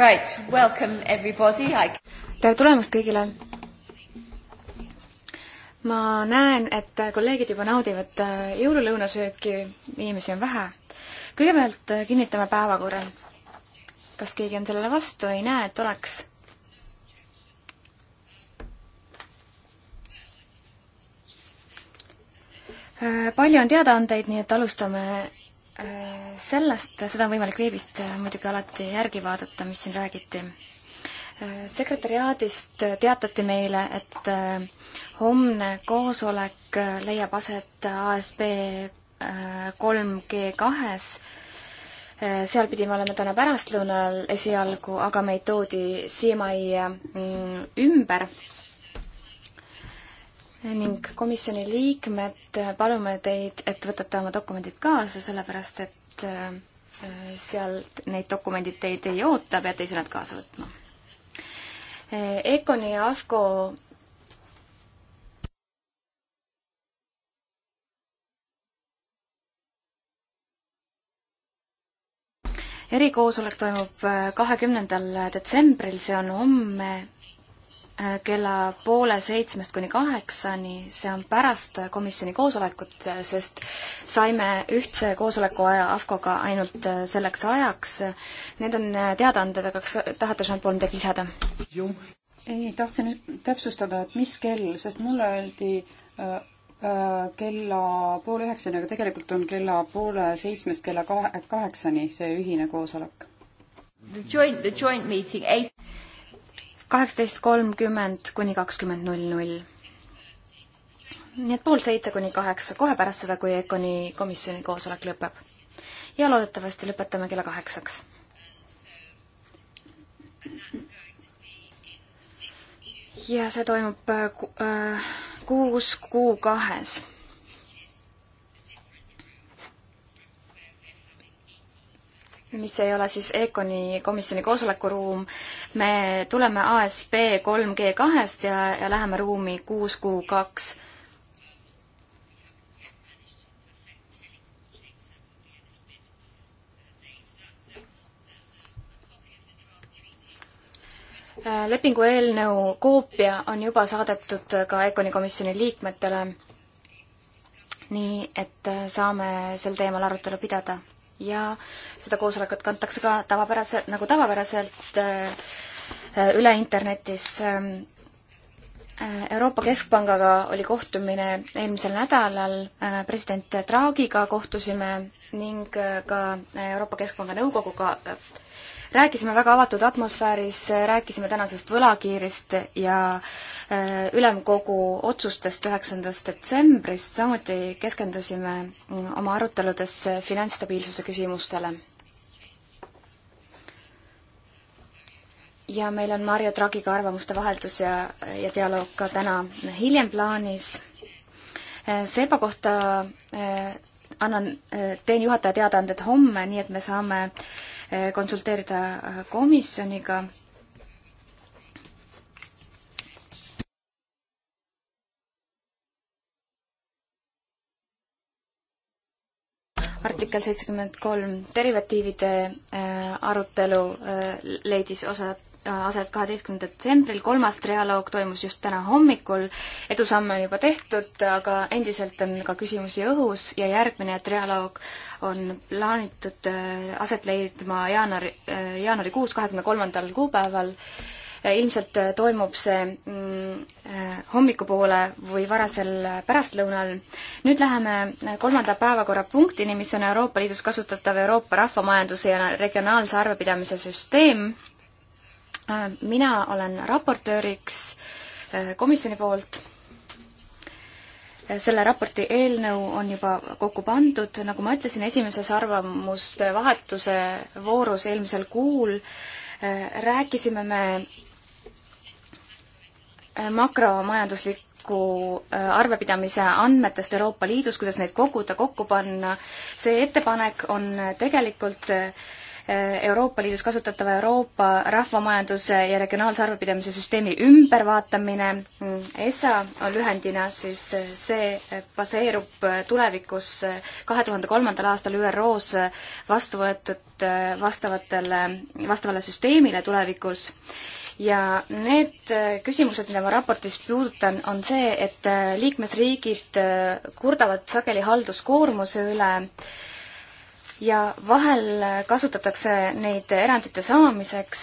Right, welcome everybody I.... tere tulemast kõigile! ma näen, et kolleegid juba naudivad äh, jõululõunasööki, inimesi on vähe. kõigepealt äh, kinnitame päevakorra. kas keegi on sellele vastu, ei näe, et oleks äh, palju on teadaandeid, nii et alustame sellest, seda on võimalik veebist muidugi alati järgi vaadata, mis siin räägiti. sekretäriaadist teatati meile, et äh, homne koosolek leiab aset ASB äh, kolm G kahes äh, seal pidime olema täna pärastlõunal esialgu, aga meid toodi siiamaani ümber ning komisjoni liikmed palume teid, et võtate oma dokumendid kaasa, sellepärast et äh, seal neid dokumendid teid ei oota, peate ise nad kaasa võtma. Äh, Econi ja AFCO erikoosolek toimub äh, kahekümnendal detsembril, see on homme Äh, kella poole seitsmest kuni kaheksani, see on pärast komisjoni koosolekut, sest saime ühtse koosoleku aja AFCO-ga ainult äh, selleks ajaks. Need on äh, teadaanded, aga kas tahate, Jean-Paul, midagi lisada? ei, tahtsin täpsustada, et mis kell, sest mulle öeldi äh, kella poole üheksani, aga tegelikult on kella poole seitsmest kella kahe, kaheksani see ühine koosolek. The joint, the joint meeting eight kaheksateist kolmkümmend kuni kakskümmend null null. nii et pool seitse kuni kaheksa, kohe pärast seda, kui EKONi komisjoni koosolek lõpeb. ja loodetavasti lõpetame kella kaheksaks. ja see toimub ku-, äh, kuus kuu kahes mis ei ole siis EKONi komisjoni koosolekuruum. me tuleme ASB 3G kahest ja, ja läheme ruumi kuus kuu kaks. lepingu eelnõu koopia on juba saadetud ka EKONi komisjoni liikmetele, nii et saame sel teemal arutelu pidada ja seda koosolekut kantakse ka tavapärase, nagu tavapäraselt äh, äh, üle internetis. Ähm, äh, Euroopa Keskpangaga oli kohtumine eelmisel nädalal, president Draagiga kohtusime ning ka Euroopa Keskpanga nõukoguga rääkisime väga avatud atmosfääris, rääkisime tänasest võlakiirist ja äh, ülemkogu otsustest üheksandast detsembrist, samuti keskendusime mm, oma aruteludes finantsstabiilsuse küsimustele. ja meil on Marju Tragiga arvamuste vaheldus ja, ja dialoog ka täna hiljem plaanis. Äh, Seba kohta äh, annan, teen juhataja teadaanded homme, nii et me saame äh, Eh, konsulteerida eh, komisjoniga artikkel seitsekümmend kolm, derivatiivide eh, arutelu leidis osad Äh, aset kaheteistkümnendal detsembril, kolmas trialoog toimus just täna hommikul, edusamme on juba tehtud, aga endiselt on ka küsimusi õhus ja järgmine trialoog on plaanitud äh, aset leidma jaanuari, äh, jaanuarikuus, kahekümne kolmandal kuupäeval ilmselt toimub see mm, hommikupoole või varasel pärastlõunal. nüüd läheme kolmanda päevakorrapunktini, mis on Euroopa Liidus kasutatav Euroopa rahvamajanduse ja regionaalse arvepidamise süsteem mina olen raportööriks äh, komisjoni poolt. selle raporti eelnõu on juba kokku pandud, nagu ma ütlesin, esimeses arvamuste vahetuse voorus eelmisel kuul äh, rääkisime me äh, makromajanduslik kokku arvepidamise andmetest Euroopa Liidus, kuidas neid koguda, kokku panna, see ettepanek on tegelikult Euroopa Liidus kasutatava Euroopa rahvamajanduse ja regionaalse arvepidamise süsteemi ümbervaatamine. ESA on lühendina siis see baseerub tulevikus kahe tuhande kolmandal aastal ÜRO-s vastu võetud vastavatele, vastavale süsteemile tulevikus ja need küsimused, mida ma raportis puudutan, on see, et liikmesriigid kurdavad sageli halduskoormuse üle äh, ja vahel kasutatakse neid erandite saamiseks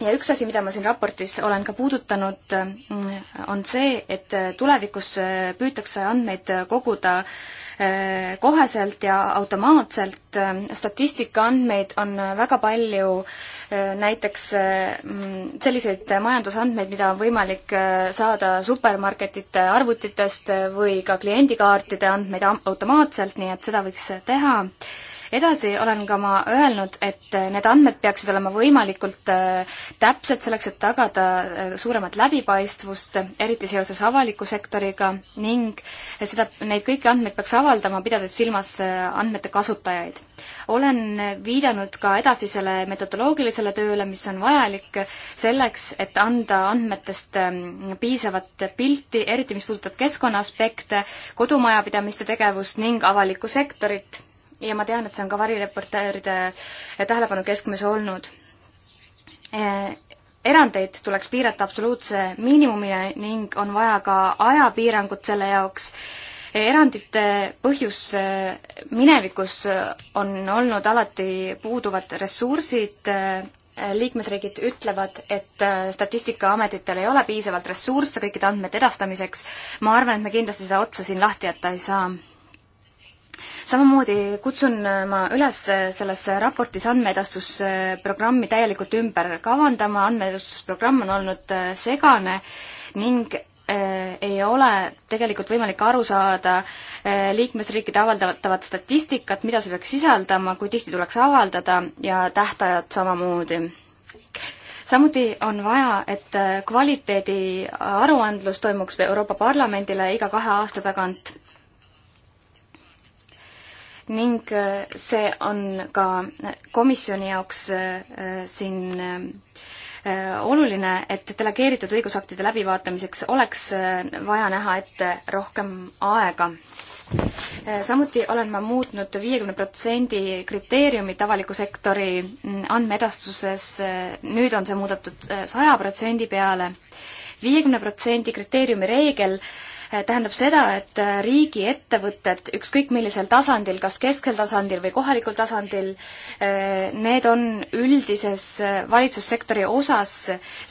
ja üks asi, mida ma siin raportis olen ka puudutanud, mm, on see, et tulevikus püütakse andmeid koguda eh, koheselt ja automaatselt. statistika andmeid on väga palju Äh, näiteks äh, mm, selliseid majandusandmeid, mida on võimalik äh, saada supermarketite arvutitest või ka kliendikaartide andmeid automaatselt, nii et seda võiks teha edasi olen ka ma öelnud, et need andmed peaksid olema võimalikult äh, täpsed selleks, et tagada äh, suuremat läbipaistvust, eriti seoses avaliku sektoriga ning seda, neid kõiki andmeid peaks avaldama, pidades silmas äh, andmete kasutajaid. olen viidanud ka edasisele metodoloogilisele tööle, mis on vajalik selleks, et anda andmetest ähm, piisavat pilti, eriti mis puudutab keskkonna aspekte, kodumajapidamiste tegevust ning avalikku sektorit ja ma tean, et see on ka varireportööride tähelepanu keskmes olnud. E, erandeid tuleks piirata absoluutse miinimumini ning on vaja ka ajapiirangut selle jaoks, e, erandite põhjus e, minevikus on olnud alati puuduvad ressursid, liikmesriigid ütlevad, et Statistikaametitel ei ole piisavalt ressursse kõikide andmete edastamiseks, ma arvan, et me kindlasti seda otsa siin lahti jätta ei saa samamoodi kutsun ma üles selles raportis andmeedastusprogrammi täielikult ümber kavandama, andmeedastusprogramm on olnud äh, segane ning äh, ei ole tegelikult võimalik aru saada äh, liikmesriikide avaldatavat statistikat, mida see peaks sisaldama, kui tihti tuleks avaldada ja tähtajad samamoodi. samuti on vaja, et kvaliteedi aruandlus toimuks Euroopa Parlamendile iga kahe aasta tagant ning äh, see on ka komisjoni jaoks äh, siin äh, oluline, et delegeeritud õigusaktide läbivaatamiseks oleks vaja näha ette rohkem aega. samuti olen ma muutnud viiekümne protsendi kriteeriumit avaliku sektori mm, andmeedastuses, nüüd on see muudetud saja protsendi peale. viiekümne protsendi kriteeriumi reegel äh, Eh, tähendab seda, et eh, riigiettevõtted, ükskõik millisel tasandil, kas kesksel tasandil või kohalikul tasandil, eh, need on üldises valitsussektori osas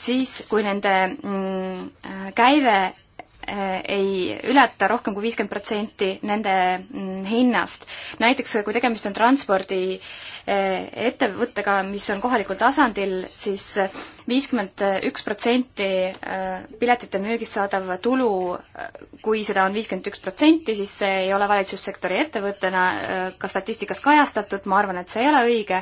siis, kui nende mm, käive Äh, ei ületa rohkem kui viiskümmend protsenti nende mm, hinnast. näiteks kui tegemist on transpordiettevõttega, äh, mis on kohalikul tasandil siis, siis viiskümmend üks protsenti äh, piletite müügist saadav tulu, kui seda on viiskümmend üks protsenti, siis see ei ole valitsussektori ettevõttena ka statistikas kajastatud, ma arvan, et see ei ole õige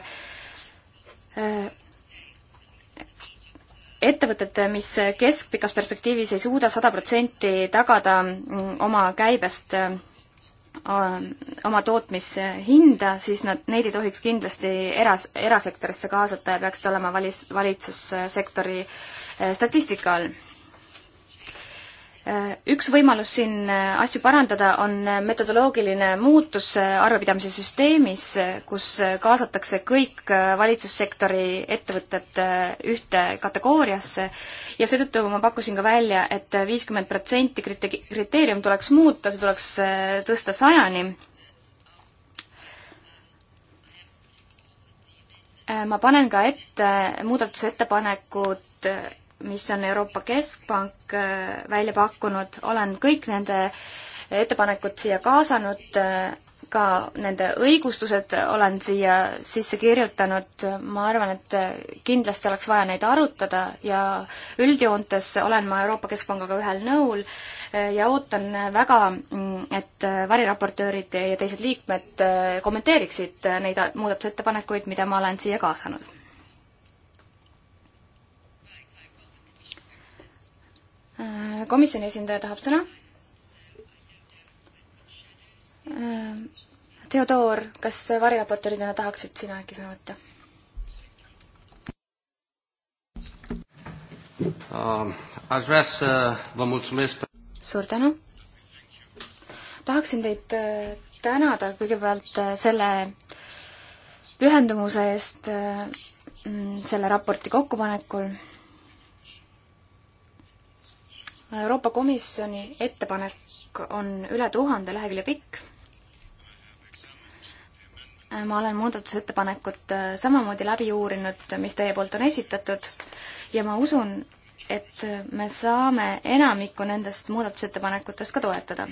ettevõtted, mis keskpikas perspektiivis ei suuda sada protsenti tagada mm, oma käibest äh, oma tootmishinda, siis nad, neid ei tohiks kindlasti eras, erasektorisse kaasata ja peaksid olema valis, valitsussektori äh, statistika all Äh, üks võimalus siin äh, asju parandada on äh, metodoloogiline muutus arvepidamise süsteemis, kus kaasatakse kõik valitsussektori ettevõtted ühte kategooriasse ja seetõttu ma pakkusin ka välja et, et viiskümmend protsenti kriteerium tuleks muuta, see tuleks tõsta sajani. ma panen ka ette muudatusettepanekud mis on Euroopa Keskpank äh, välja pakkunud, olen kõik nende ettepanekud siia kaasanud, äh, ka nende õigustused olen siia sisse kirjutanud, ma arvan, et äh, kindlasti oleks vaja neid arutada ja üldjoontes olen ma Euroopa Keskpangaga ühel nõul ja ootan väga, mm, et variraportöörid ja teised liikmed kommenteeriksid neid muudatusettepanekuid, mida ma olen siia kaasanud Äh, komisjoni esindaja tahab sõna. Äh, Theodor, kas variraportööridena tahaksid sina äkki sõna võtta? Aș vrea să vă mulțumesc pe... Suur tänu! Tahaksin teid äh, tänada kõigepealt selle pühendumuse eest mm, selle raporti kokkupanekul Euroopa Komisjoni ettepanek on üle tuhande lehekülje pikk. ma olen muudatusettepanekut äh, samamoodi läbi uurinud, mis teie poolt on esitatud ja ma usun, et me saame enamikku nendest muudatusettepanekutest ka toetada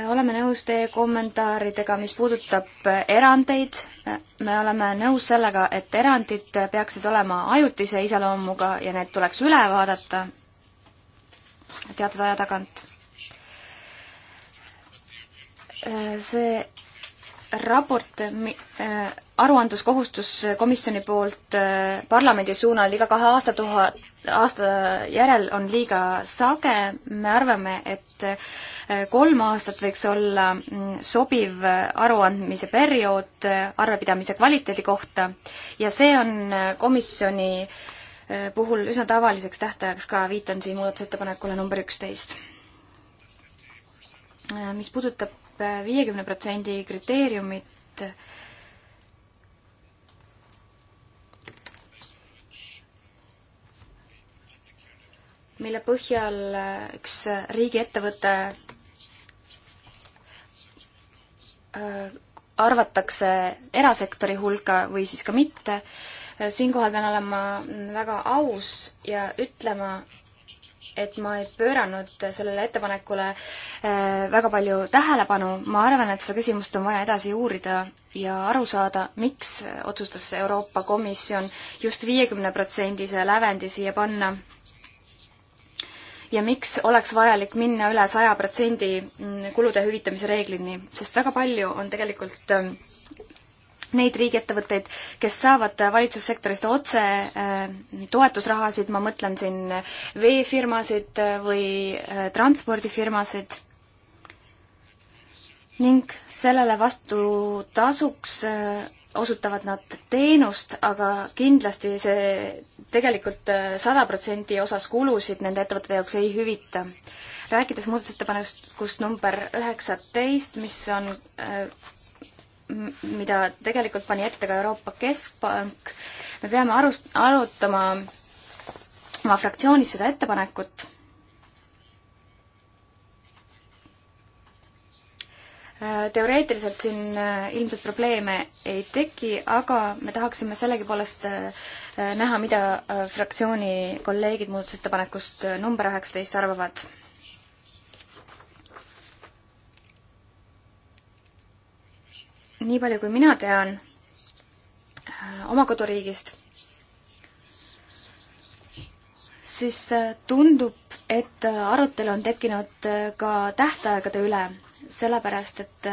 oleme nõus teie kommentaaridega, mis puudutab äh, erandeid. me oleme nõus sellega, et erandid peaksid olema ajutise iseloomuga ja need tuleks üle vaadata teatud aja tagant. Äh, see raport, äh, aruandluskohustus komisjoni poolt äh, parlamendi suunal iga kahe aasta tuha, aasta järel on liiga sage, me arvame, et äh, kolm aastat võiks olla mm, sobiv aruandmise periood arvepidamise kvaliteedi kohta ja see on komisjoni puhul üsna tavaliseks tähtajaks ka, viitan siin muudatusettepanekule number üksteist mis puudutab täidab viiekümne protsendi kriteeriumit, mille põhjal üks riigiettevõte äh, arvatakse erasektori hulka või siis ka mitte, äh, siinkohal pean olema väga aus ja ütlema, et ma ei pööranud sellele ettepanekule äh, väga palju tähelepanu, ma arvan, et seda küsimust on vaja edasi uurida ja aru saada, miks otsustas Euroopa Komisjon just viiekümneprotsendise lävendi siia panna. ja miks oleks vajalik minna üle saja protsendi mm, kulude hüvitamise reeglini, sest väga palju on tegelikult ähm, just neid riigiettevõtteid, kes saavad valitsussektorist otse äh, toetusrahasid, ma mõtlen siin veefirmasid või äh, transpordifirmasid, ning sellele vastutasuks äh, osutavad nad teenust, aga kindlasti see tegelikult sada protsenti osas kulusid nende ettevõtete jaoks ei hüvita. rääkides muudatusettepanekust number üheksateist, mis on mida tegelikult pani ette ka Euroopa Keskpank. me peame arust-, arutama oma fraktsioonis seda ettepanekut. Äh, teoreetiliselt siin äh, ilmselt probleeme ei teki, aga me tahaksime sellegipoolest äh, näha, mida fraktsiooni kolleegid muudatusettepanekust number üheksateist arvavad nii palju, kui mina tean äh, oma koduriigist, siis äh, tundub, et äh, arutelu on tekkinud ka tähtaegade üle, sellepärast et,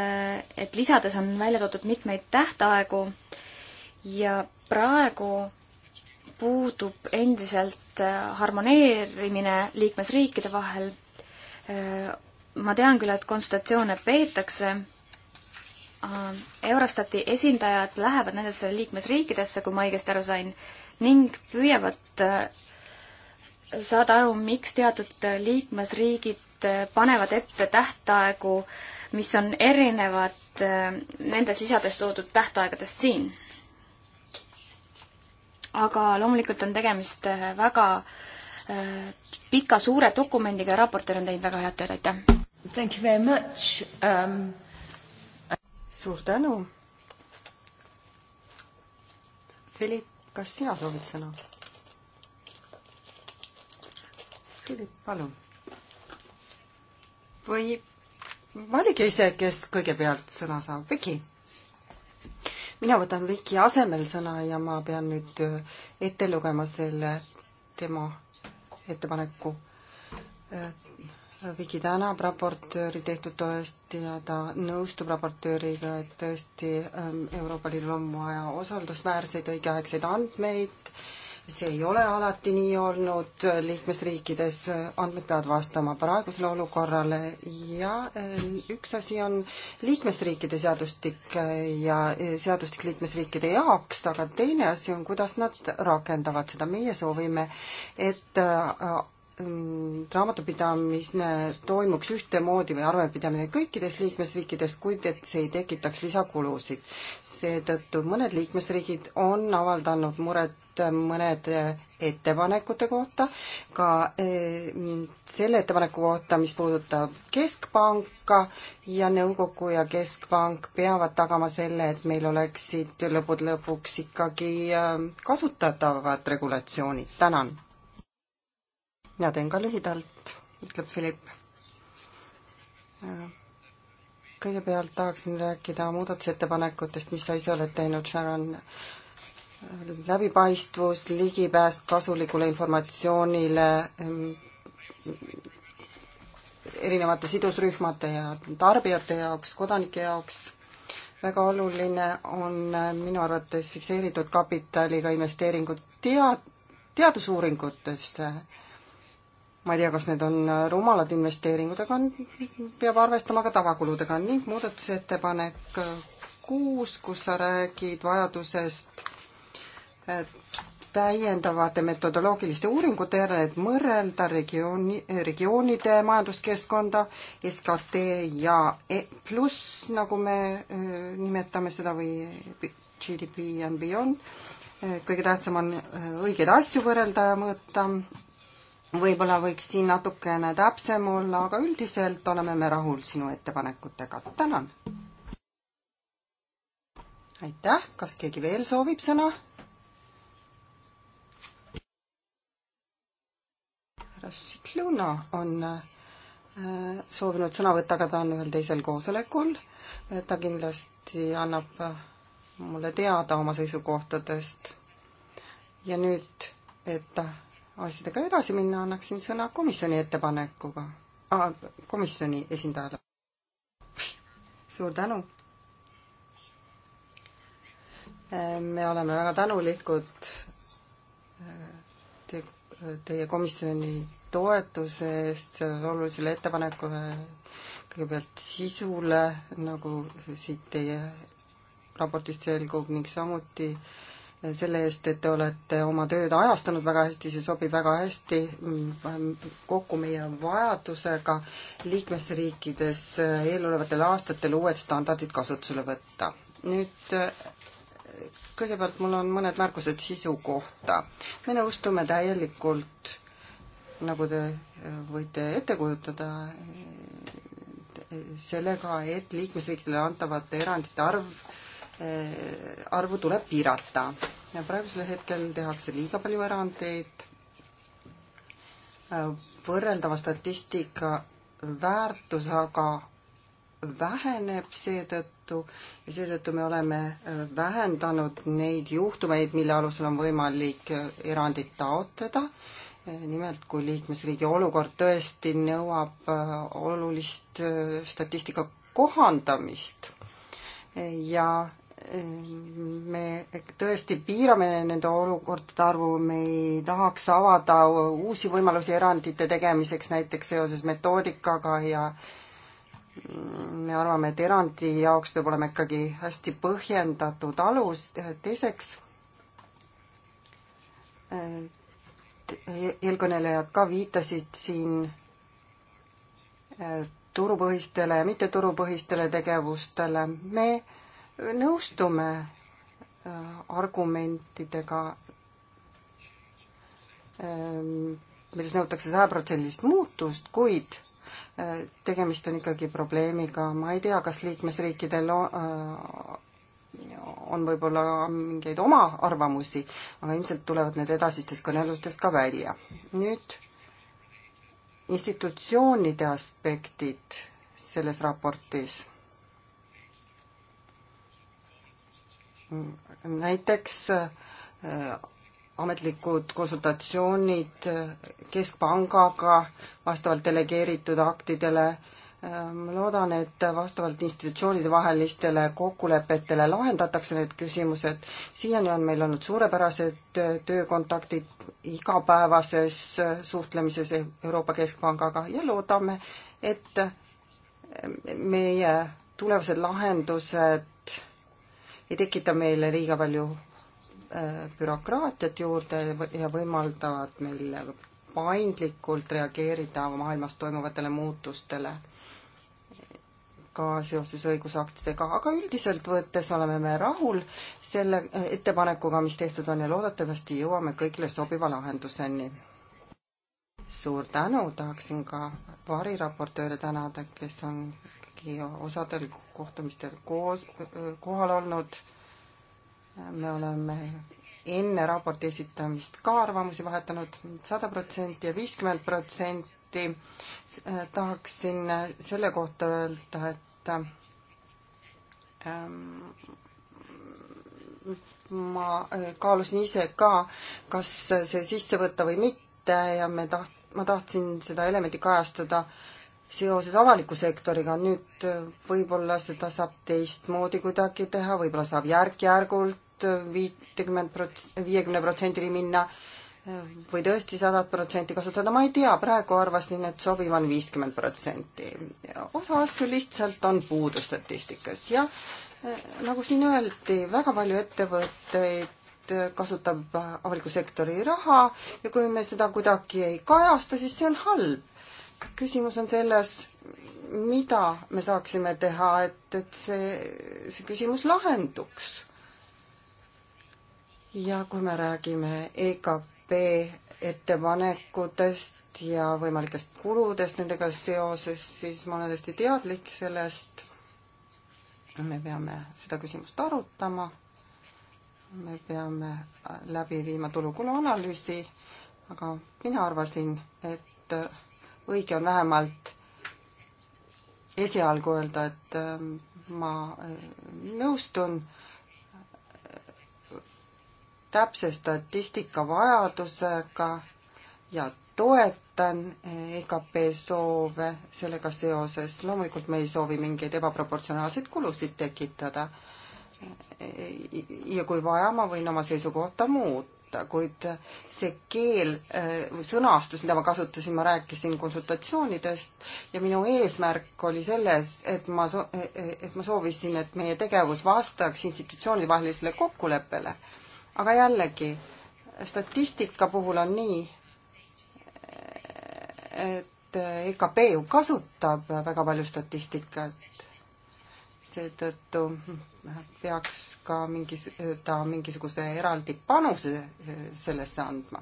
et lisades on välja toodud mitmeid tähtaegu ja praegu puudub endiselt harmoneerimine liikmesriikide vahel. ma tean küll, et konsultatsioone peetakse Äh, Eurostati esindajad lähevad nendesse liikmesriikidesse, kui ma õigesti aru sain, ning püüavad äh, saada aru, miks teatud liikmesriigid äh, panevad ette tähtaegu, mis on erinevad nendes lisades toodud tähtaegadest siin. aga loomulikult on tegemist väga pika, suure dokumendiga ja raportöör on teinud väga head tööd, aitäh! Thank you very much um, suur tänu. Philip, kas sina soovid sõna? Philip, palun. või valige ise, kes kõigepealt sõna saab. Viki. mina võtan Viki asemel sõna ja ma pean nüüd äh, ette lugema selle tema ettepaneku äh, Viki tänab raportööri tehtud toest ja ta nõustub raportööriga, et tõesti ähm, Euroopa Liidul on vaja usaldusväärseid õigeaegseid andmeid. see ei ole alati nii olnud liikmesriikides, äh, andmed peavad vastama praegusele olukorrale ja äh, üks asi on liikmesriikide seadustik äh, ja seadustik liikmesriikide jaoks, aga teine asi on, kuidas nad rakendavad seda. meie soovime, et Mm, raamatupidamine toimuks ühtemoodi või arvepidamine kõikides liikmesriikides, kuid et see ei tekitaks lisakulusid. seetõttu mõned liikmesriigid on avaldanud muret mõnede ettepanekute kohta, ka eh, selle ettepaneku kohta, mis puudutab Keskpanka ja nõukogu ja Keskpank peavad tagama selle, et meil oleksid lõppude lõpuks ikkagi eh, kasutatavad regulatsioonid. tänan mina teen ka lühidalt, ütleb Philipp. kõigepealt tahaksin rääkida muudatusettepanekutest, mis sa ise oled teinud, Sharon. läbipaistvus, ligipääs kasulikule informatsioonile, erinevate sidusrühmade ja tarbijate jaoks, kodanike jaoks väga oluline on minu arvates fikseeritud kapitaliga investeeringud tea-, teadusuuringutesse ma ei tea, kas need on rumalad investeeringud, aga peab arvestama ka tavakuludega ning muudatusettepanek kuus, kus sa räägid vajadusest täiendavate metodoloogiliste uuringute järele, et mõrrelda regiooni, regioonide majanduskeskkonda, SKT ja e pluss, nagu me äh, nimetame seda või GDP and beyond. Äh, kõige tähtsam on äh, õigeid asju võrrelda ja mõõta võib-olla võiks siin natukene täpsem olla, aga üldiselt oleme me rahul sinu ettepanekutega. tänan! aitäh, kas keegi veel soovib sõna? härra Šikluna on äh, soovinud sõna võtta, aga ta on ühel teisel koosolekul. ta kindlasti annab äh, mulle teada oma seisukohtadest. ja nüüd, et ta äh, asjadega edasi minna, annaksin sõna komisjoni ettepanekuga ah,, komisjoni esindajale. suur tänu! Äh, me oleme väga tänulikud äh, te, teie komisjoni toetuse eest sellele olulisele ettepanekule, kõigepealt sisule, nagu siit teie raportist selgub, ning samuti äh, selle eest, et te olete oma tööd ajastanud väga hästi, see sobib väga hästi mm, kokku meie vajadusega liikmesriikides eelolevatel aastatel uued standardid kasutusele võtta. nüüd kõigepealt mul on mõned märkused sisu kohta. me nõustume täielikult, nagu te äh, võite ette kujutada, sellega, et liikmesriikidele antavate erandite arv Äh, arvu tuleb piirata. praegusel hetkel tehakse liiga palju erandeid. Äh, võrreldava statistika väärtus aga väheneb seetõttu ja seetõttu me oleme äh, vähendanud neid juhtumeid, mille alusel on võimalik erandit taotleda. nimelt, kui liikmesriigi olukord tõesti nõuab olulist statistika kohandamist ja me tõesti piirame nende olukordade arvu, me ei tahaks avada uusi võimalusi erandite tegemiseks näiteks seoses metoodikaga ja me arvame, et erandi jaoks peab olema ikkagi hästi põhjendatud alus, teiseks eh, eelkõnelejad ka viitasid siin eh, turupõhistele ja mitteturupõhistele tegevustele, me nõustume äh, argumentidega, ähm, milles nõutakse sajaprotsendilist muutust, kuid äh, tegemist on ikkagi probleemiga, ma ei tea, kas liikmesriikidel äh, on võib-olla mingeid oma arvamusi, aga ilmselt tulevad need edasistes kõnelustes ka välja. nüüd institutsioonide aspektid selles raportis näiteks äh, ametlikud konsultatsioonid Keskpangaga vastavalt delegeeritud aktidele. Äh, ma loodan, et vastavalt institutsioonide vahelistele kokkulepetele lahendatakse need küsimused. siiani on meil olnud suurepärased äh, töökontaktid igapäevases suhtlemises Euroopa Keskpangaga ja loodame, et meie tulevased lahendused ei tekita meile liiga palju äh, bürokraatiat juurde ja võimaldavad meil paindlikult reageerida maailmas toimuvatele muutustele ka seoses õigusaktidega, aga üldiselt võttes oleme me rahul selle ettepanekuga, mis tehtud on ja loodetavasti jõuame kõigile sobiva lahenduseni. suur tänu, tahaksin ka variraportööre tänada, kes on Minski osadel kohtumistel koos, kohal olnud. me oleme enne raporti esitamist ka arvamusi vahetanud sada protsenti ja viiskümmend protsenti. tahaksin selle kohta öelda, et ähm, ma kaalusin ise ka, kas see sisse võtta või mitte ja me taht-, ma tahtsin seda elementi kajastada äh, seoses avaliku sektoriga, nüüd äh, võib-olla seda saab teistmoodi kuidagi teha, võib-olla saab järk-järgult äh, viitekümmend prots-, viiekümne protsendini minna äh, või tõesti sadat protsenti kasutada, ma ei tea, praegu arvasin, et sobiv on viiskümmend protsenti. osa asju lihtsalt on puudu statistikas, jah. nagu siin öeldi, väga palju ettevõtteid kasutab avaliku sektori raha ja kui me seda kuidagi ei kajasta, siis see on halb küsimus on selles, mida me saaksime teha, et, et see, see küsimus lahenduks. ja kui me räägime EKP ettepanekutest ja võimalikest kuludest nendega seoses, siis ma olen täiesti teadlik sellest. me peame seda küsimust arutama. me peame läbi viima tulukulu analüüsi, aga mina arvasin, et õige on vähemalt esialgu öelda, et äh, ma äh, nõustun äh, täpse statistika vajadusega ja toetan EKP soove sellega seoses. loomulikult me ei soovi mingeid ebaproportsionaalseid kulusid tekitada. ja kui vaja, ma võin oma seisukohta muuta võtta, kuid see keel eh, või sõnastus, mida ma kasutasin, ma rääkisin konsultatsioonidest ja minu eesmärk oli selles, et ma, e-, e-, et ma soovisin, et meie tegevus vastaks institutsioonide vahelisele kokkuleppele. aga jällegi, statistika puhul on nii, et EKP eh, e ju kasutab väga palju statistikat seetõttu peaks ka mingis, ta mingisuguse eraldi panuse eh, sellesse andma.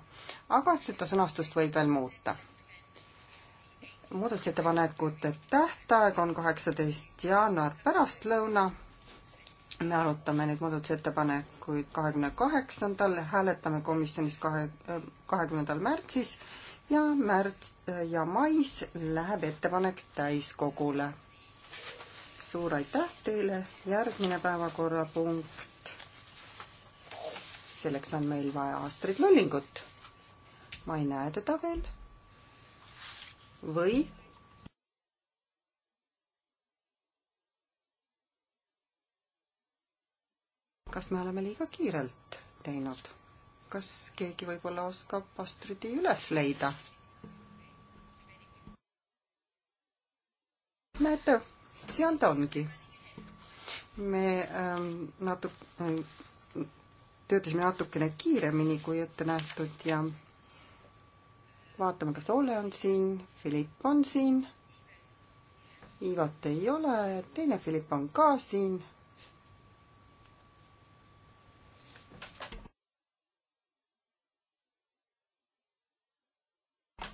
aga seda sõnastust võib veel muuta. muudatusettepanekute tähtaeg on kaheksateist jaanuar pärastlõuna. me arutame neid muudatusettepanekuid kahekümne kaheksandal, hääletame komisjonis kahe, kahekümnendal märtsis ja märts ja mais läheb ettepanek täiskogule suur aitäh teile, järgmine päevakorrapunkt. selleks on meil vaja Astrid Lollingut. ma ei näe teda veel. või? kas me oleme liiga kiirelt teinud? kas keegi võib-olla oskab Astridi üles leida? näete, sest seal ta ongi. me ähm, natuke äh,, töötasime natukene kiiremini kui ette nähtud ja vaatame, kas Ole on siin, Philipp on siin. Ivat ei ole, teine Philipp on ka siin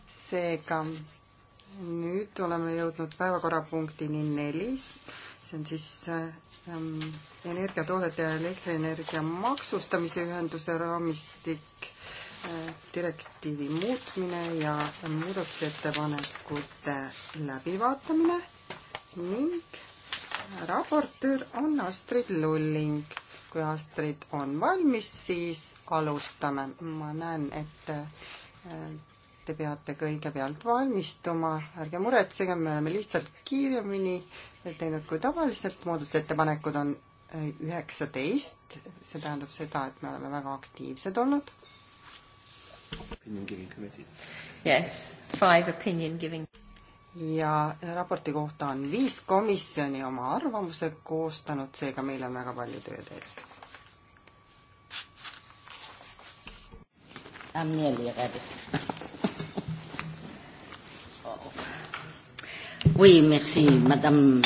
seega nüüd oleme jõudnud päevakorrapunktini nelis, see on siis ähm, energiatoodete ja elektrienergia maksustamise ühenduse raamistik äh,, direktiivi muutmine ja muudatusettepanekute läbivaatamine ning raportöör on Astrid Lulling. kui Astrid on valmis, siis alustame. ma näen, et äh, te peate kõigepealt valmistuma, ärge muretsege, me oleme lihtsalt kiiremini teinud kui tavaliselt, muudatusettepanekud on äh, üheksateist, see tähendab seda, et me oleme väga aktiivsed olnud. Yes, five opinion giving. ja raporti kohta on viis komisjoni oma arvamuse koostanud, seega meil on väga palju tööd ees. I am nearly ready oui, merci, madame.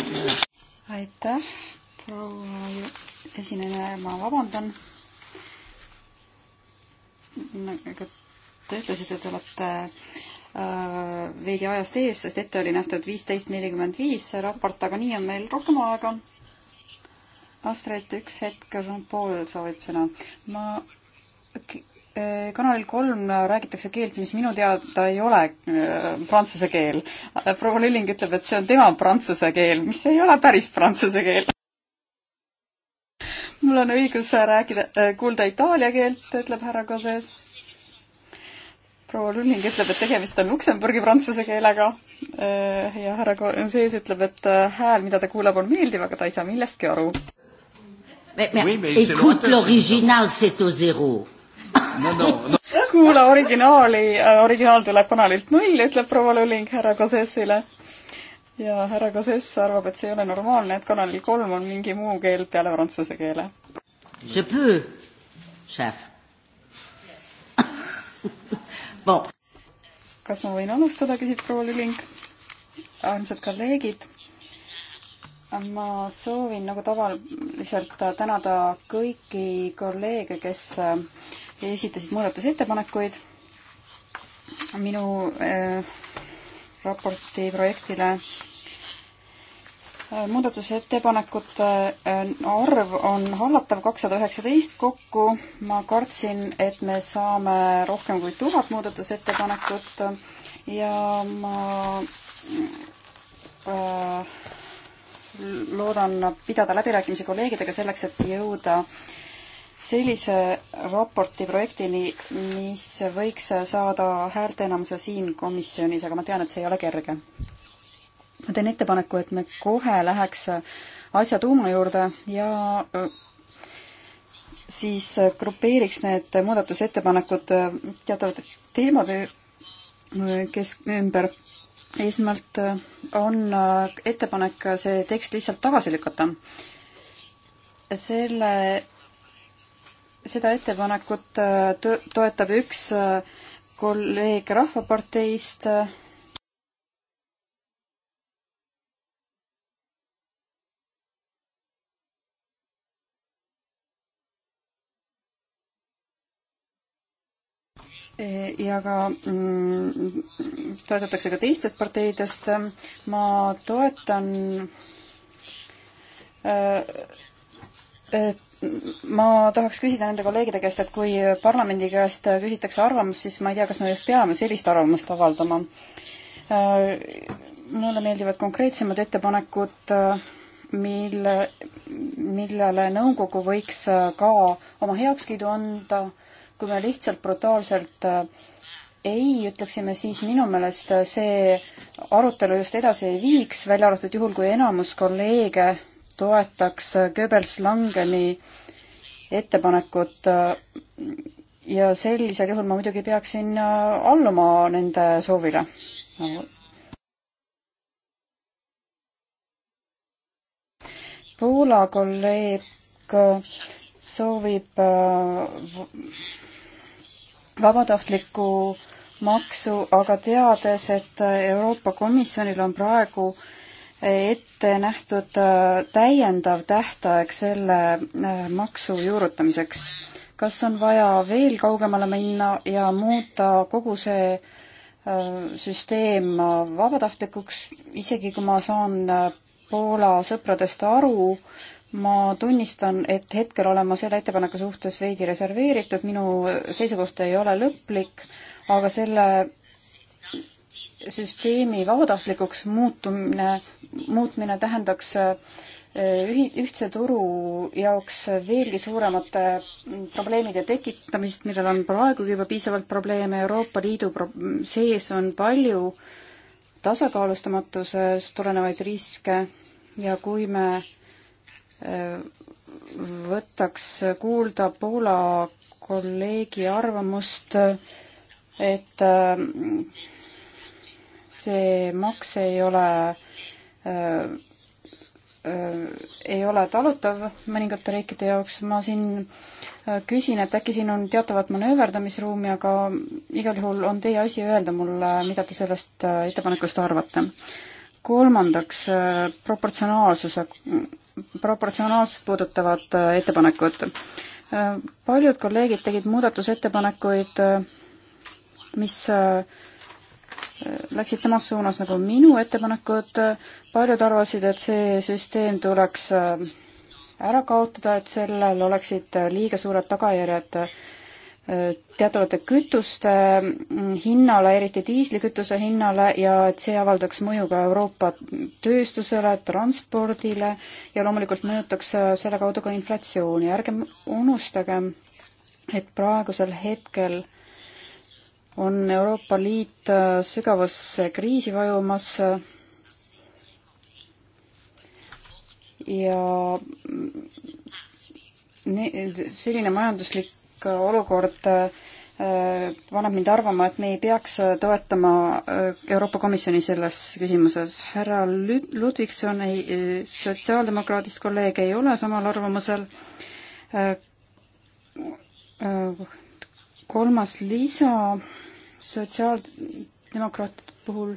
aitäh, proua esineja, ma vabandan. Nagu te ütlesite, et te olete äh, veidi ajast ees, sest ette oli nähtud viisteist nelikümmend viis see raport, aga nii on meil rohkem aega. Astrid, üks hetk, Jean-Paul soovib sõna. ma Äh, kanalil kolm räägitakse keelt, mis minu teada ei ole äh, prantsuse keel. Äh, proua Lilling ütleb, et see on tema prantsuse keel, mis ei ole päris prantsuse keel. mul on õigus rääkida, kuulda itaalia keelt, ütleb härra Koses. proua Lilling ütleb, et tegemist on Luksemburgi prantsuse keelega. ja härra Koses ütleb, et hääl, mida ta kuuleb, on meeldiv, aga ta ei saa millestki aru. Mais, mais, oui, mais écoute l'original, c'est au zéro no, no, no. kuula originaali, äh, originaal tuleb kanalilt null, ütleb proua Lulling härra Kosessile. ja härra Kosess arvab, et see ei ole normaalne, et kanalil kolm on mingi muu keel peale prantsuse keele. Bon. kas ma võin alustada, küsib proua Lulling. armsad kolleegid ma soovin nagu tavaliselt tänada kõiki kolleege, kes äh, esitasid muudatusettepanekuid minu äh, raporti projektile äh, muudatusettepanekute äh, arv on hallatav kakssada üheksateist kokku. ma kartsin, et me saame rohkem kui tuhat muudatusettepanekut ja ma äh, loodan pidada läbirääkimisi kolleegidega selleks, et jõuda äh, sellise raporti projektini, mis võiks saada häälteenamuse siin komisjonis, aga ma tean, et see ei ole kerge. ma teen ettepaneku, et me kohe läheks asja tuuma juurde ja äh, siis grupeeriks need muudatusettepanekud äh, teatavate teemade äh, kes-, ümber. esmalt on ettepanek see tekst lihtsalt tagasi lükata. selle seda ettepanekut äh, toetab üks äh, kolleeg Rahvaparteist. ja ka mm, toetatakse ka teistest parteidest. ma toetan äh, et ma tahaks küsida nende kolleegide käest, et kui parlamendi käest küsitakse arvamust, siis ma ei tea, kas me just peame sellist arvamust avaldama. Äh, mulle meeldivad konkreetsemad ettepanekud, äh, mille, millele nõukogu võiks äh, ka oma heakskiidu anda, kui me lihtsalt brutaalselt ei ütleksime, siis minu meelest see arutelu just edasi ei viiks, välja arvatud juhul, kui enamus kolleege toetaks Goebbels Langeni ettepanekut äh, ja sellisel juhul ma muidugi peaksin äh, alluma nende soovile. Poola kolleeg äh, soovib vabatahtlikku maksu, aga teades, et Euroopa Komisjonil on praegu äh, ette nähtud äh, täiendav tähtaeg selle äh, maksu juurutamiseks. kas on vaja veel kaugemale minna ja muuta kogu see äh, süsteem vabatahtlikuks, isegi kui ma saan Poola sõpradest aru, ma tunnistan, et hetkel olen ma selle ettepaneku suhtes veidi reserveeritud, minu seisukoht ei ole lõplik, aga selle süsteemi vabatahtlikuks muutumine, muutmine tähendaks eh, ühi-, ühtse turu jaoks veelgi suuremate probleemide tekitamist, millel on praegugi juba piisavalt probleeme, Euroopa Liidu pro-, sees on palju tasakaalustamatusest tulenevaid riske ja kui me eh, võtaks kuulda Poola kolleegi arvamust, et äh, see maks ei ole äh, äh, ei ole talutav mõningate riikide jaoks, ma siin äh, küsin, et äkki siin on teatavat manööverdamisruumi, aga igal juhul on teie asi öelda mulle, mida te sellest äh, ettepanekust arvate. kolmandaks, proportsionaalsuse, proportsionaalsust puudutavad ettepanekud. paljud kolleegid tegid muudatusettepanekuid, mis äh, läksid samas suunas nagu minu ettepanekud. paljud arvasid, et see süsteem tuleks äh, ära kaotada, et sellel oleksid äh, liiga suured tagajärjed äh, teatavate kütuste mm, hinnale, eriti diislikütuse hinnale ja et see avaldaks mõju ka Euroopa tööstusele, transpordile ja loomulikult mõjutaks selle kaudu ka inflatsiooni. ärgem unustagem, et praegusel hetkel äh, on Euroopa Liit äh, sügavasse kriisi vajumas ja selline majanduslik äh, olukord paneb äh, mind arvama, et me ei peaks toetama Euroopa Komisjoni selles küsimuses. härra Ludvigson ei, sotsiaaldemokraadist kolleeg ei ole samal arvamusel. kolmas lisa sotsiaaldemokraatide puhul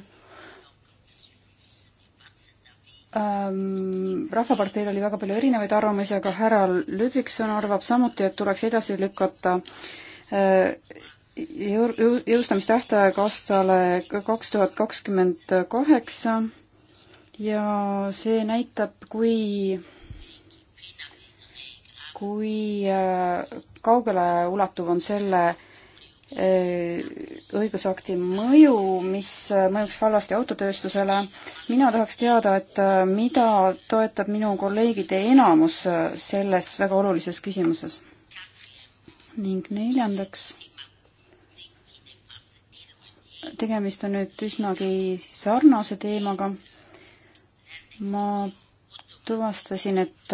ähm, Rahvaparteil oli väga palju erinevaid arvamusi, aga härra Ludvigson arvab samuti, et tuleks edasi lükata äh, jõustamistähtaeg aastale kaks tuhat kakskümmend kaheksa ja see näitab, kui, kui äh, kaugele ulatuv on selle äh, Äh, õigusakti mõju, mis äh, mõjuks halvasti autotööstusele. mina tahaks teada, et äh, mida toetab minu kolleegide enamus selles väga olulises küsimuses. ning neljandaks, tegemist on nüüd üsnagi sarnase teemaga. ma tuvastasin, et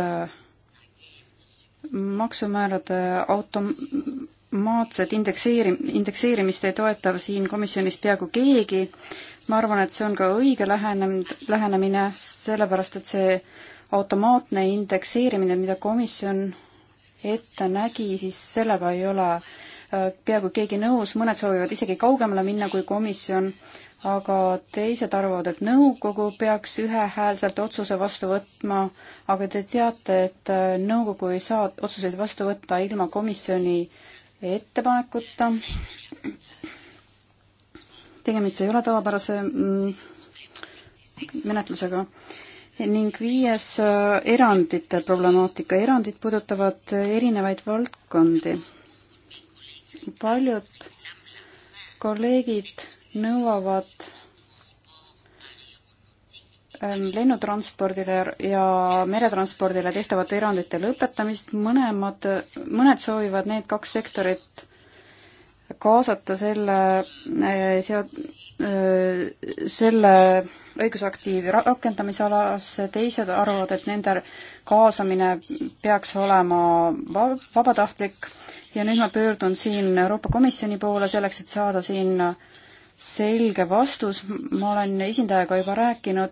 maksumäärade auto automaatset indekseeri-, indekseerimist ei toeta siin komisjonis peaaegu keegi. ma arvan, et see on ka õige lähenem-, lähenemine, sellepärast et see automaatne indekseerimine, mida komisjon ette nägi, siis sellega ei ole äh, peaaegu keegi nõus, mõned soovivad isegi kaugemale minna kui komisjon, aga teised arvavad, et nõukogu peaks ühehäälselt otsuse vastu võtma, aga te teate, et äh, nõukogu ei saa otsuseid vastu võtta ilma komisjoni ettepanekuta. tegemist ei ole tavapärase mm, menetlusega ning viies äh, erandite problemaatika. erandid puudutavad erinevaid valdkondi. paljud kolleegid nõuavad Ähm, lennutranspordile ja meretranspordile tehtavate erandite lõpetamist, mõlemad, mõned soovivad need kaks sektorit kaasata selle äh, sead-, äh, selle õigusakti rakendamisalasse, teised arvavad, et nende kaasamine peaks olema vabatahtlik ja nüüd ma pöördun siin Euroopa Komisjoni poole selleks, et saada siin äh, selge vastus, ma olen esindajaga juba rääkinud,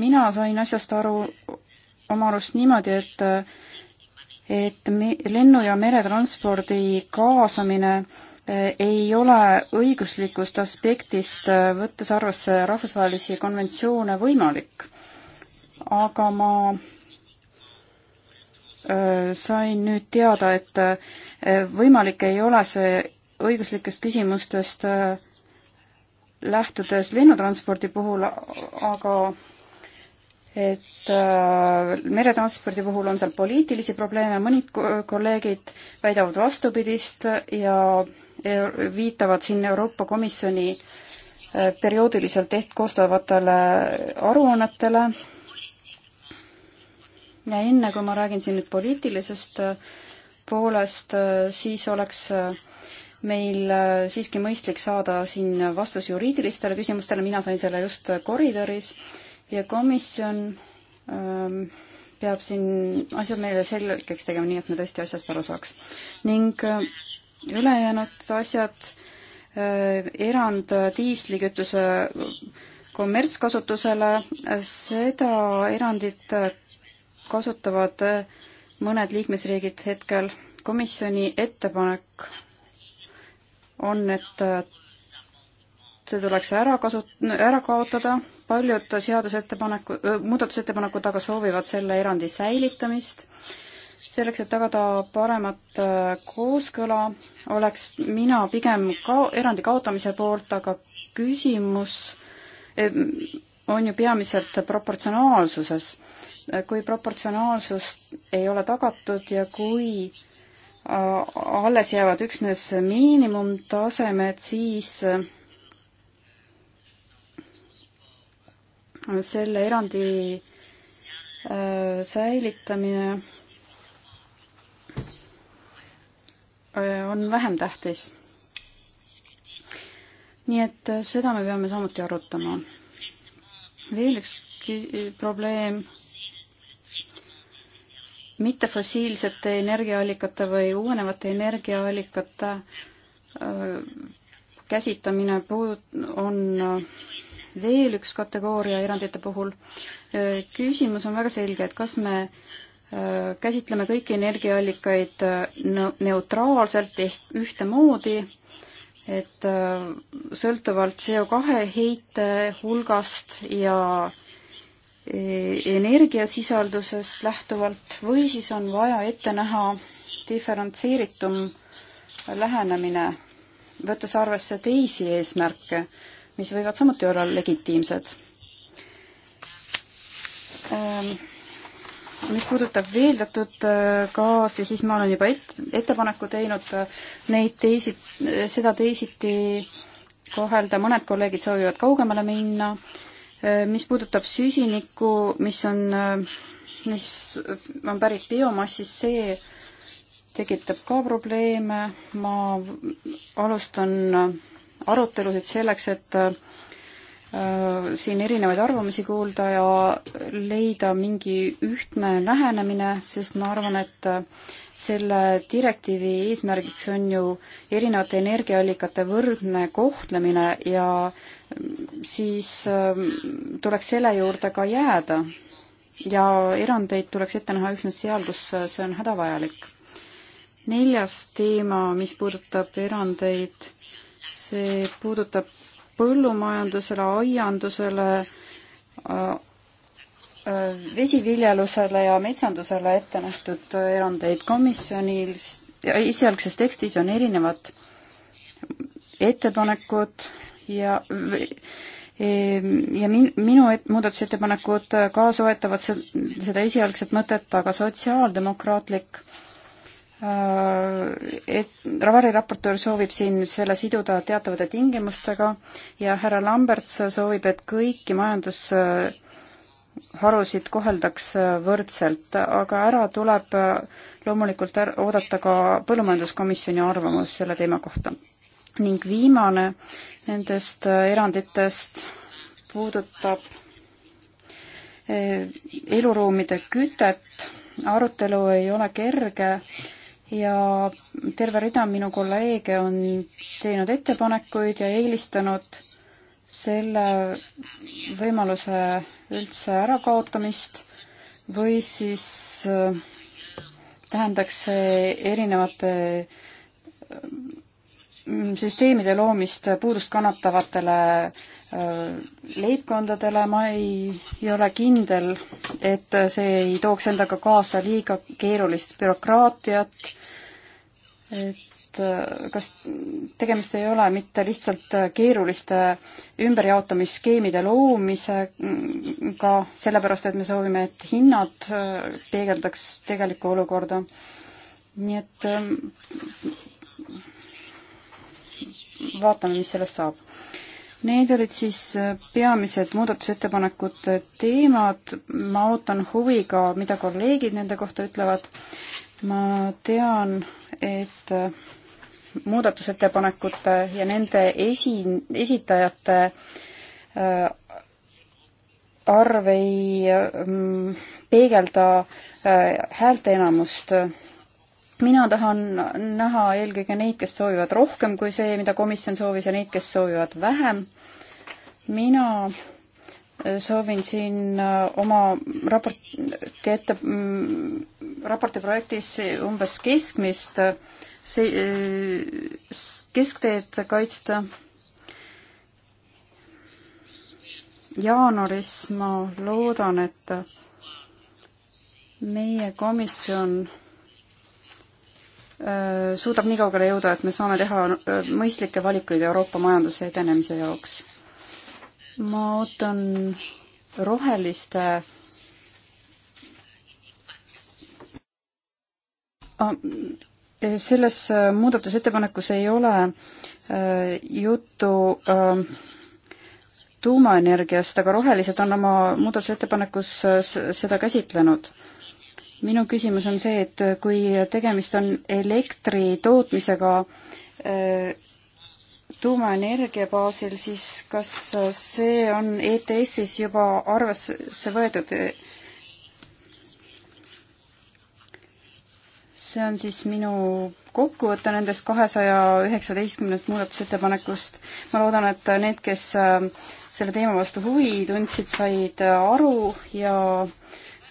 mina sain asjast aru oma arust niimoodi, et et me, lennu- ja meretranspordi kaasamine eh, ei ole õiguslikust aspektist, eh, võttes arvesse rahvusvahelisi konventsioone, võimalik. aga ma eh, sain nüüd teada, et võimalik ei ole see õiguslikest küsimustest äh, lähtudes lennutranspordi puhul, aga et äh, meretranspordi puhul on seal poliitilisi probleeme, mõned kolleegid väidavad vastupidist ja viitavad siin Euroopa Komisjoni äh, perioodiliselt teht-, koostavatele aruannetele. ja enne, kui ma räägin siin nüüd poliitilisest äh, poolest, äh, siis oleks äh, meil äh, siiski mõistlik saada siin vastus juriidilistele küsimustele, mina sain selle just koridoris ja komisjon ähm, peab siin asjad meile selgeks tegema, nii et me tõesti asjast aru saaks. ning äh, ülejäänud asjad äh,, erand diislikütuse kommertskasutusele, äh, seda erandit kasutavad mõned liikmesriigid hetkel. komisjoni ettepanek on, et äh, see tuleks ära kasut-, ära kaotada, paljud seadusettepaneku, äh, muudatusettepanekud aga soovivad selle erandi säilitamist. selleks, et tagada paremat äh, kooskõla, oleks mina pigem ka-, erandi kaotamise poolt, aga küsimus on ju peamiselt proportsionaalsuses. kui proportsionaalsus ei ole tagatud ja kui äh, Äh, alles jäävad üksnes miinimumtasemed, siis äh, selle erandi äh, säilitamine on vähem tähtis. nii et seda me peame samuti arutama. veel üks probleem mittefossiilsete energiaallikate või uuenevate energiaallikate äh, käsitamine on äh, veel üks kategooria erandite puhul. Äh, küsimus on väga selge, et kas me käsitleme kõiki energiaallikaid neutraalselt ehk ühtemoodi, et sõltuvalt CO2 heite hulgast ja äh, E, energiasisaldusest lähtuvalt või siis on vaja ette näha diferentseeritum lähenemine, võttes arvesse teisi eesmärke, mis võivad samuti olla legitiimsed. Ehm, mis puudutab veeldatud e, gaasi, siis ma olen juba et-, ettepaneku teinud e, neid teisi, seda teisiti kohelda, mõned kolleegid soovivad kaugemale minna, Äh, mis puudutab süsinikku, mis on, äh, mis on pärit biomassist, see tekitab ka probleeme, ma alustan äh, arutelusid selleks, et siin erinevaid arvamusi kuulda ja leida mingi ühtne lähenemine, sest ma arvan, et selle direktiivi eesmärgiks on ju erinevate energiaallikate võrdne kohtlemine ja mm, siis ähm, tuleks selle juurde ka jääda. ja erandeid tuleks ette näha üksnes seal, kus äh, see on hädavajalik. neljas teema, mis puudutab erandeid, see puudutab põllumajandusele, aiandusele, äh, Äh, vesiviljelusele ja metsandusele ette nähtud erandeid komisjonil, esialgses tekstis on erinevad ettepanekud ja ehm, ja min-, minu et-, muudatusettepanekud ka soetavad se-, seda esialgset mõtet, aga sotsiaaldemokraatlik äh, et Ravari raportöör soovib siin selle siduda teatavate tingimustega ja härra Lamberts soovib, et kõiki majandus- harusid koheldaks võrdselt, aga ära tuleb loomulikult ära oodata ka Põllumajanduskomisjoni arvamus selle teema kohta. ning viimane nendest eranditest puudutab eh, eluruumide kütet, arutelu ei ole kerge ja terve rida minu kolleege on teinud ettepanekuid ja eelistanud selle võimaluse üldse ärakaotamist või siis äh, tähendaks see erinevate mm, süsteemide loomist puudust kannatavatele äh, leibkondadele, ma ei, ei ole kindel, et see ei tooks endaga kaasa liiga keerulist bürokraatiat, et et kas tegemist ei ole mitte lihtsalt keeruliste ümberjaotamisskeemide loomisega, sellepärast et me soovime, et hinnad peegeldaks tegelikku olukorda. nii et ähm, vaatame, mis sellest saab. Need olid siis peamised muudatusettepanekute teemad, ma ootan huviga, mida kolleegid nende kohta ütlevad ma tean, et muudatusettepanekute ja nende esi, esitajate äh, arv ei mm, peegelda äh, häälteenamust. mina tahan näha eelkõige neid, kes soovivad rohkem kui see, mida komisjon soovis, ja neid, kes soovivad vähem. mina äh, soovin siin oma raporti ette, mm, raporti projektis umbes keskmist äh, see, äh, keskteed kaitsta. jaanuaris ma loodan, et meie komisjon äh, suudab nii kaugele jõuda, et me saame teha äh, mõistlikke valikuid Euroopa majanduse edenemise jaoks. ma ootan roheliste selles äh, muudatusettepanekus ei ole äh, juttu äh, tuumaenergiast, aga rohelised on oma muudatusettepanekus seda käsitlenud minu küsimus on see, et kui tegemist on elektri tootmisega tuumaenergia baasil, siis kas see on ETS-is juba arvesse võetud, see on siis minu kokkuvõte nendest kahesaja üheksateistkümnest muudatusettepanekust. ma loodan, et need, kes äh, selle teema vastu huvi tundsid, said äh, aru ja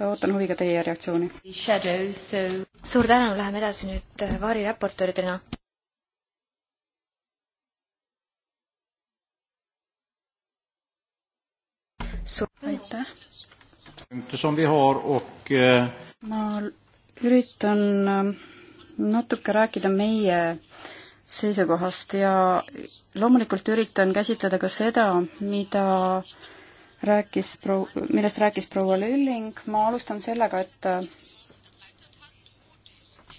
ootan huviga teie reaktsiooni. suur tänu, läheme edasi nüüd äh, variraportööridena. aitäh. som vi har och eh, ma üritan äh, natuke rääkida meie seisukohast ja loomulikult üritan käsitleda ka seda, mida rääkis prou-, millest rääkis proua Lülling, ma alustan sellega, et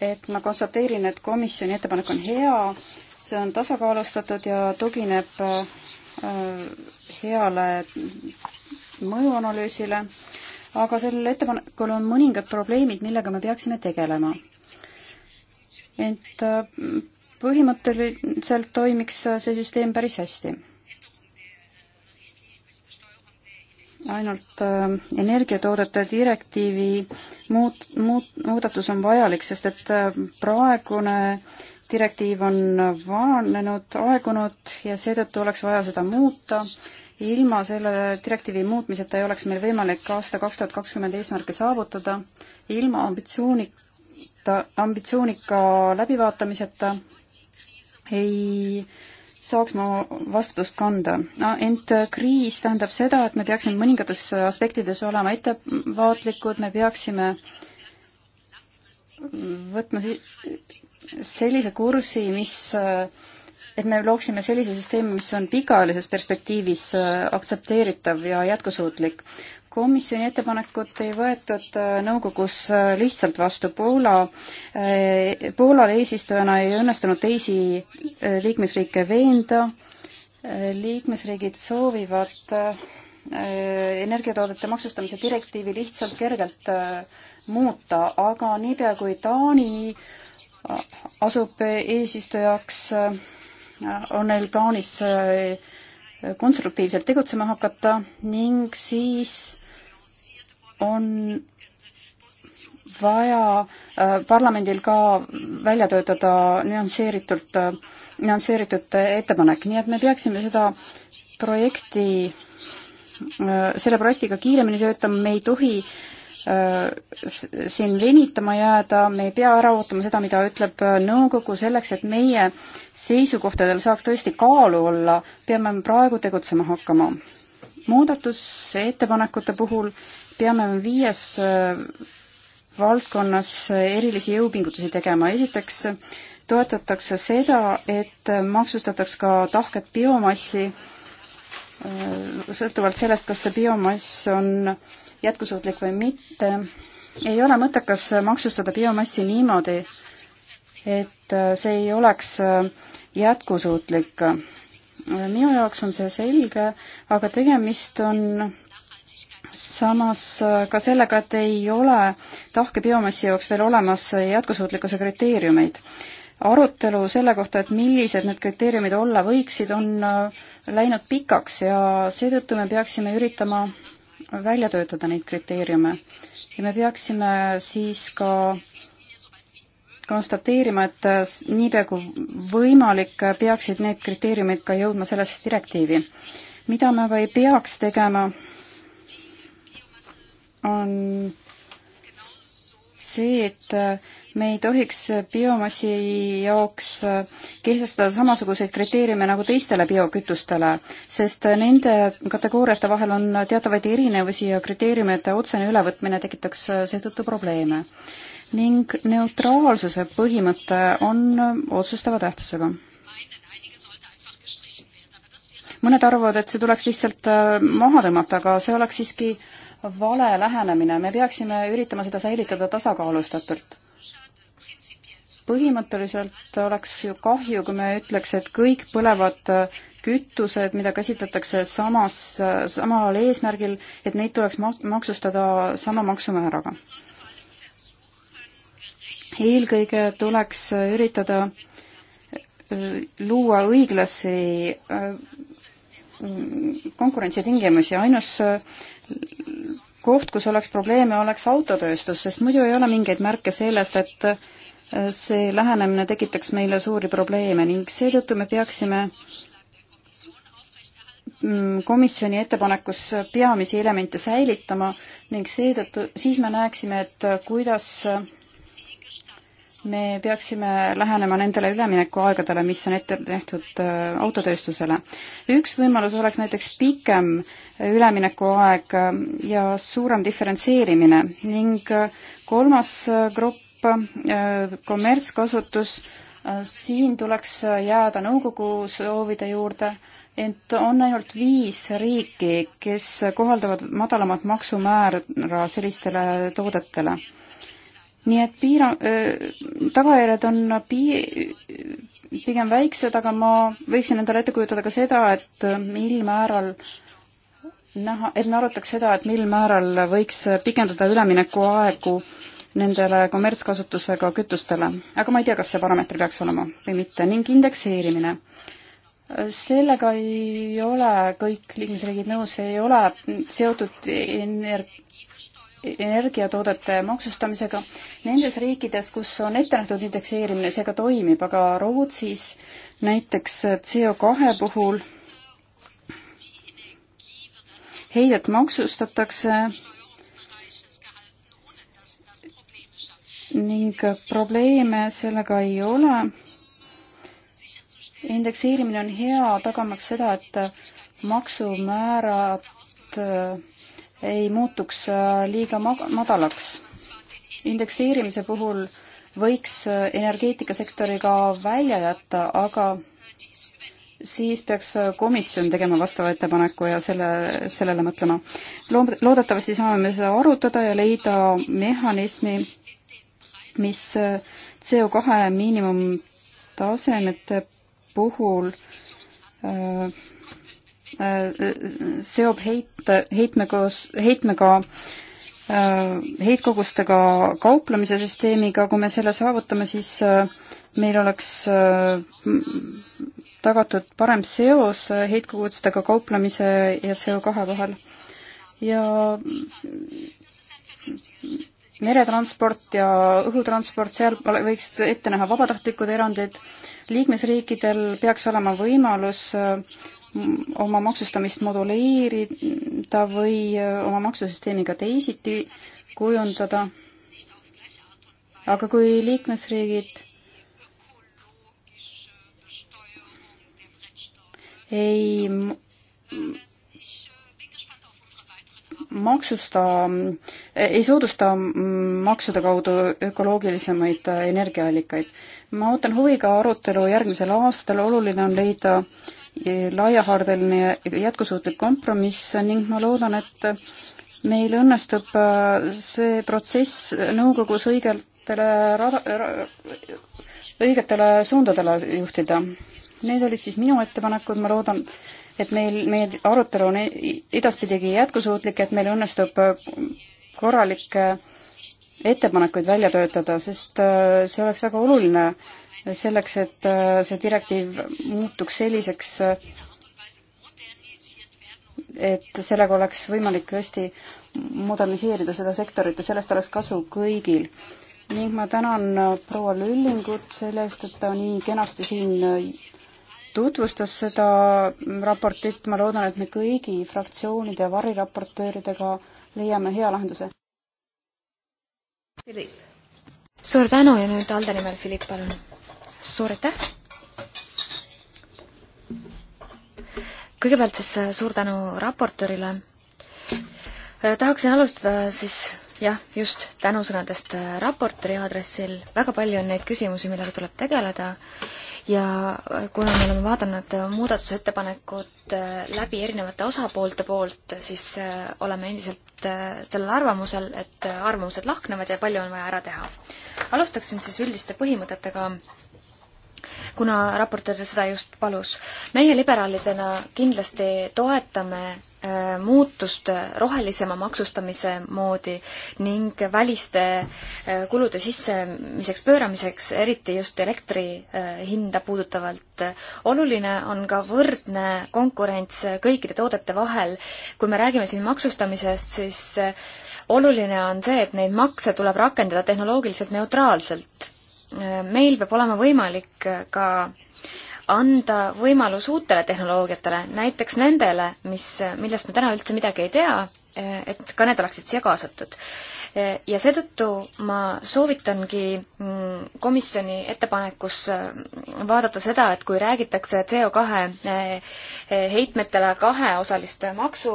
et ma konstateerin, et komisjoni ettepanek on hea, see on tasakaalustatud ja tugineb äh, heale mõjuanalüüsile äh, aga sellel ettepanekul on mõningad probleemid, millega me peaksime tegelema. ent äh, põhimõtteliselt toimiks äh, see süsteem päris hästi. ainult äh, energiatoodete direktiivi muut-, muut-, muudatus on vajalik, sest et äh, praegune direktiiv on vananenud, aegunud ja seetõttu oleks vaja seda muuta äh, ilma selle direktiivi muutmiseta ei oleks meil võimalik aasta kaks tuhat kakskümmend eesmärke saavutada, ilma ambitsioonika, ambitsioonika läbivaatamiseta ei saaks ma vastutust kanda no,. ent kriis tähendab seda, et me peaksime mõningates aspektides olema ettevaatlikud, me peaksime võtma sellise kursi, mis et me looksime sellise süsteemi, mis on pikaajalises perspektiivis äh, aktsepteeritav ja jätkusuutlik. komisjoni ettepanekut ei võetud äh, nõukogus äh, lihtsalt vastu. Poola, Poolal eesistujana ei õnnestunud teisi liikmesriike veenda, liikmesriigid soovivad energiatoodete maksustamise direktiivi lihtsalt kergelt muuta, aga niipea kui Taani asub eesistujaks, on neil plaanis äh, konstruktiivselt tegutsema hakata ning siis on vaja äh, parlamendil ka välja töötada nüansseeritult, äh, nüansseeritud ettepanek, nii et me peaksime seda projekti, selle projektiga kiiremini töötama, me ei tohi siin venitama jääda, me ei pea ära ootama seda, mida ütleb nõukogu, selleks et meie äh, seisukohtadel saaks tõesti kaalu olla, peame me praegu tegutsema hakkama. muudatusettepanekute puhul peame me viies äh, valdkonnas äh, erilisi jõupingutusi tegema, esiteks toetatakse seda, et äh, maksustataks ka tahket biomassi, sõltuvalt sellest, kas see biomass on jätkusuutlik või mitte, ei ole mõttekas maksustada biomassi niimoodi, et äh, see ei oleks äh, jätkusuutlik. minu jaoks on see selge, aga tegemist on samas äh, ka sellega, et ei ole tahke biomassi jaoks veel olemas jätkusuutlikkuse kriteeriumeid. arutelu selle kohta, et millised need kriteeriumid olla võiksid, on läinud pikaks ja seetõttu me peaksime üritama välja töötada neid kriteeriume. ja me peaksime siis ka äh, konstateerima, et äh, niipea kui võimalik, äh, peaksid need kriteeriumid ka jõudma sellesse direktiivi. mida me või peaks tegema, on see, et äh, me ei tohiks biomassi jaoks kehtestada samasuguseid kriteeriume nagu teistele biokütustele, sest nende kategooriate vahel on teatavaid erinevusi ja kriteeriumite otsene ülevõtmine tekitaks seetõttu probleeme ning neutraalsuse põhimõte on otsustava tähtsusega. mõned arvavad, et see tuleks lihtsalt äh, maha tõmmata, aga see oleks siiski vale lähenemine, me peaksime üritama seda säilitada tasakaalustatult põhimõtteliselt oleks ju kahju, kui me ütleks, et kõik põlevad äh, kütused, mida käsitletakse samas, äh, samal eesmärgil, et neid tuleks mak-, maksustada sama maksumääraga eelkõige tuleks üritada äh, luua õiglasi äh, konkurentsitingimusi, ainus äh, koht, kus oleks probleeme, oleks autotööstus, sest muidu ei ole mingeid märke sellest, et see lähenemine tekitaks meile suuri probleeme ning seetõttu me peaksime mm, komisjoni ettepanekus peamisi elemente säilitama ning seetõttu, siis me näeksime, et kuidas me peaksime lähenema nendele üleminekuaegadele, mis on ette tehtud äh, autotööstusele. üks võimalus oleks näiteks pikem üleminekuaeg äh, ja suurem diferentseerimine ning äh, kolmas grupp, kommertskasutus, siin tuleks jääda nõukogu soovide juurde, et on ainult viis riiki, kes kohaldavad madalamat maksumäära sellistele toodetele nii et piira-, tagajärjed on pii-, pigem väiksed, aga ma võiksin endale ette kujutada ka seda, et mil määral näha, et me arutaks seda, et mil määral võiks pikendada üleminekuaegu nendele kommertskasutusega kütustele. aga ma ei tea, kas see parameeter peaks olema või mitte, ning indekseerimine. sellega ei ole kõik liikmesriigid nõus, see ei ole seotud energ-, energiatoodete maksustamisega nendes riikides, kus on ette nähtud indekseerimine, see ka toimib, aga Rootsis näiteks CO kahe puhul heidet maksustatakse ning probleeme sellega ei ole. indekseerimine on hea, tagamaks seda, et maksumäärad ei muutuks äh, liiga madalaks. indekseerimise puhul võiks äh, energeetikasektori ka välja jätta, aga siis peaks äh, komisjon tegema vastava ettepaneku ja selle, sellele mõtlema. loodetavasti saame me seda arutada ja leida mehhanismi, mis CO kahe miinimumtasemete puhul äh, Äh, seob heit, heitmekoos, heitmega äh, heitkogustega kauplemise süsteemiga, kui me selle saavutame, siis äh, meil oleks tagatud parem seos heitkogustega kauplemise ja CO2 vahel. ja meretransport ja õhutransport, seal võiks ette näha vabatahtlikud erandid, liikmesriikidel peaks olema võimalus oma maksustamist moduleerida või äh, oma maksusüsteemi ka teisiti kujundada. aga kui liikmesriigid ei maksusta, ei soodusta maksude kaudu ökoloogilisemaid energiaallikaid. ma ootan huviga arutelu järgmisel aastal, oluline on leida äh, laiahaardeline jätkusuutlik kompromiss ning ma loodan, et meil õnnestub äh, see protsess nõukogus õigetele õigetele suundadele juhtida. Need olid siis minu ettepanekud, ma loodan, et meil, meie arutelu on e-, edaspidigi jätkusuutlik, et meil õnnestub äh, korralikke ettepanekuid välja töötada, sest äh, see oleks väga oluline äh, selleks, et äh, see direktiiv muutuks selliseks, et sellega oleks võimalik hästi moderniseerida seda sektorit ja sellest oleks kasu kõigil. ning ma tänan äh, proua Lüllingut selle eest, et ta nii kenasti siin äh, tutvustas seda raportit, ma loodan, et me kõigi fraktsioonide ja variraportööridega leiame hea lahenduse. suur tänu ja nüüd Alde nimel Philipp, palun suur aitäh! kõigepealt siis äh, suur tänu raportöörile. Äh, tahaksin alustada siis jah, just tänusõnadest äh, raportööri aadressil, väga palju on neid küsimusi, millega tuleb tegeleda ja kuna me oleme vaadanud muudatusettepanekud läbi erinevate osapoolte poolt, siis oleme endiselt sellel arvamusel, et arvamused lahknevad ja palju on vaja ära teha. alustaksin siis üldiste põhimõtetega kuna raportöör seda just palus. meie liberaalidena kindlasti toetame äh, muutust rohelisema maksustamise moodi ning väliste äh, kulude sissemiseks pööramiseks, eriti just elektri äh, hinda puudutavalt. oluline on ka võrdne konkurents kõikide toodete vahel. kui me räägime siin maksustamisest, siis oluline on see, et neid makse tuleb rakendada tehnoloogiliselt neutraalselt meil peab olema võimalik ka anda võimalus uutele tehnoloogiatele, näiteks nendele, mis, millest me täna üldse midagi ei tea, et ka need oleksid siia kaasatud. ja seetõttu ma soovitangi mm, komisjoni ettepanekus mm, vaadata seda, et kui räägitakse CO2 eh, heitmetele kaheosalist maksu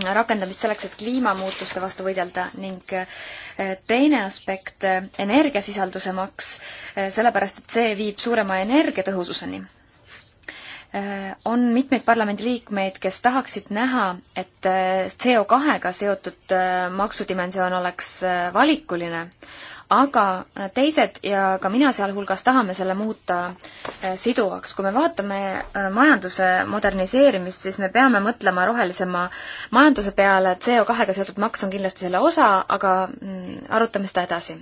rakendamist selleks, et kliimamuutuste vastu võidelda ning eh, teine aspekt, eh, energiasisalduse maks, eh, sellepärast et see viib suurema energiatõhususeni. on mitmeid parlamendiliikmeid, kes tahaksid näha, et CO2-ga seotud maksudimensioon oleks valikuline, aga äh, teised ja ka mina sealhulgas tahame selle muuta äh, siduvaks. kui me vaatame äh, majanduse moderniseerimist, siis me peame mõtlema rohelisema majanduse peale, CO2-ga seotud maks on kindlasti selle osa, aga mm, arutame seda edasi.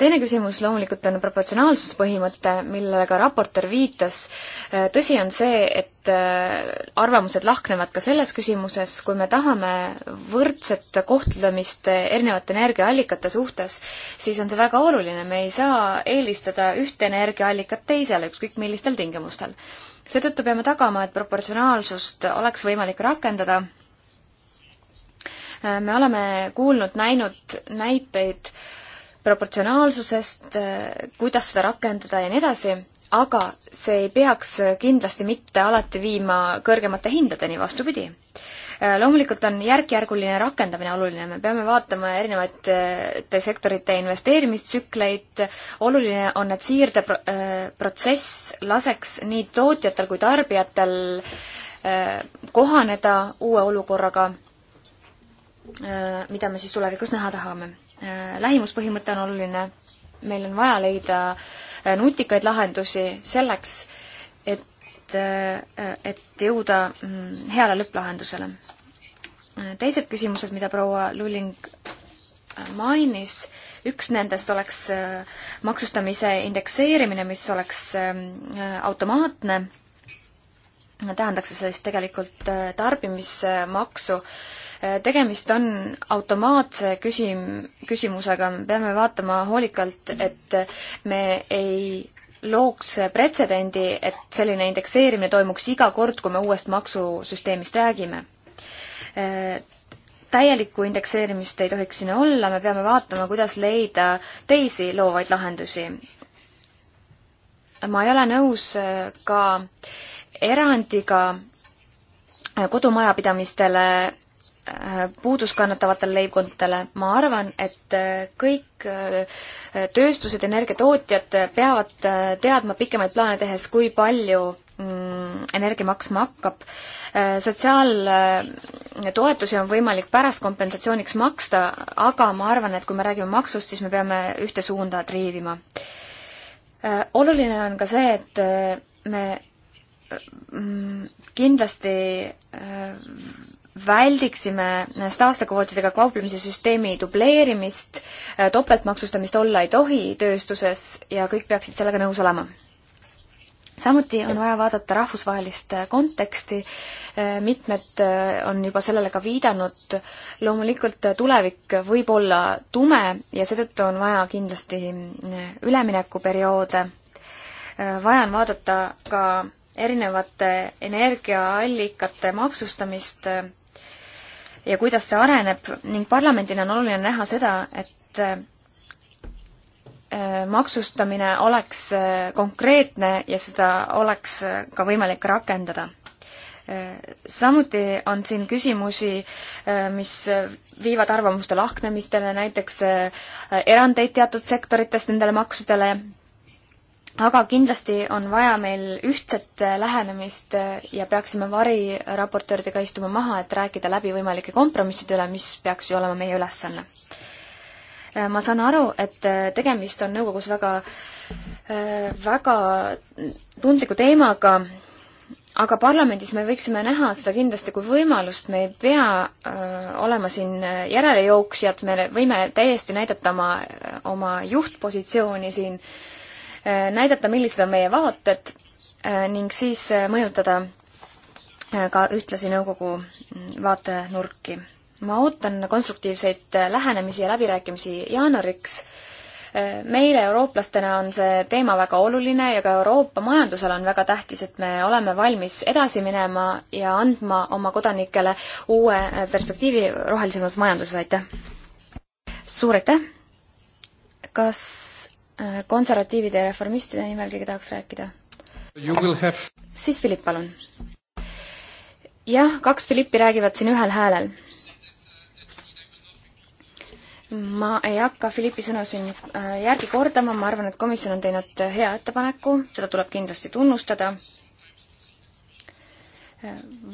teine küsimus loomulikult on proportsionaalsuspõhimõte, millele ka raportöör viitas. tõsi on see, et arvamused lahknevad ka selles küsimuses, kui me tahame võrdset kohtlemist erinevate energiaallikate suhtes, siis on see see väga oluline, me ei saa eelistada ühte energiaallikat teisele, ükskõik millistel tingimustel. seetõttu peame tagama, et proportsionaalsust oleks võimalik rakendada. Äh, me oleme kuulnud, näinud näiteid proportsionaalsusest, äh, kuidas seda rakendada ja nii edasi, aga see ei peaks kindlasti mitte alati viima kõrgemate hindadeni, vastupidi Äh, loomulikult on järk-järguline rakendamine oluline, me peame vaatama erinevate sektorite investeerimistsükleid, oluline on, et siirdeprotsess äh, laseks nii tootjatel kui tarbijatel äh, kohaneda uue olukorraga, mida me siis tulevikus näha tahame. lähimuspõhimõte on oluline, meil on vaja leida nutikaid lahendusi selleks, et, äh, et jõuda mm, heale lõpplahendusele. teised küsimused, mida proua Luling äh, mainis, üks nendest oleks äh, maksustamise indekseerimine, mis oleks ähm, automaatne, tähendaks see siis tegelikult tarbimismaksu, tegemist on automaatse küsim-, küsimusega, me peame vaatama hoolikalt, et me ei looks pretsedendi, et selline indekseerimine toimuks iga kord, kui me uuest maksusüsteemist räägime. Äh, täielikku indekseerimist ei tohiks siin olla, me peame vaatama, kuidas leida teisi loovaid lahendusi. ma ei ole nõus äh, ka erandiga äh, kodumajapidamistele Äh, puudust kannatavatele leibkondadele, ma arvan, et äh, kõik äh, tööstused, energiatootjad peavad teadma pikemaid plaane tehes, kui palju mm, energia maksma hakkab. sotsiaaltoetusi on võimalik pärast kompensatsiooniks maksta, aga ma arvan, et kui me räägime maksust, siis me peame ühte suunda triivima. oluline on ka see, et me mm, kindlasti väldiksime taastekvootidega kauplemise süsteemi dubleerimist, äh, topeltmaksustamist olla ei tohi tööstuses ja kõik peaksid sellega nõus olema. samuti on vaja vaadata rahvusvahelist äh, konteksti, äh, mitmed on juba sellele ka viidanud, loomulikult tulevik võib olla tume ja seetõttu on vaja kindlasti üleminekuperioode, vaja on vaadata ka erinevate energiaallikate maksustamist ja kuidas see areneb ning parlamendina on oluline näha seda, et äh, maksustamine oleks äh, konkreetne ja seda oleks äh, ka võimalik rakendada. samuti on siin küsimusi, mis viivad arvamuste lahknemistele, näiteks erandeid teatud sektorites nendele maksudele aga kindlasti on vaja meil ühtset lähenemist ja peaksime variraportööridega istuma maha, et rääkida läbi võimalike kompromisside üle, mis peaks ju olema meie ülesanne. ma saan aru, et tegemist on nõukogus väga, väga tundliku teemaga, aga parlamendis me võiksime näha seda kindlasti kui võimalust, me ei pea öö, äh, olema siin järelejooksjad, me võime täiesti näidata oma, oma juhtpositsiooni siin öö, Äh, näidata, millised on meie vaated äh, ning siis äh, mõjutada ka ühtlasi nõukogu mm, vaatenurki. ma ootan konstruktiivseid lähenemisi ja läbirääkimisi jaanuariks. meile, eurooplastena, on see teema väga oluline ja ka Euroopa majandusel on väga tähtis, et me oleme valmis edasi minema ja andma oma kodanikele uue perspektiivi rohelisemas majanduses, aitäh! suur aitäh! kas Äh, konservatiivide ja reformistide nimel keegi tahaks rääkida? Have... siis Philipp, palun. jah, kaks Philippi räägivad siin ühel häälel. ma ei hakka Philippi sõnu siin äh, järgi kordama, ma arvan, et komisjon on teinud hea ettepaneku, seda tuleb kindlasti tunnustada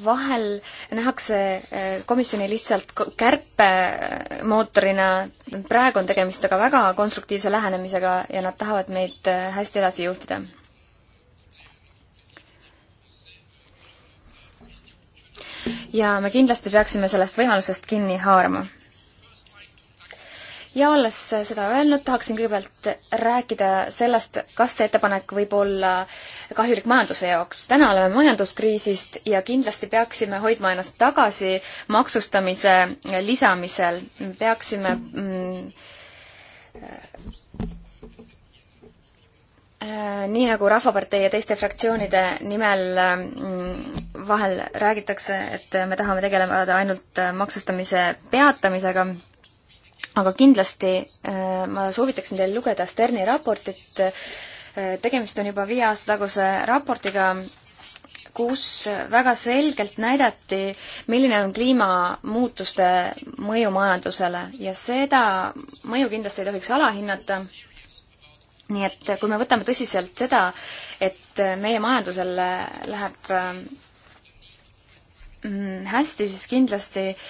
vahel nähakse äh, komisjoni lihtsalt kärpemootorina, praegu on tegemist aga väga konstruktiivse lähenemisega ja nad tahavad meid äh, hästi edasi juhtida. ja me kindlasti peaksime sellest võimalusest kinni haarama ja olles seda öelnud, tahaksin kõigepealt rääkida sellest, kas see ettepanek võib olla kahjulik majanduse jaoks. täna oleme majanduskriisist ja kindlasti peaksime hoidma ennast tagasi maksustamise lisamisel. peaksime mm, äh, nii nagu Rahvapartei ja teiste fraktsioonide nimel mm, vahel räägitakse, et me tahame tegeleda ainult maksustamise peatamisega aga kindlasti äh, ma soovitaksin teil lugeda Sterni raportit, äh, tegemist on juba viie aasta taguse raportiga, kus väga selgelt näidati, milline on kliimamuutuste mõju majandusele ja seda mõju kindlasti ei tohiks alahinnata. nii et kui me võtame tõsiselt seda, et meie majandusel läheb äh, mm, hästi, siis kindlasti äh,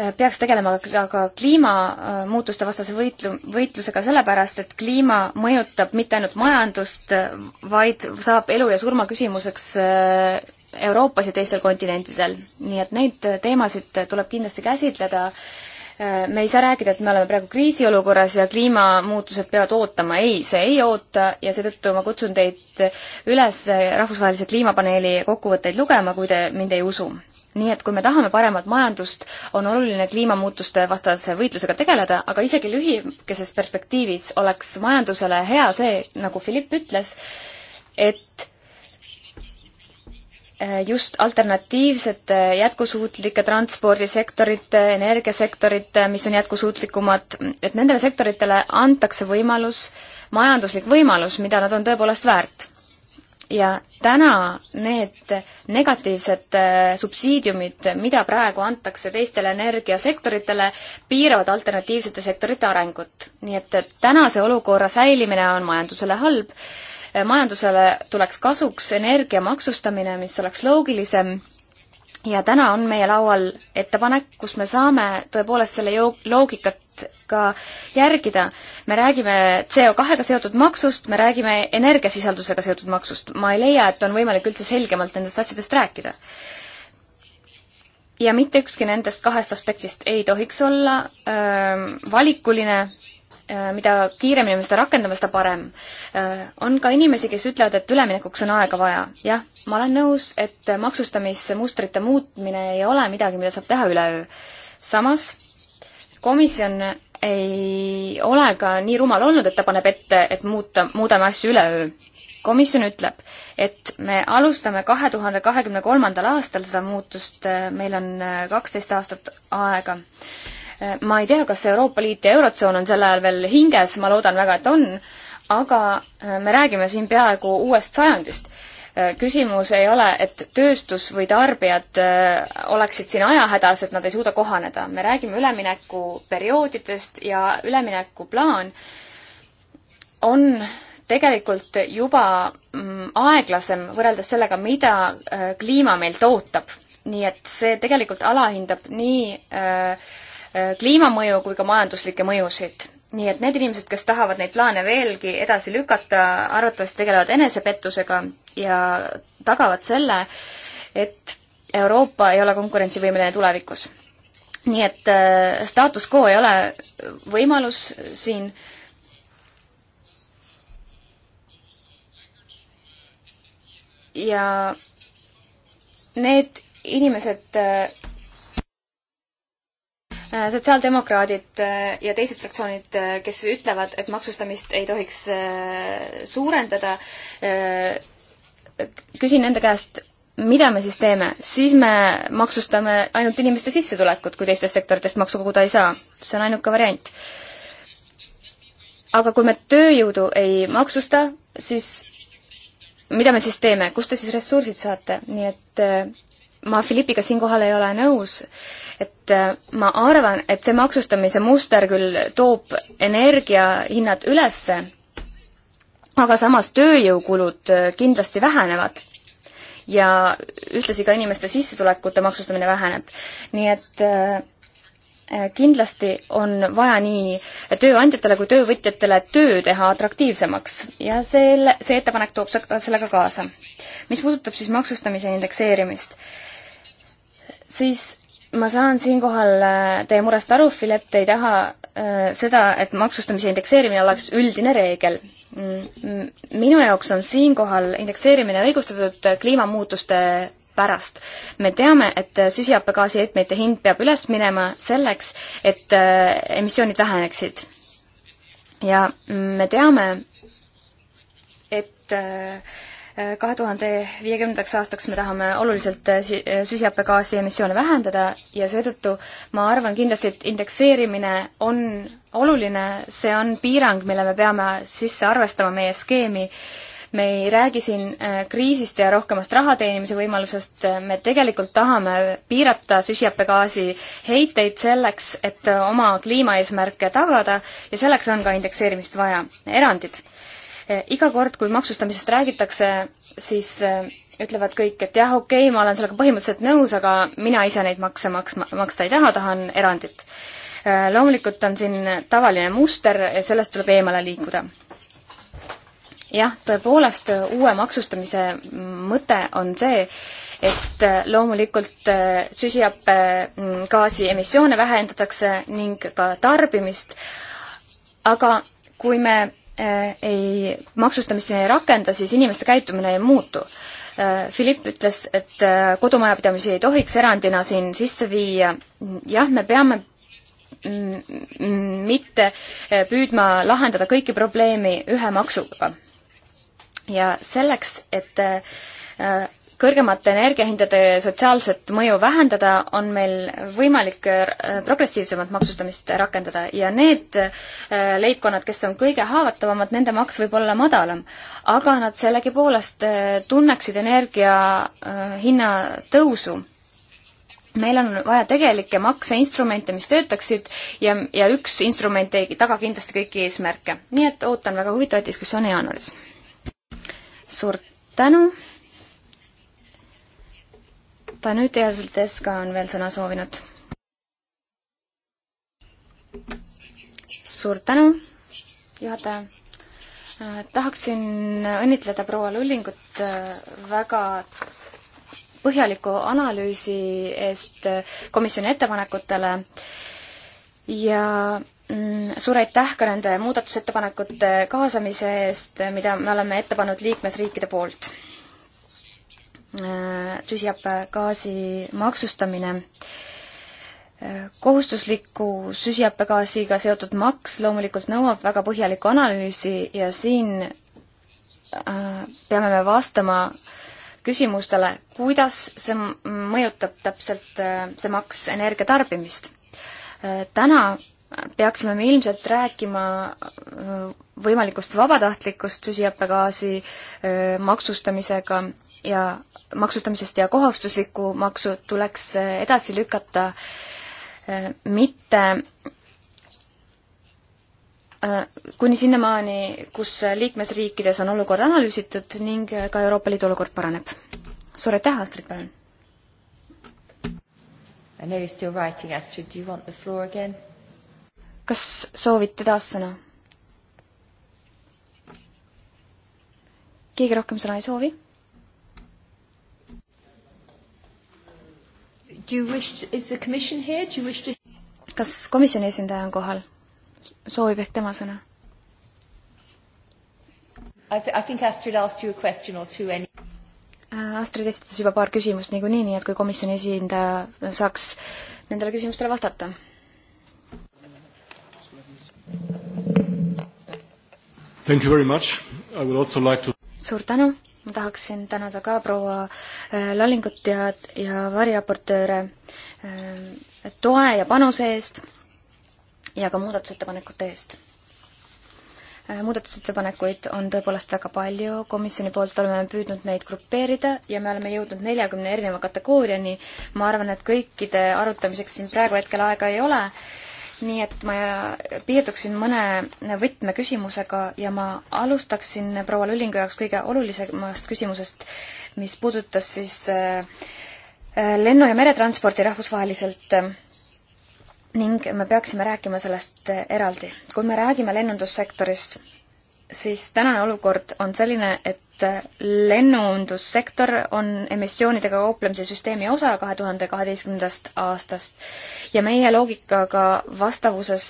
Äh, peaks tegelema ka, ka kliimamuutuste vastase võitlu, võitlusega, sellepärast et kliima mõjutab mitte ainult majandust, vaid saab elu ja surma küsimuseks äh, Euroopas ja teistel kontinentidel. nii et neid teemasid tuleb kindlasti käsitleda. Äh, me ei saa rääkida, et me oleme praegu kriisiolukorras ja kliimamuutused peavad ootama. ei, see ei oota ja seetõttu ma kutsun teid üles rahvusvahelise kliimapaneeli kokkuvõtteid lugema, kui te mind ei usu nii et kui me tahame paremat majandust, on oluline kliimamuutuste vastase võitlusega tegeleda, aga isegi lühikeses perspektiivis oleks majandusele hea see, nagu Philipp ütles, et eh, just alternatiivsete jätkusuutlike transpordisektorite, energiasektorite, mis on jätkusuutlikumad, et nendele sektoritele antakse võimalus, majanduslik võimalus, mida nad on tõepoolest väärt ja täna need negatiivsed äh, subsiidiumid, mida praegu antakse teistele energiasektoritele, piiravad alternatiivsete sektorite arengut. nii et tänase olukorra säilimine on majandusele halb, äh, majandusele tuleks kasuks energia maksustamine, mis oleks loogilisem, ja täna on meie laual ettepanek, kus me saame tõepoolest selle loogika loogikat ka järgida. me räägime CO2-ga seotud maksust, me räägime energiasisaldusega seotud maksust. ma ei leia, et on võimalik üldse selgemalt nendest asjadest rääkida. ja mitte ükski nendest kahest aspektist ei tohiks olla öö, ähm, valikuline äh, mida kiiremini me seda rakendame, seda parem. Äh, on ka inimesi, kes ütlevad, et üleminekuks on aega vaja. jah, ma olen nõus, et maksustamismustrite muutmine ei ole midagi, mida saab teha üleöö. samas komisjon ei ole ka nii rumal olnud, et ta paneb ette, et muuta, muudame asju üleöö. komisjon ütleb, et me alustame kahe tuhande kahekümne kolmandal aastal seda muutust, meil on äh, kaksteist aastat aega. Äh, ma ei tea, kas Euroopa Liit ja Eurotsoon on sel ajal veel hinges, ma loodan väga, et on, aga äh, me räägime siin peaaegu uuest sajandist Äh, küsimus ei ole, et tööstus või tarbijad äh, oleksid siin ajahädas, et nad ei suuda kohaneda. me räägime üleminekuperioodidest ja üleminekuplaan on tegelikult juba mm, aeglasem võrreldes sellega, mida äh, kliima meilt ootab. nii et see tegelikult alahindab nii kliimamõju kui ka majanduslikke mõjusid nii et need inimesed, kes tahavad neid plaane veelgi edasi lükata, arvatavasti tegelevad enesepettusega ja tagavad selle, et Euroopa ei ole konkurentsivõimeline tulevikus. nii et äh, status quo ei ole võimalus siin ja need inimesed äh, Äh, sotsiaaldemokraadid äh, ja teised fraktsioonid, äh, kes ütlevad, et maksustamist ei tohiks suurendada, küsin nende käest, mida me siis teeme? siis me maksustame ainult inimeste sissetulekut, kui teistest sektoritest maksu koguda ei saa. see on ainuke variant. aga kui me tööjõudu ei maksusta, siis mida me siis teeme? kust te siis ressursid saate? nii et ma Philippiga siinkohal ei ole nõus äh, et äh, ma arvan, et see maksustamise muster küll toob energiahinnad ülesse, aga samas tööjõukulud äh, kindlasti vähenevad ja ühtlasi ka inimeste sissetulekute maksustamine väheneb. nii et äh, kindlasti on vaja nii tööandjatele kui töövõtjatele töö teha atraktiivsemaks ja selle, see ettepanek toob sellega kaasa. mis puudutab siis maksustamise indekseerimist, siis ma saan siinkohal äh, teie murest aru, Filet ei taha äh, seda, et maksustamise indekseerimine oleks üldine reegel. minu jaoks on siinkohal indekseerimine õigustatud äh, kliimamuutuste pärast. me teame, et süsihappegaasi heitmete hind peab üles minema selleks, et emissioonid väheneksid. ja me teame, et äh, kahe tuhande viiekümnendaks aastaks me tahame oluliselt äh, äh, süsihappegaasi emissioone vähendada ja seetõttu ma arvan kindlasti, et indekseerimine on oluline, see on piirang, mille me peame sisse arvestama meie skeemi. me ei räägi siin äh, kriisist ja rohkemast raha teenimise võimalusest, me tegelikult tahame piirata süsihappegaasi heiteid selleks, et oma kliimaeesmärke tagada ja selleks on ka indekseerimist vaja, erandid Eh, iga kord, kui maksustamisest räägitakse, siis eh, ütlevad kõik, et jah, okei okay,, ma olen sellega põhimõtteliselt nõus, aga mina ise neid makse maksma, maksta ei taha, tahan erandit. Eh, loomulikult on siin tavaline muster ja sellest tuleb eemale liikuda. jah, tõepoolest, uue maksustamise mõte on see, et loomulikult süsihappegaasi mm, emissioone vähendatakse ning ka tarbimist, aga kui me Äh, ei, maksustamist siin ei rakenda, siis inimeste käitumine ei muutu. Äh, Philipp ütles, et äh, kodumajapidamisi ei tohiks erandina siin sisse viia. jah, me peame mitte püüdma lahendada kõiki probleemi ühe maksuga. ja selleks, et kõrgemate energiahindade sotsiaalset mõju vähendada, on meil võimalik äh, progressiivsemat maksustamist rakendada ja need äh, leibkonnad, kes on kõige haavatavamad, nende maks võib olla madalam. aga nad sellegipoolest äh, tunneksid energia hinna tõusu meil on vaja tegelikke makseinstrumente, mis töötaksid ja, ja üks instrument ei taga kindlasti kõiki eesmärke. nii et ootan väga huvitavat diskussiooni jaanuaris. suur tänu! ta nüüd järsult Eska on veel sõna soovinud. suur tänu, juhataja. Äh, tahaksin õnnitleda proua Lullingut äh, väga põhjaliku analüüsi eest äh, komisjoni ettepanekutele ja mm, suur aitäh ka nende muudatusettepanekute kaasamise eest, mida me oleme ette pannud liikmesriikide poolt süsihappegaasi äh, maksustamine. Äh, kohustusliku süsihappegaasiga seotud maks loomulikult nõuab väga põhjalikku analüüsi ja siin äh, peame me vastama küsimustele, kuidas see mõjutab täpselt, see maks energia tarbimist. täna peaksime me ilmselt rääkima võimalikust vabatahtlikust süsihappegaasi maksustamisega ja maksustamisest ja kohustuslikku maksu tuleks äh, edasi lükata, äh, mitte äh, kuni sinnamaani, kus liikmesriikides on olukord analüüsitud ning ka Euroopa Liidu olukord paraneb. suur aitäh, Astrid, palun! I know you are still writing, Astrid, do you want the floor again? kas soovite taas sõna? keegi rohkem sõna ei soovi? Do you wish to, is the commission here? Do you wish to kas komisjoni esindaja on kohal? soovib ehk tema sõna? Äh, Astrid esitas juba paar küsimust niikuinii, nii et kui komisjoni esindaja saaks nendele küsimustele vastata. Like to... suur tänu ma tahaksin tänada ka proua äh, Lallingut ja, ja variraportööre äh, toe ja panuse eest ja ka muudatusettepanekute eest. Äh, muudatusettepanekuid on tõepoolest väga palju, komisjoni poolt oleme püüdnud neid grupeerida ja me oleme jõudnud neljakümne erineva kategooriani. ma arvan, et kõikide arutamiseks siin praegu hetkel aega ei ole nii et ma piirduksin mõne võtmeküsimusega ja ma alustaksin proua Lüllingu jaoks kõige olulisemast küsimusest, mis puudutas siis äh, äh, lennu- ja meretransporti rahvusvaheliselt ning me peaksime rääkima sellest äh, eraldi. kui me räägime lennundussektorist, siis tänane olukord on selline, et et lennundussektor on emissioonidega kauplemise süsteemi osa kahe tuhande kaheteistkümnendast aastast ja meie loogikaga vastavuses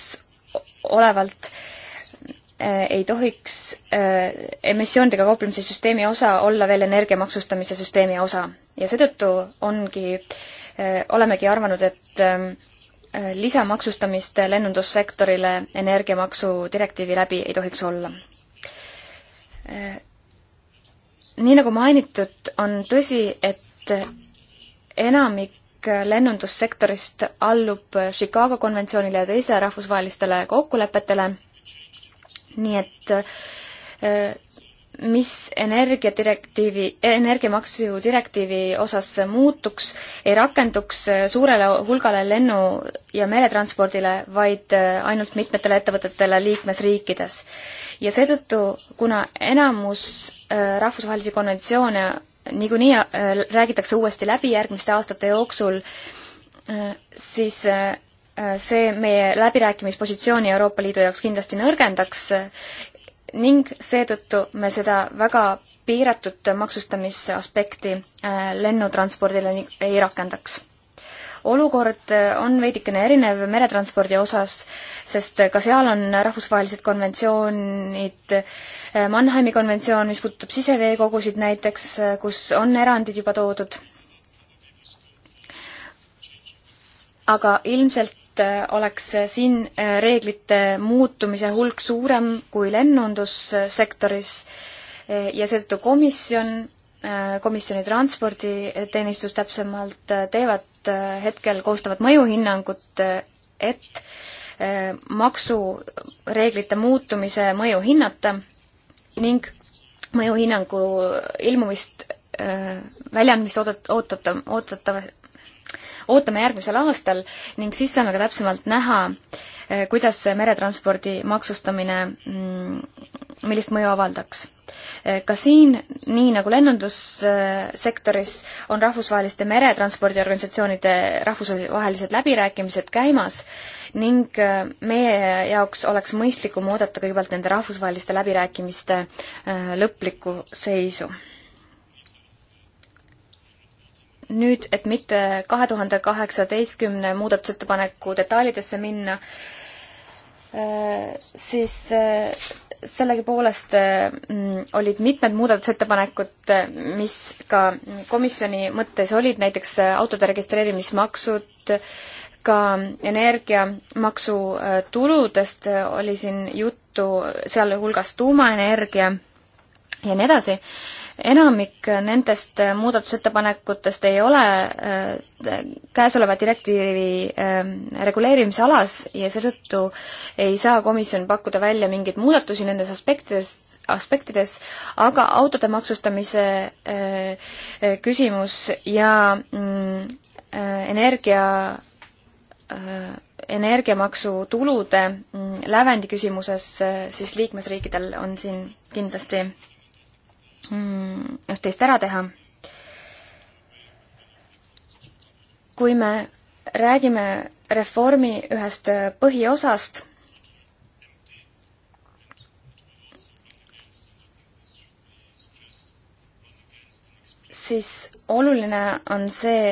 olevalt äh, ei tohiks äh, emissioonidega kauplemise süsteemi osa olla veel energia maksustamise süsteemi osa. ja seetõttu ongi, äh, olemegi arvanud, et lisamaksustamist lennundussektorile energiamaksu direktiivi läbi ei tohiks olla nii nagu mainitud, on tõsi, et enamik lennundussektorist allub Chicago konventsioonile ja teise rahvusvahelistele kokkulepetele, nii et mis energiadirektiivi, energiamaksu direktiivi osas muutuks, ei rakenduks suurele hulgale lennu- ja meretranspordile, vaid ainult mitmetele ettevõtetele liikmesriikides. ja seetõttu, kuna enamus äh, rahvusvahelisi konventsioone niikuinii äh, räägitakse uuesti läbi järgmiste aastate jooksul, äh, siis see meie läbirääkimispositsiooni Euroopa Liidu jaoks kindlasti nõrgendaks ning seetõttu me seda väga piiratud maksustamise aspekti äh, lennutranspordile ei rakendaks. olukord äh, on veidikene erinev meretranspordi osas, sest äh, ka seal on rahvusvahelised konventsioonid, Mannheimi konventsioon, mis puudutab siseveekogusid näiteks, kus on erandid juba toodud, aga ilmselt Äh, oleks siin äh, reeglite muutumise hulk suurem kui lennundussektoris äh, ja seetõttu komisjon, komisjoni transporditeenistus täpsemalt teevad hetkel, koostavad mõjuhinnangut, et maksureeglite muutumise mõju hinnata ning mõjuhinnangu ilmumist väljaandmist oodat-, ootata, ootatav, ootame järgmisel aastal ning siis saame ka täpsemalt näha, eh, kuidas meretranspordi maksustamine, mm, millist mõju avaldaks. Eh, ka siin, nii nagu lennundussektoris, on rahvusvaheliste meretranspordiorganisatsioonide rahvusvahelised läbirääkimised käimas ning eh, meie jaoks oleks mõistlikum oodata kõigepealt nende rahvusvaheliste läbirääkimiste lõplikku seisu nüüd, et mitte kahe tuhande kaheksateistkümne muudatusettepaneku detailidesse minna, äh, siis äh, sellegipoolest äh, olid mitmed muudatusettepanekud, mis ka komisjoni mõttes olid, näiteks autode registreerimismaksud, ka energiamaksu tuludest oli siin juttu, sealhulgas tuumaenergia ja nii edasi enamik nendest muudatusettepanekutest ei ole äh, käesoleva direktiivi ähm, reguleerimisalas ja seetõttu ei saa komisjon pakkuda välja mingeid muudatusi nendes aspektides, aspektides, aga autode maksustamise äh, äh, küsimus ja mm, energia energiamaksu tulude mm, lävendi küsimuses siis liikmesriikidel on siin kindlasti Mm, üht-teist ära teha. kui me räägime reformi ühest põhiosast, siis oluline on see,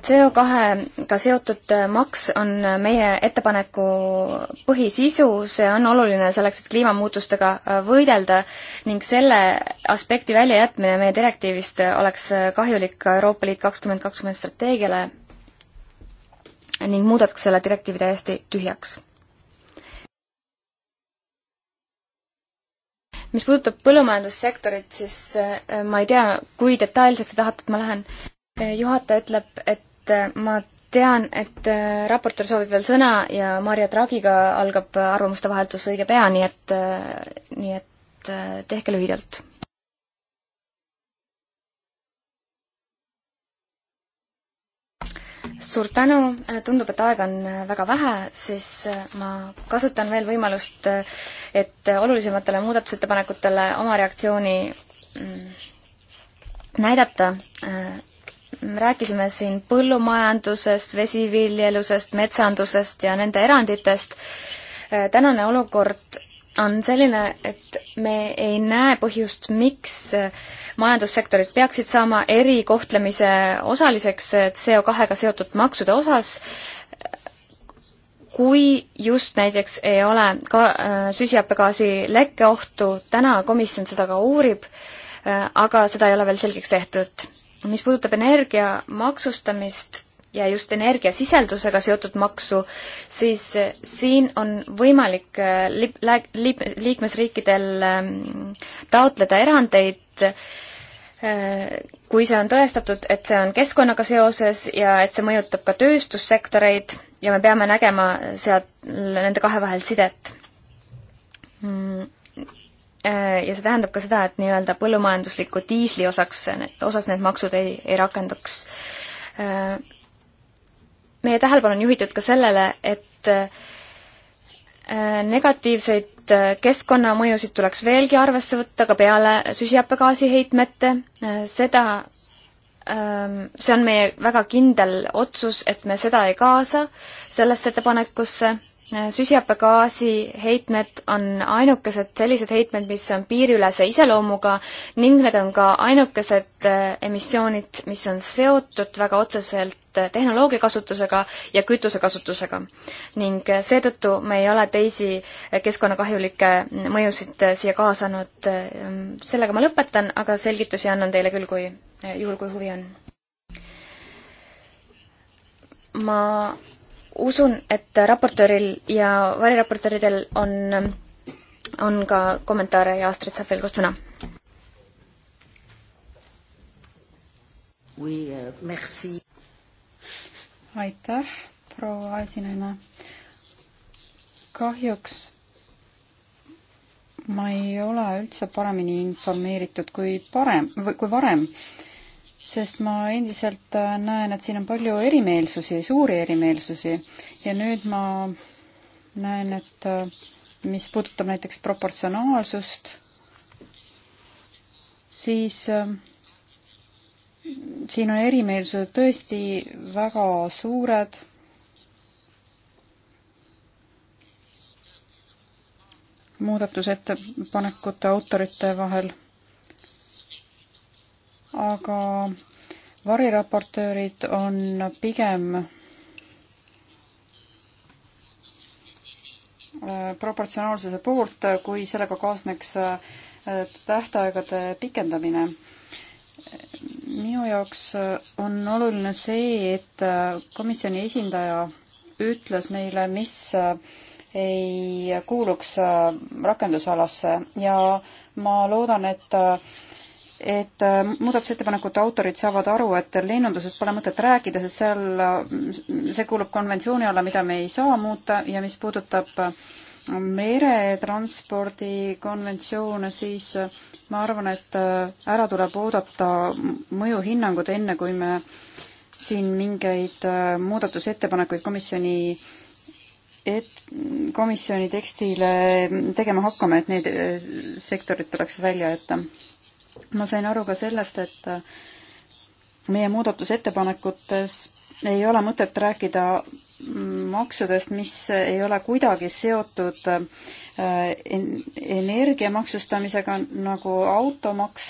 CO2-ga seotud maks on meie ettepaneku põhisisu, see on oluline selleks, et kliimamuutustega võidelda ning selle aspekti väljajätmine meie direktiivist oleks kahjulik ka Euroopa Liit kakskümmend kakskümmend strateegiale ning muudaks selle direktiivi täiesti tühjaks. mis puudutab põllumajandussektorit, siis äh, ma ei tea, kui detailseks te tahate, et ma lähen Eh, juhataja ütleb, et eh, ma tean, et eh, raportöör soovib veel sõna ja Marja Dragiga algab arvamuste vaheldus õige pea, nii et, nii et tehke lühidalt. suur tänu, tundub, et aega on väga vähe, siis ma kasutan veel võimalust, et olulisematele muudatusettepanekutele oma reaktsiooni mm, näidata rääkisime siin põllumajandusest, vesiviljelusest, metsandusest ja nende eranditest. Äh, tänane olukord on selline, et me ei näe põhjust, miks äh, majandussektorid peaksid saama erikohtlemise osaliseks äh, CO2-ga seotud maksude osas, kui just näiteks ei ole ka süsihappegaasi lekkeohtu, täna komisjon seda ka uurib, aga seda ei ole veel selgeks tehtud mis puudutab energia maksustamist ja just energiasisaldusega seotud maksu, siis eh, siin on võimalik liip-, eh, liip-, liikmesriikidel ehm, taotleda erandeid, eh, kui see on tõestatud, et see on keskkonnaga seoses ja et see mõjutab ka tööstussektoreid ja me peame nägema seal nende kahe vahel sidet mm. Äh, ja see tähendab ka seda, et nii-öelda põllumajandusliku diisli osaks, osas need maksud ei, ei rakenduks. Äh, meie tähelepanu on juhitud ka sellele, et äh, negatiivseid keskkonnamõjusid tuleks veelgi arvesse võtta ka peale süsihappegaasi heitmete, seda, ähm, see on meie väga kindel otsus, et me seda ei kaasa sellesse ettepanekusse süsihappegaasi heitmed on ainukesed sellised heitmed, mis on piiriülese iseloomuga ning need on ka ainukesed äh, emissioonid, mis on seotud väga otseselt äh, tehnoloogia kasutusega ja kütuse kasutusega. ning äh, seetõttu me ei ole teisi keskkonnakahjulikke mõjusid siia kaasanud. sellega ma lõpetan, aga selgitusi annan teile küll, kui, juhul kui huvi on. ma usun, et raportööril ja variraportööridel on, on ka kommentaare ja Astrid saab veel kord sõna. Euh, aitäh, proua esinaine. kahjuks ma ei ole üldse paremini informeeritud kui parem, kui varem sest ma endiselt äh, näen, et siin on palju erimeelsusi, suuri erimeelsusi ja nüüd ma näen, et äh, mis puudutab näiteks proportsionaalsust, siis äh, siin on erimeelsused tõesti väga suured. muudatusettepanekute autorite vahel aga variraportöörid on pigem äh, proportsionaalsuse poolt, kui sellega kaasneks äh, tähtaegade pikendamine. minu jaoks on oluline see, et komisjoni esindaja ütles meile, mis äh, ei kuuluks rakendusalasse ja ma loodan, et et äh, muudatusettepanekute autorid saavad aru, et lennundusest pole mõtet rääkida, sest seal, äh, see kuulub konventsiooni alla, mida me ei saa muuta ja mis puudutab äh, meretranspordi konventsioone, siis ma arvan, et ära tuleb oodata mõjuhinnangud, enne kui me siin mingeid muudatusettepanekuid komisjoni et komisjoni tekstile tegema hakkame, et need sektorid tuleks välja jätta et ma sain aru ka sellest, et meie muudatusettepanekutes ei ole mõtet rääkida maksudest, mis ei ole kuidagi seotud äh, energia maksustamisega nagu automaks.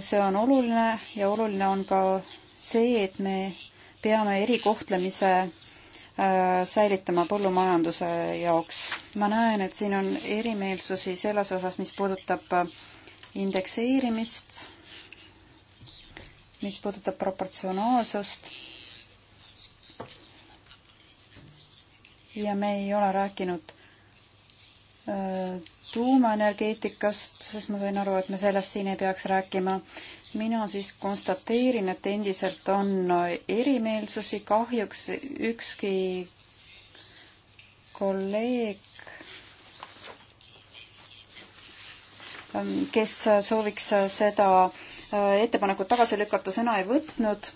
see on oluline ja oluline on ka see, et me peame erikohtlemise äh, säilitama põllumajanduse jaoks. ma näen, et siin on erimeelsusi selles osas, mis puudutab äh, indekseerimist, mis puudutab proportsionaalsust. ja me ei ole rääkinud tuumaenergeetikast, sest ma sain aru, et me sellest siin ei peaks rääkima. mina siis konstateerin, et endiselt on erimeelsusi, kahjuks ükski kolleeg Ähm, kes sooviks seda äh, ettepanekut tagasi lükata, sõna ei võtnud.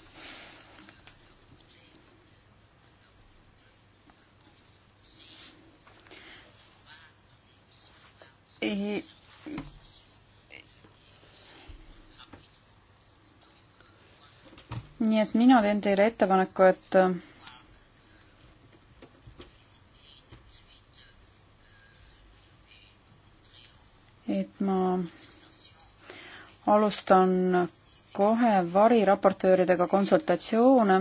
nii et mina teen teile ettepaneku, et et ma alustan kohe variraportööridega konsultatsioone.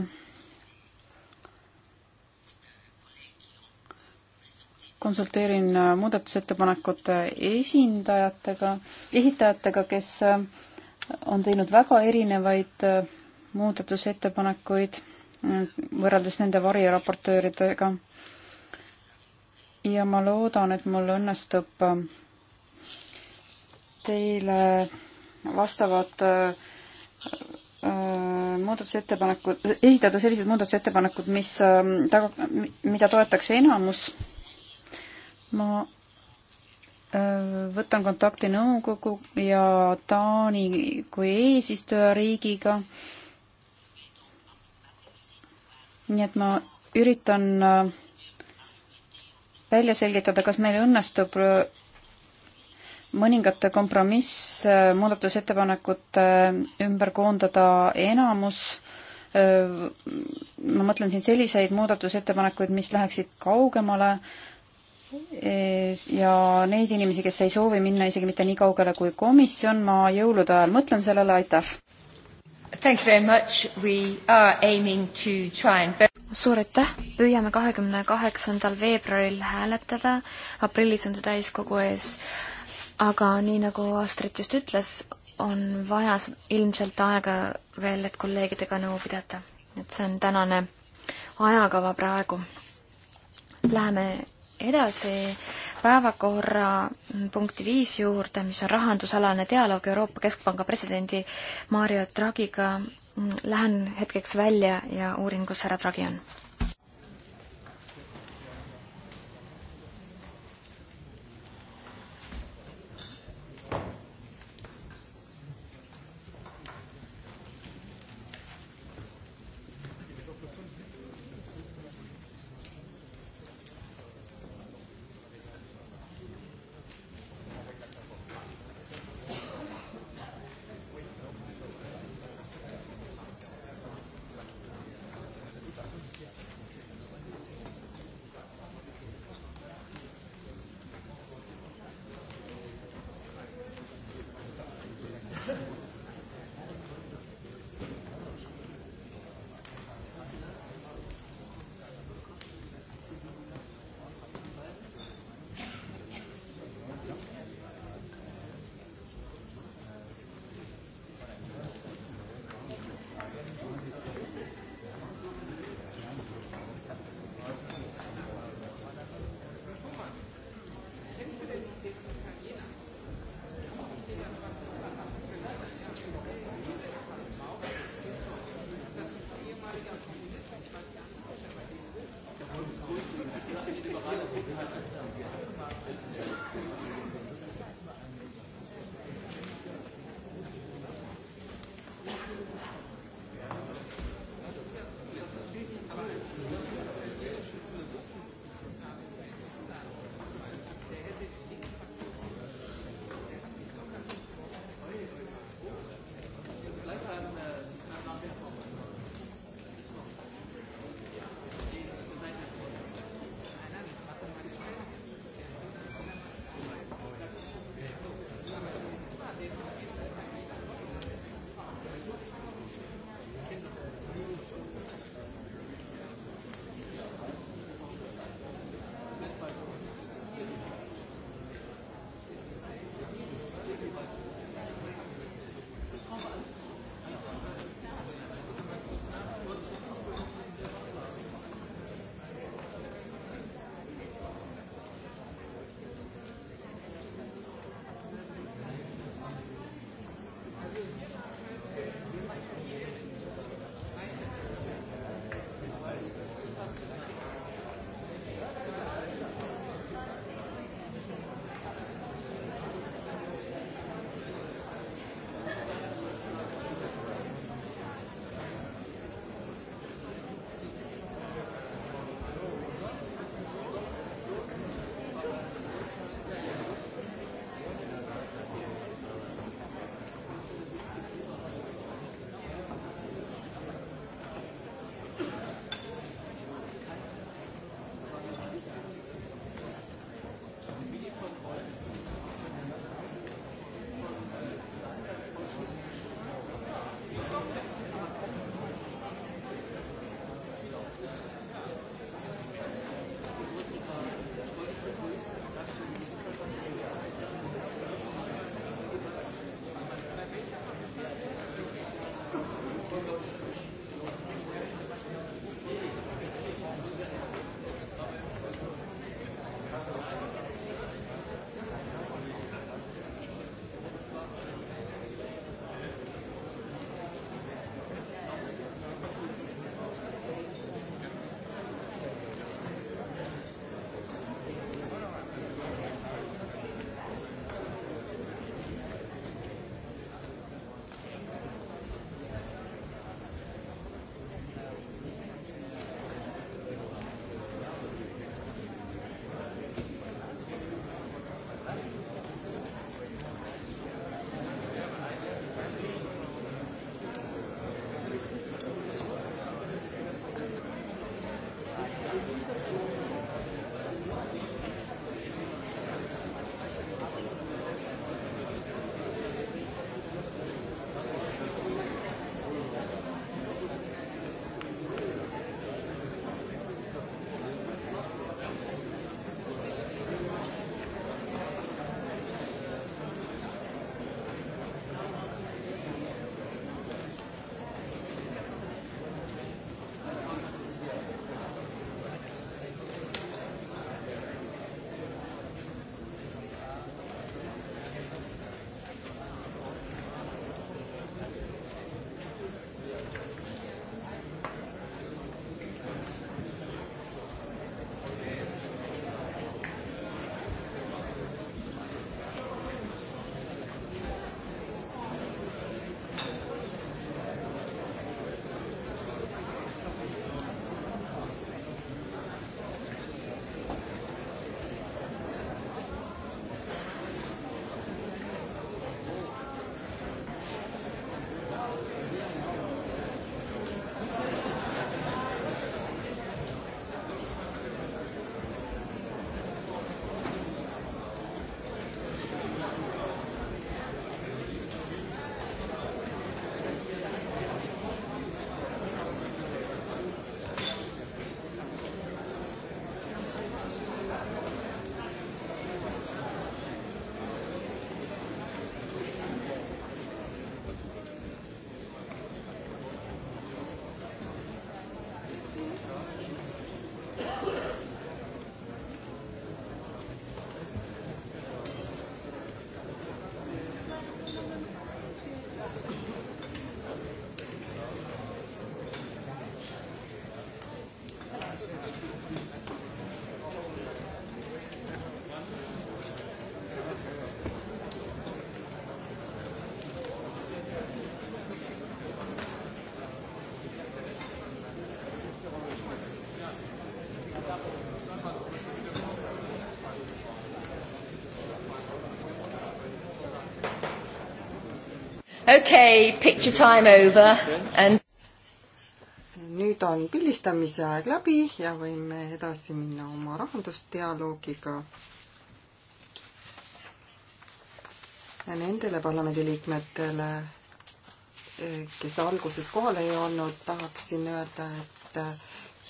konsulteerin muudatusettepanekute esindajatega, esitajatega, kes on teinud väga erinevaid muudatusettepanekuid võrreldes nende variraportööridega. ja ma loodan, et mul õnnestub teile vastavad äh, äh, muudatusettepanekud, esitada sellised muudatusettepanekud, mis ähm, taga, mida toetaks enamus. ma äh, võtan kontakti nõukogu ja Taani kui eesistujariigiga. nii et ma üritan välja selgitada, kas meil õnnestub mõningate kompromiss muudatusettepanekute ümber koondada enamus. ma mõtlen siin selliseid muudatusettepanekuid, mis läheksid kaugemale e, ja neid inimesi, kes ei soovi minna isegi mitte nii kaugele kui komisjon, ma jõulude ajal mõtlen sellele, aitäh! Thank you very much. We are aiming to try and suur aitäh, püüame kahekümne kaheksandal veebruaril hääletada, aprillis on see täiskogu ees aga nii, nagu Astrid just ütles, on vaja ilmselt aega veel, et kolleegidega nõu pidada. et see on tänane ajakava praegu. Läheme edasi päevakorra punkti viis juurde, mis on rahandusalane dialoog Euroopa Keskpanga presidendi Mario Draghiga. Lähen hetkeks välja ja uurin, kus härra Draghi on okay, picture time over and nüüd on pildistamise aeg läbi ja võime edasi minna oma rahandusdialoogiga. Nendele parlamendiliikmetele, kes alguses kohal ei olnud, tahaksin öelda, et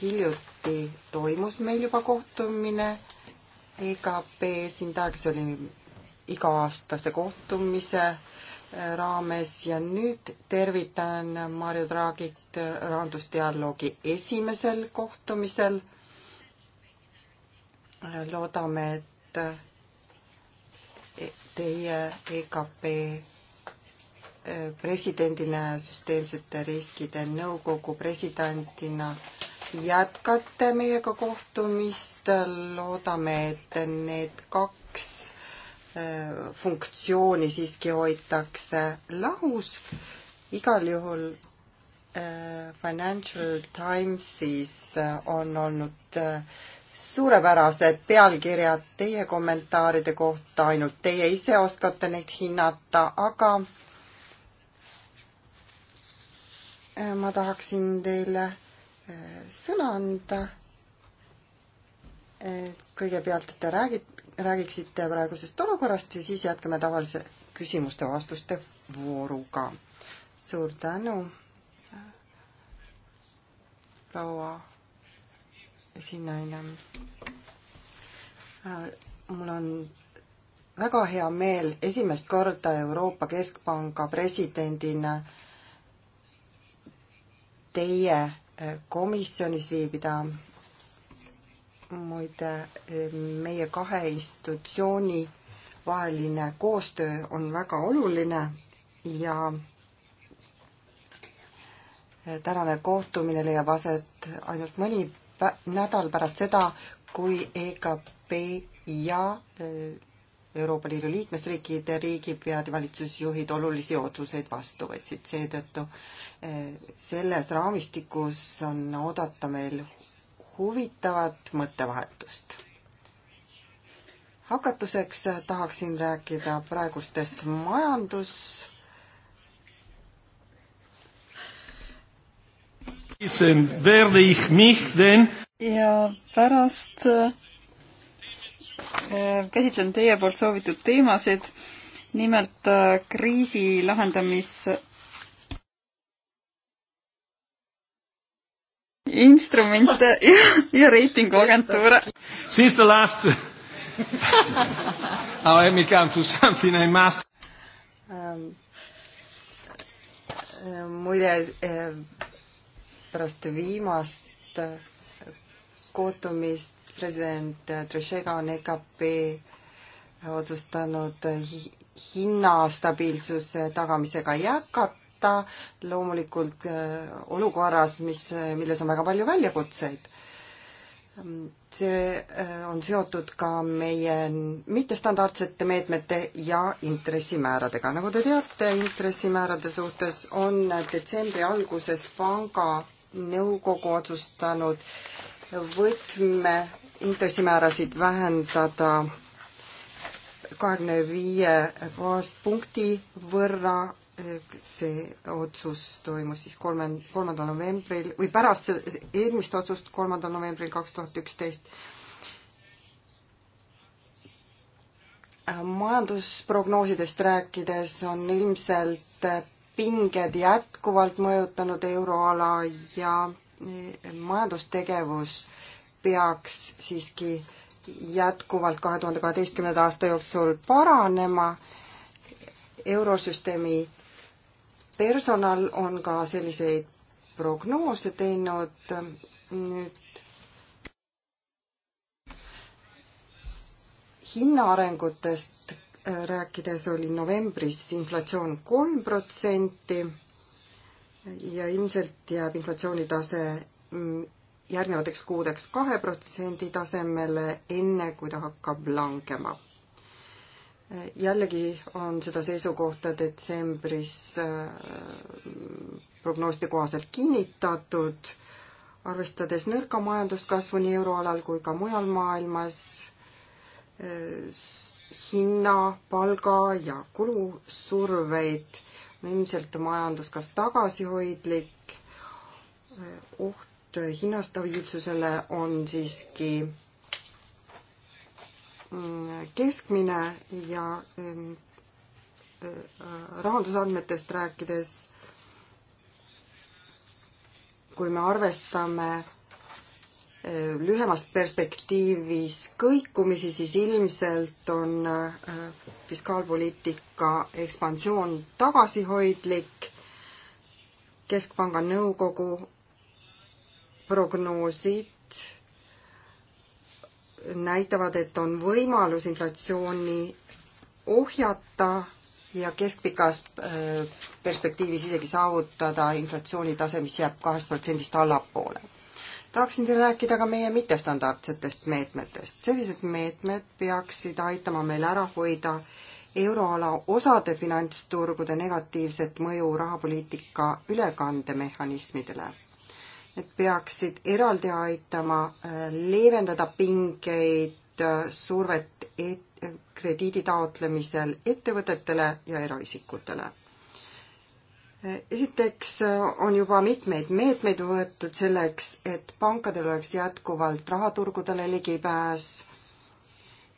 hiljuti toimus meil juba kohtumine EKP esindaja, kes oli iga-aastase kohtumise äh, raames ja nüüd tervitan Mario Draagit rahandusdialoogi esimesel kohtumisel. loodame, et teie EKP e, presidendina ja süsteemsete riskide nõukogu presidentina jätkate meiega kohtumist. loodame, et need kaks funktsiooni siiski hoitakse lahus. igal juhul äh, Financial Timesis äh, on olnud äh, suurepärased pealkirjad teie kommentaaride kohta, ainult teie ise oskate neid hinnata, aga ma tahaksin teile sõna anda. kõigepealt, et te räägite, räägiksite praegusest olukorrast ja siis jätkame tavalise küsimuste-vastuste vooruga. suur tänu, proua esinaine. mul on väga hea meel esimest korda Euroopa Keskpanga presidendina teie komisjonis viibida muide, eh, meie kahe institutsiooni vaheline koostöö on väga oluline ja eh, tänane kohtumine leiab aset ainult mõni nädal pärast seda, kui EKP ja eh, Euroopa Liidu liikmesriikide riigipead ja valitsusjuhid olulisi otsuseid vastu võtsid, seetõttu selles raamistikus on oodata meil huvitavat mõttevahetust. hakatuseks tahaksin rääkida praegustest majandus ja pärast äh, käsitlen teie poolt soovitud teemasid, nimelt äh, kriisi lahendamis instrumente ja, ja reitinguagentuure. Since the last Now let me come to something I must um, muide äh, pärast viimast äh, kohtumist president Trichet'ga on EKP otsustanud hinnastabiilsuse tagamisega jätkata võtta, loomulikult äh, olukorras, mis, milles on väga palju väljakutseid. see äh, on seotud ka meie mittestandardsete meetmete ja intressimääradega. nagu te teate, intressimäärade suhtes on detsembri alguses panga nõukogu otsustanud võtme intressimäärasid vähendada kahekümne viie baaspunkti võrra see otsus toimus siis kolme, kolmandal novembril või pärast eelmist otsust, kolmandal novembril kaks tuhat üksteist. majandusprognoosidest rääkides on ilmselt pinged jätkuvalt mõjutanud euroala ja majandustegevus peaks siiski jätkuvalt kahe tuhande kaheteistkümnenda aasta jooksul paranema eurosüsteemi personal on ka selliseid prognoose teinud nüüd hinnaarengutest äh, rääkides oli novembris inflatsioon kolm protsenti ja ilmselt jääb inflatsioonitase mm, järgnevateks kuudeks kahe protsendi tasemele, enne kui ta hakkab langema jällegi on seda seisukohta detsembris äh, prognooside kohaselt kinnitatud, arvestades nõrka majanduskasvu nii euroalal kui ka mujal maailmas, äh, hinna, palga ja kulusurveid on ilmselt majanduskasv tagasihoidlik, äh, oht hinnastabiilsusele on siiski Mm, keskmine ja mm, äh, rahandusandmetest rääkides, kui me arvestame äh, lühemas perspektiivis kõikumisi, siis ilmselt on äh, fiskaalpoliitika ekspansioon tagasihoidlik. keskpanga nõukogu prognoosid näitavad, et on võimalus inflatsiooni ohjata ja keskpikas äh, perspektiivis isegi saavutada inflatsioonitase, mis jääb kahest protsendist allapoole. tahaksin teile rääkida ka meie mittestandardsetest meetmetest. sellised meetmed peaksid aitama meil ära hoida euroala osade finantsturgude negatiivset mõju rahapoliitika ülekandemehhanismidele need peaksid eraldi aitama äh, leevendada pingeid, äh, survet et-, krediidi taotlemisel ettevõtetele ja eraisikutele. Äh, esiteks on juba mitmeid meetmeid võetud selleks, et pankadel oleks jätkuvalt rahaturgudele ligipääs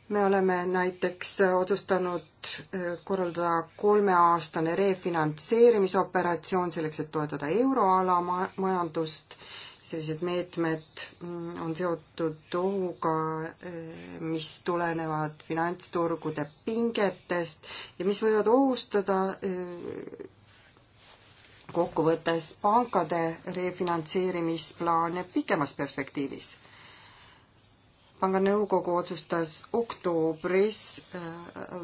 me oleme näiteks äh, otsustanud äh, korraldada kolmeaastane refinantseerimisoperatsioon selleks, et toetada euroala ma-, majandust, sellised meetmed mm, on seotud ohuga, äh, mis tulenevad finantsturgude pingetest ja mis võivad ohustada kokkuvõttes pankade refinantseerimisplaane pikemas perspektiivis panga nõukogu otsustas oktoobris äh,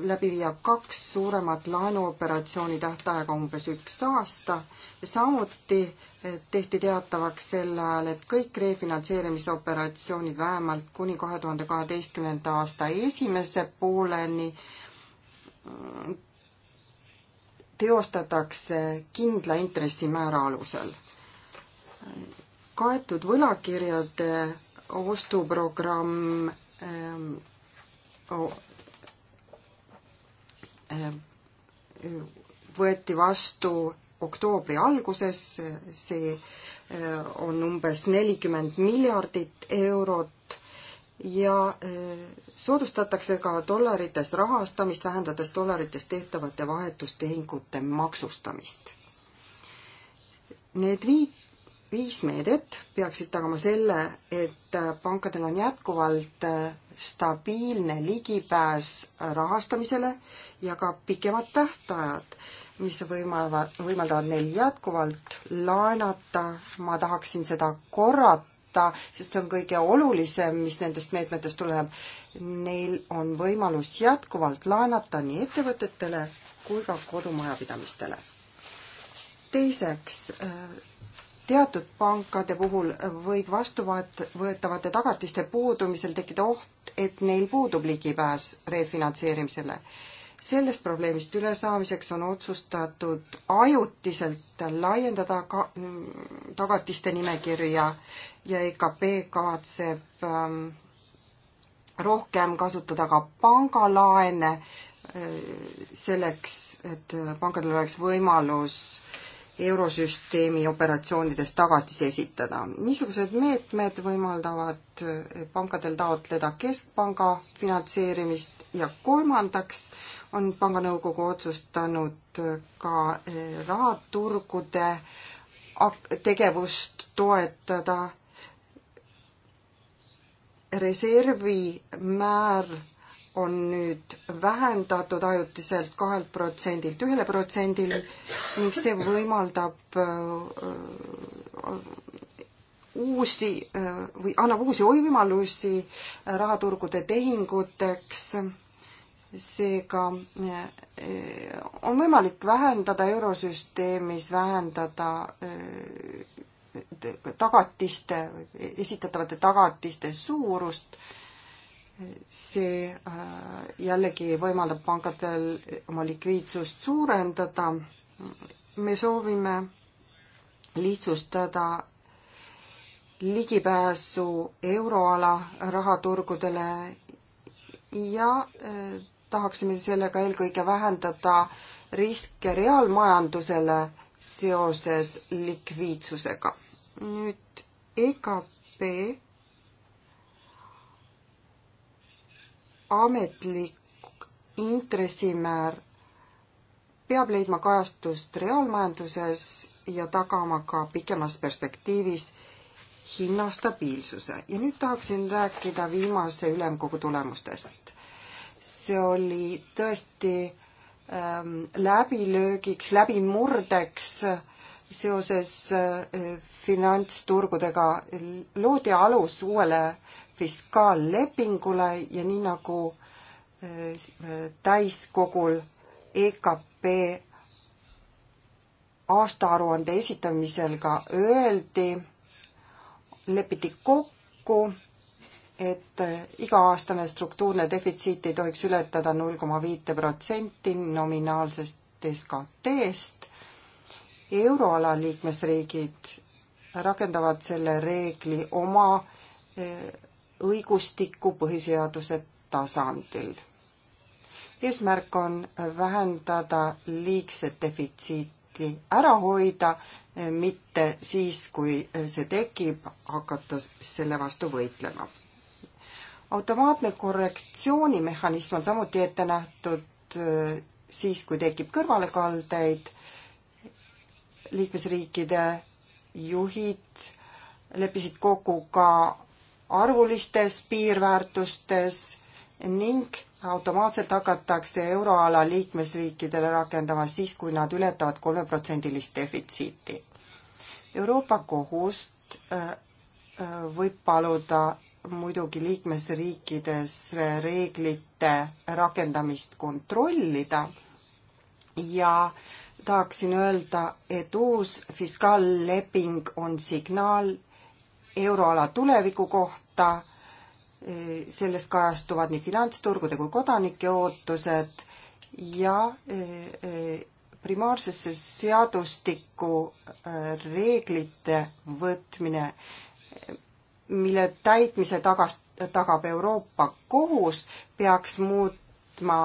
läbi viia kaks suuremat laenuoperatsiooni tähtaega umbes üks aasta ja samuti äh, tehti teatavaks sel ajal, et kõik refinantseerimisoperatsioonid vähemalt kuni kahe tuhande kaheteistkümnenda aasta esimese pooleni mm, teostatakse kindla intressimäära alusel. kaetud võlakirjade ostuprogramm ähm, võeti vastu oktoobri alguses, see eh, on umbes nelikümmend miljardit eurot ja eh, soodustatakse ka dollarites rahastamist, vähendades dollarites tehtavate vahetustehingute maksustamist. Need viit viis meedet peaksid tagama selle, et pankadel on jätkuvalt stabiilne ligipääs rahastamisele ja ka pikemad tähtajad, mis võimaldavad, võimaldavad neil jätkuvalt laenata. ma tahaksin seda korrata, sest see on kõige olulisem, mis nendest meetmetest tuleneb. Neil on võimalus jätkuvalt laenata nii ettevõtetele kui ka kodumajapidamistele. teiseks teatud pankade puhul võib vastuvõetavate tagatiste puudumisel tekkida oht, et neil puudub ligipääs refinantseerimisele. sellest probleemist ülesaamiseks on otsustatud ajutiselt laiendada ka, mm, tagatiste nimekirja ja EKP kavatseb ähm, rohkem kasutada ka pangalaene äh, selleks, et pankadel oleks võimalus äh, eurosüsteemi operatsioonides tagatisi esitada. niisugused meetmed võimaldavad pankadel taotleda keskpanga finantseerimist ja kolmandaks on panga nõukogu otsustanud ka eh, rahaturgude tegevust toetada. reservi määr on nüüd vähendatud ajutiselt kahelt protsendilt ühele protsendile ning see võimaldab äh, äh, uusi äh, või annab uusi võimalusi rahaturgude tehinguteks. seega on võimalik vähendada eurosüsteemis, vähendada tagatiste, esitatavate tagatiste suurust see äh, jällegi võimaldab pankadel oma likviidsust suurendada. me soovime lihtsustada ligipääsu euroala rahaturgudele ja äh, tahaksime sellega eelkõige vähendada riske reaalmajandusele seoses likviidsusega. nüüd EKP ametlik intressimäär peab leidma kajastust reaalmajanduses ja tagama ka pikemas perspektiivis hinnastabiilsuse. ja nüüd tahaksin rääkida viimase ülemkogu tulemustest. see oli tõesti ähm, läbilöögiks, läbimurdeks äh, seoses äh, finantsturgudega loodi alus uuele fiskaallepingule ja nii nagu äh, täiskogul EKP aastaaruande esitamisel ka öeldi, lepiti kokku, et äh, iga-aastane struktuurne defitsiit ei tohiks ületada null koma viite protsenti nominaalsest SKT-st euroala liikmesriigid rakendavad selle reegli oma eh, õigustiku põhiseaduse tasandil. eesmärk on vähendada liigset defitsiiti ära hoida, eh, mitte siis, kui eh, see tekib, hakata selle vastu võitlema. automaatne korrektsioonimehhanism on samuti ette nähtud siis, kui tekib kõrvalekaldeid liikmesriikide juhid leppisid kokku ka arvulistes piirväärtustes ning automaatselt hakatakse euroala liikmesriikidele rakendama siis, kui nad ületavad kolmeprotsendilist defitsiiti. Euroopa Kohust äh, äh, võib paluda muidugi liikmesriikides reeglite rakendamist kontrollida ja tahaksin öelda, et uus fiskaalleping on signaal euroala tuleviku kohta, sellest kajastuvad nii finantsturgude kui kodanike ootused ja eh, primaarsesse seadustikku eh, reeglite võtmine, mille täitmise tagas, tagab Euroopa Kohus, peaks muutma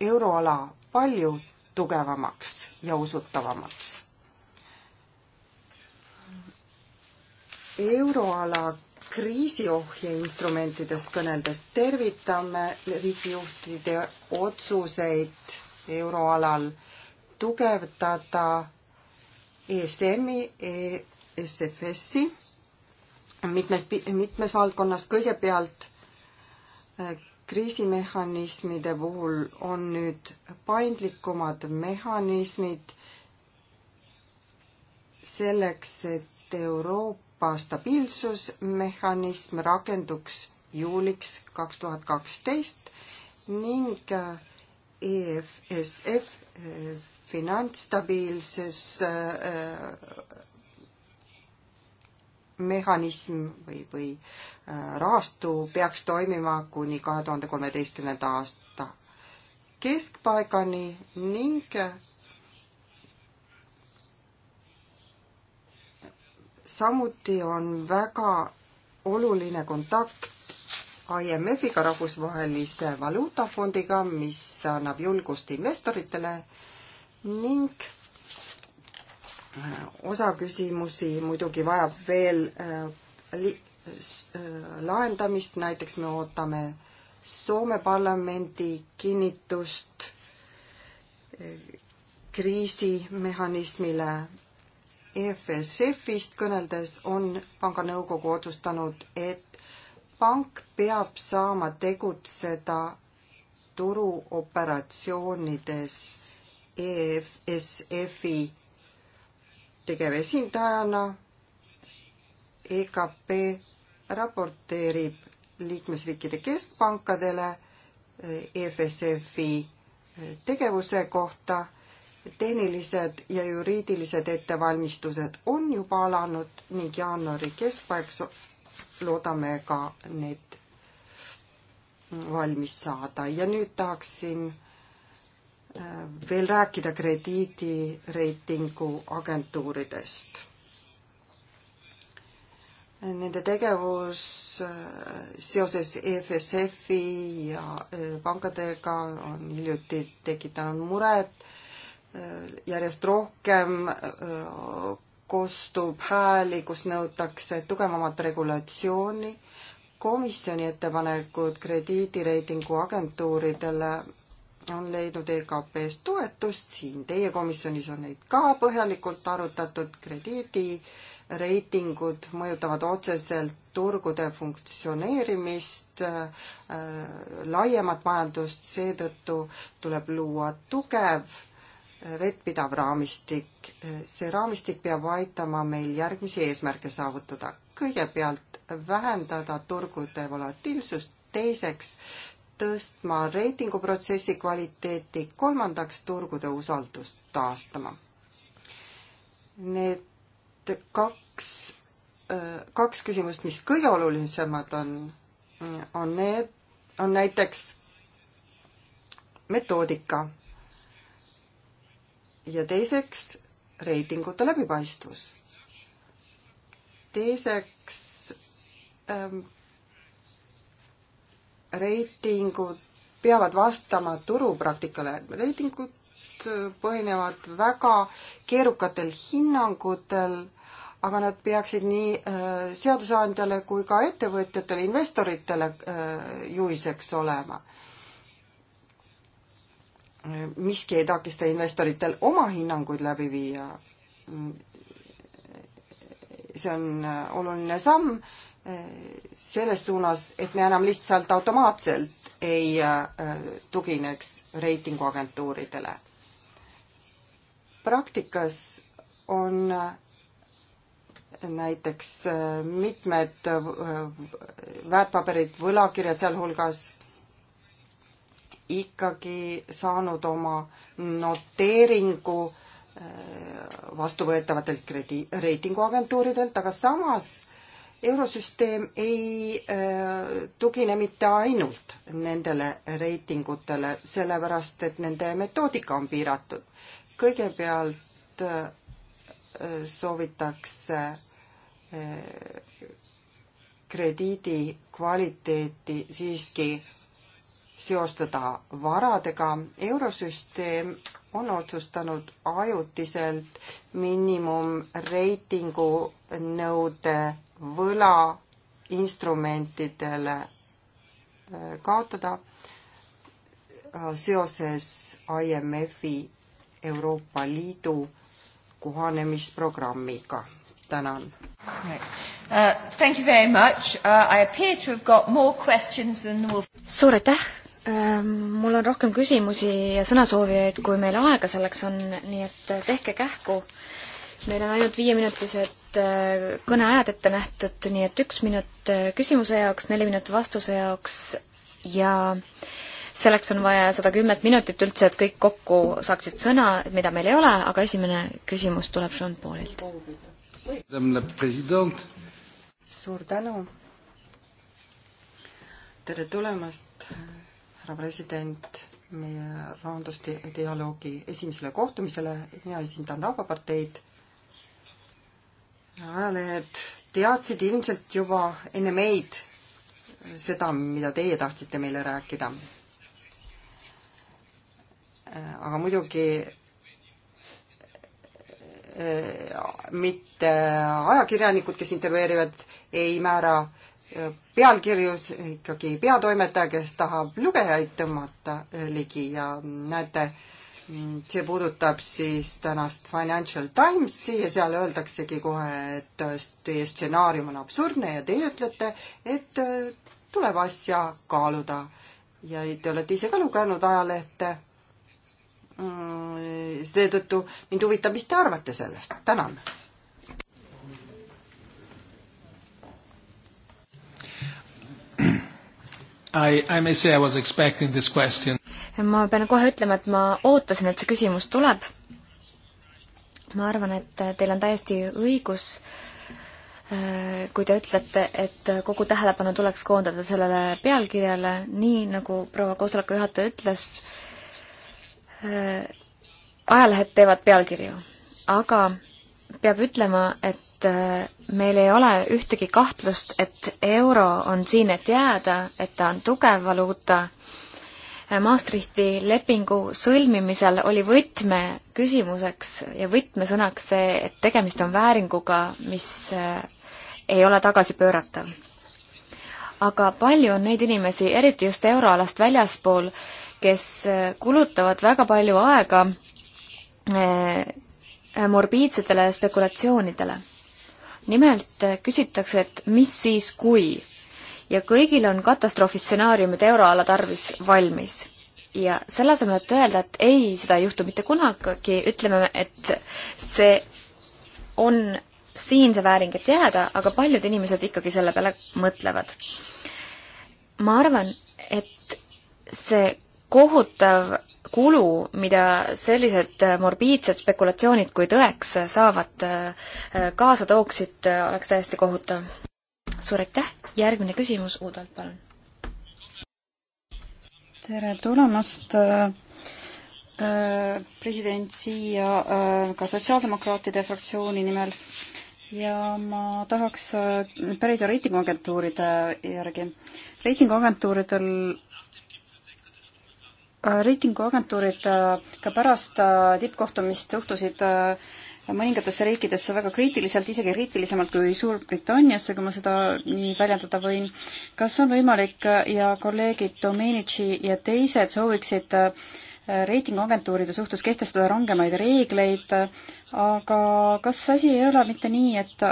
euroala palju tugevamaks ja usutavamaks. euroala kriisiohje instrumentidest kõneldes tervitame riigijuhtide otsuseid euroalal tugevdada ESM-i, e SFS-i mitmes, mitmes valdkonnas, kõigepealt äh, kriisimehhanismide puhul on nüüd paindlikumad mehhanismid selleks, et Euroopa stabiilsusmehhanism rakenduks juuliks kaks tuhat kaksteist ning EFSF eh, finantsstabiilsus eh, mehhanism või, või äh, rahastu peaks toimima kuni kahe tuhande kolmeteistkümnenda aasta keskpaigani ning äh, samuti on väga oluline kontakt IMF-iga, Rahvusvahelise Valuutafondiga, mis annab julgust investoritele ning osa küsimusi muidugi vajab veel äh, li-, äh, lahendamist, näiteks me ootame Soome parlamendi kinnitust äh, kriisimehhanismile EFSF-ist kõneldes on panga nõukogu otsustanud, et pank peab saama tegutseda turuoperatsioonides EFSF-i tegevesindajana EKP raporteerib liikmesriikide keskpankadele EFSF-i eh, e eh, tegevuse kohta. tehnilised ja juriidilised ettevalmistused on juba alanud ning jaanuari keskpaeks loodame ka need mm, valmis saada ja nüüd tahaksin veel rääkida krediidireitingu agentuuridest. Nende tegevus äh, seoses EFSF-i ja äh, pankadega on hiljuti tekitanud muret. Äh, järjest rohkem kostub hääli, kus nõutakse tugevamat regulatsiooni. komisjoni ettepanekud krediidireitingu agentuuridele on leidnud EKP-s toetust, siin teie komisjonis on neid ka põhjalikult arutatud, krediidireitingud mõjutavad otseselt turgude funktsioneerimist äh,, laiemat majandust, seetõttu tuleb luua tugev äh, vettpidav raamistik. see raamistik peab aitama meil järgmisi eesmärke saavutada. kõigepealt vähendada turgude volatiilsust, teiseks tõstma reitinguprotsessi kvaliteeti, kolmandaks turgude usaldust taastama. Need kaks, kaks küsimust, mis kõige olulisemad on, on need, on näiteks metoodika ja teiseks reitingute läbipaistvus. teiseks ähm, reitingud peavad vastama turupraktikale. reitingud põhinevad väga keerukatel hinnangutel, aga nad peaksid nii äh, seadusandjale kui ka ettevõtjatele, investoritele äh, juhiseks olema. miski ei takista investoritel oma hinnanguid läbi viia. see on äh, oluline samm selles suunas, et me enam lihtsalt automaatselt ei äh, tugineks reitinguagentuuridele. praktikas on äh, näiteks äh, mitmed väärtpaberid, võlakirjad sealhulgas ikkagi saanud oma noteeringu vastuvõetavatelt kredi-, reitinguagentuuridelt, aga samas eurosüsteem ei äh, tugine mitte ainult nendele reitingutele, sellepärast et nende metoodika on piiratud. kõigepealt äh, soovitakse äh, krediidi kvaliteeti siiski seostada varadega. eurosüsteem on otsustanud ajutiselt miinimumreitingu nõude võlainstrumentidele äh, kaotada äh, seoses IMF-i Euroopa Liidu kohanemisprogrammiga. tänan. Uh, thank you very much uh,. I appear to have got more questions than the suur aitäh äh, mul on rohkem küsimusi ja sõnasoovijaid, kui meil aega selleks on, nii et tehke kähku meil on ainult viieminutised äh, kõneajad ette nähtud, nii et üks minut äh, küsimuse jaoks, neli minutit vastuse jaoks ja selleks on vaja sada kümmet minutit üldse, et kõik kokku saaksid sõna, mida meil ei ole, aga esimene küsimus tuleb Sean Paulilt. suur tänu. tere tulemast, härra president, meie rahandusdialoogi esimesele kohtumisele. mina esindan Rahvaparteid ajalehed teadsid ilmselt juba enne meid seda, mida teie tahtsite meile rääkida. Äh, aga muidugi äh, mitte ajakirjanikud, kes intervjueerivad, ei määra äh, pealkirjus ikkagi peatoimetaja, kes tahab lugejaid tõmmata ligi ja näete äh,, see puudutab siis tänast Financial Timesi ja seal öeldaksegi kohe, et teie stsenaarium on absurdne ja teie ütlete, et äh, tuleb asja kaaluda. ja te olete ise ka lugenud ajalehte. Mm, seetõttu mind huvitab, mis te arvate sellest, tänan. I, I may say I was expecting this question ma pean kohe ütlema, et ma ootasin, et see küsimus tuleb. ma arvan, et teil on täiesti õigus, äh, kui te ütlete, et kogu tähelepanu tuleks koondada sellele pealkirjale, nii nagu proua koosoleku juhataja ütles, äh, ajalehed teevad pealkirju, aga peab ütlema, et äh, meil ei ole ühtegi kahtlust, et euro on siin, et jääda, et ta on tugev valuuta Äh, Maastrichti lepingu sõlmimisel oli võtmeküsimuseks ja võtmesõnaks see, et tegemist on vääringuga, mis äh, ei ole tagasipööratav. aga palju on neid inimesi, eriti just euroalast väljaspool, kes äh, kulutavad väga palju aega morbiidsetele spekulatsioonidele. nimelt küsitakse, et mis siis, kui ja kõigil on katastroofistsenaariumid euroala tarvis valmis. ja selle asemel, et öelda, et ei, seda ei juhtu mitte kunagi, ütleme, et see on siin see vääring, et jääda, aga paljud inimesed ikkagi selle peale mõtlevad. ma arvan, et see kohutav kulu, mida sellised morbiidsed spekulatsioonid kui tõeks saavad, äh, kaasa tooksid, oleks täiesti kohutav suur aitäh, järgmine küsimus Uudolt, palun. tere tulemast äh, äh, president siia äh, ka sotsiaaldemokraatide fraktsiooni nimel ja ma tahaks pärida reitinguagentuuride järgi. reitinguagentuuridel reitinguagentuurid ka pärast tippkohtumist suhtusid äh, mõningatesse riikidesse väga kriitiliselt, isegi kriitilisemalt kui Suurbritanniasse, kui ma seda nii väljendada võin. kas on võimalik ja kolleegid Domenici ja teised sooviksid äh, reitinguagentuuride suhtes kehtestada rangemaid reegleid, aga kas asi ei ole mitte nii, et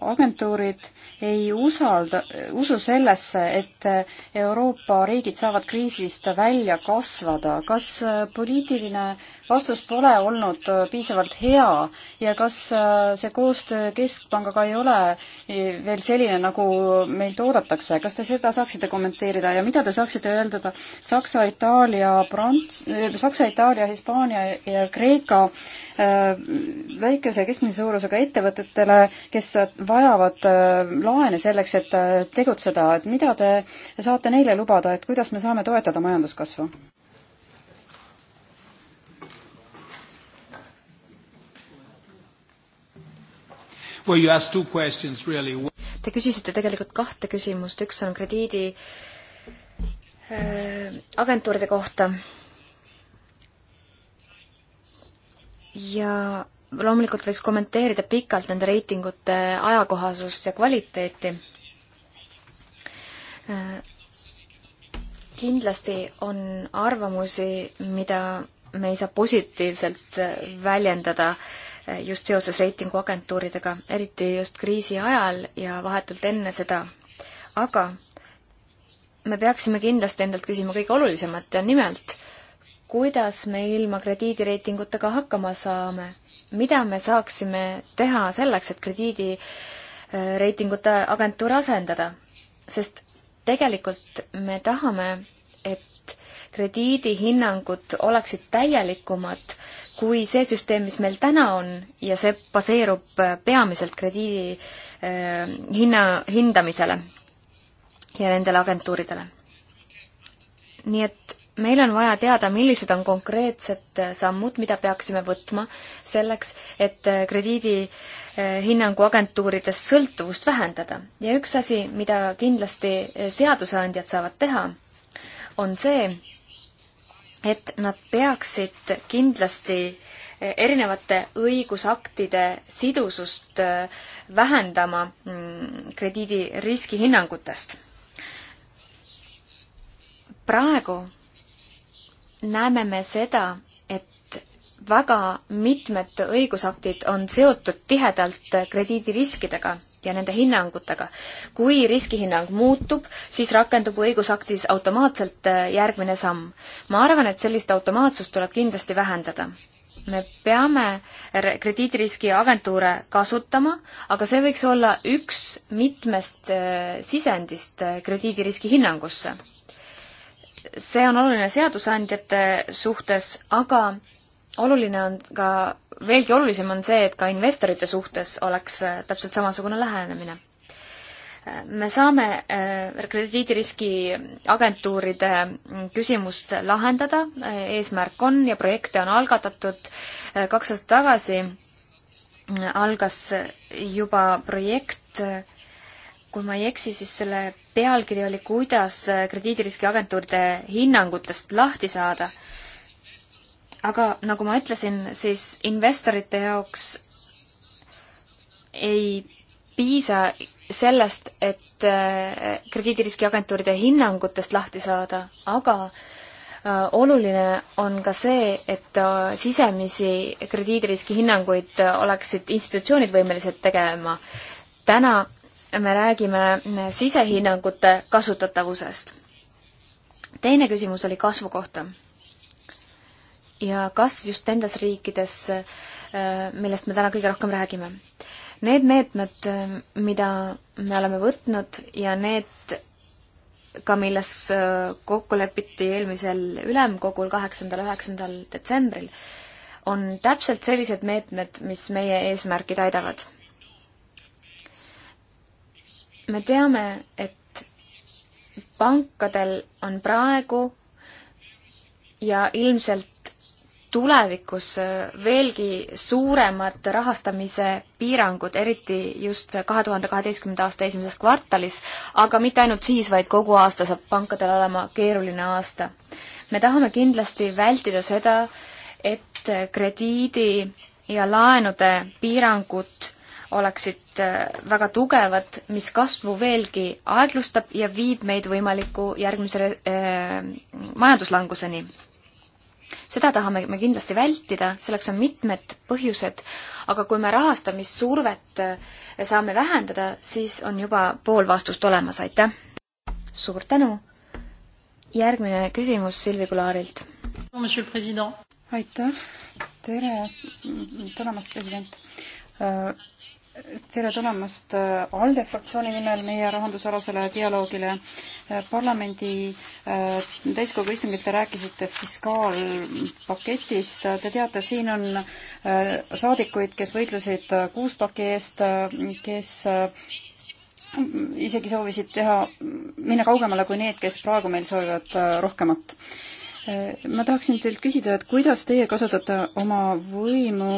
agentuurid ei usalda, usu sellesse, et äh, Euroopa riigid saavad kriisist välja kasvada, kas äh, poliitiline äh, vastus pole olnud äh, piisavalt hea ja kas äh, see koostöö Keskpangaga ei ole veel selline, nagu meilt oodatakse, kas te seda saaksite kommenteerida ja mida te saaksite öelda Saksa, Itaalia, Prants-, äh, Saksa, Itaalia, Hispaania ja Kreeka väikese ja keskmise suurusega ettevõtetele, kes vajavad laene selleks, et tegutseda, et mida te saate neile lubada, et kuidas me saame toetada majanduskasvu? where you asked two questions really. Te küsisite tegelikult kahte küsimust, üks on krediidi äh, agentuuride kohta. ja loomulikult võiks kommenteerida pikalt nende reitingute ajakohasust ja kvaliteeti äh,. kindlasti on arvamusi, mida me ei saa positiivselt väljendada äh, just seoses reitinguagentuuridega, eriti just kriisi ajal ja vahetult enne seda. aga me peaksime kindlasti endalt küsima kõige olulisemat ja nimelt, kuidas me ilma krediidireitingutega hakkama saame, mida me saaksime teha selleks, et krediidireitingute äh, agentuur asendada, sest tegelikult me tahame, et krediidihinnangud oleksid täielikumad äh, kui see süsteem, mis meil täna on ja see baseerub äh, peamiselt krediidi eh, hinna, hindamisele ja nendele agentuuridele. nii et meil on vaja teada, millised on konkreetsed äh, sammud, mida peaksime võtma selleks, et krediidihinnangu agentuurides sõltuvust vähendada. ja üks asi, mida kindlasti seadusandjad saavad teha, on see, et nad peaksid kindlasti eh, erinevate õigusaktide sidusust eh, vähendama mm, krediidi riskihinnangutest. praegu näeme me seda, väga mitmed õigusaktid on seotud tihedalt krediidiriskidega ja nende hinnangutega. kui riskihinnang muutub, siis rakendub õigusaktis automaatselt äh, järgmine samm. ma arvan, et sellist automaatsust tuleb kindlasti vähendada me peame krediidiriski agentuure kasutama, aga see võiks olla üks mitmest äh, sisendist äh, krediidiriski hinnangusse. see on oluline seadusandjate suhtes, aga oluline on ka, veelgi olulisem on see, et ka investorite suhtes oleks äh, täpselt samasugune lähenemine. Äh, me saame äh, krediidiriski agentuuride mm, küsimust lahendada, eesmärk on ja projekte on algatatud kaks aastat tagasi, algas juba projekt, kui ma ei eksi, siis selle pealkiri oli, kuidas krediidiriski agentuuride hinnangutest lahti saada aga nagu ma ütlesin, siis investorite jaoks ei piisa sellest, et äh, krediidiriskiagentuuride hinnangutest lahti saada, aga äh, oluline on ka see, et äh, sisemisi krediidiriski hinnanguid oleksid institutsioonid võimelised tegema. täna me räägime sisehinnangute kasutatavusest. teine küsimus oli kasvu kohta ja kasv just nendes riikides, äh, millest me täna kõige rohkem räägime. Need meetmed, äh, mida me oleme võtnud ja need ka, milles äh, kokku lepiti eelmisel ülemkogul, kaheksandal, üheksandal detsembril, on täpselt sellised meetmed, mis meie eesmärki täidavad. me teame, et pankadel on praegu ja ilmselt tulevikus veelgi suuremad rahastamise piirangud, eriti just kahe tuhande kaheteistkümnenda aasta esimeses kvartalis, aga mitte ainult siis, vaid kogu aasta saab pankadel olema keeruline aasta. me tahame kindlasti vältida seda, et krediidi ja laenude piirangud oleksid äh, väga tugevad, mis kasvu veelgi aeglustab ja viib meid võimaliku järgmise äh, majanduslanguseni seda tahame me kindlasti vältida, selleks on mitmed põhjused, aga kui me rahastamissurvet eh, saame vähendada, siis on juba pool vastust olemas, aitäh! suur tänu! järgmine küsimus Silvi Kulaarilt. aitäh, tere tulemast, president! Äh, tere tulemast äh, ALDE fraktsiooni nimel meie rahandusalasele dialoogile. Äh, parlamendi äh, täiskogu istungil te rääkisite fiskaalpaketist. Te teate, siin on saadikuid, kes võitlesid kuuspaki eest, kes isegi soovisid teha, minna kaugemale kui need, kes praegu meil soovivad rohkemat ma tahaksin teilt küsida, et kuidas teie kasutate oma võimu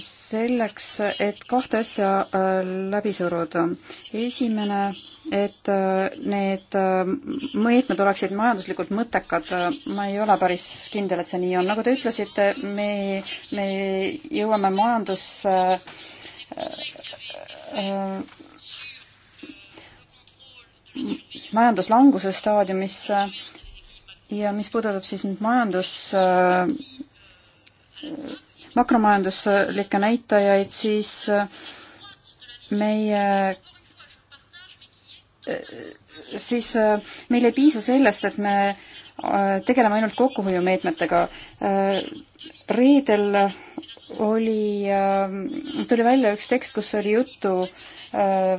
selleks, et kahte asja äh, läbi suruda. esimene, et äh, need äh, meetmed oleksid majanduslikult mõttekad, ma ei ole päris kindel, et see nii on. nagu te ütlesite, me, me jõuame majandus majanduslanguse staadiumisse ja mis puudutab siis nüüd majandus makromajanduslikke näitajaid, siis äh, meie äh, siis äh, meil ei piisa sellest, et me tegeleme ainult kokkuhoiumeetmetega. reedel oli, tuli välja üks tekst, kus oli juttu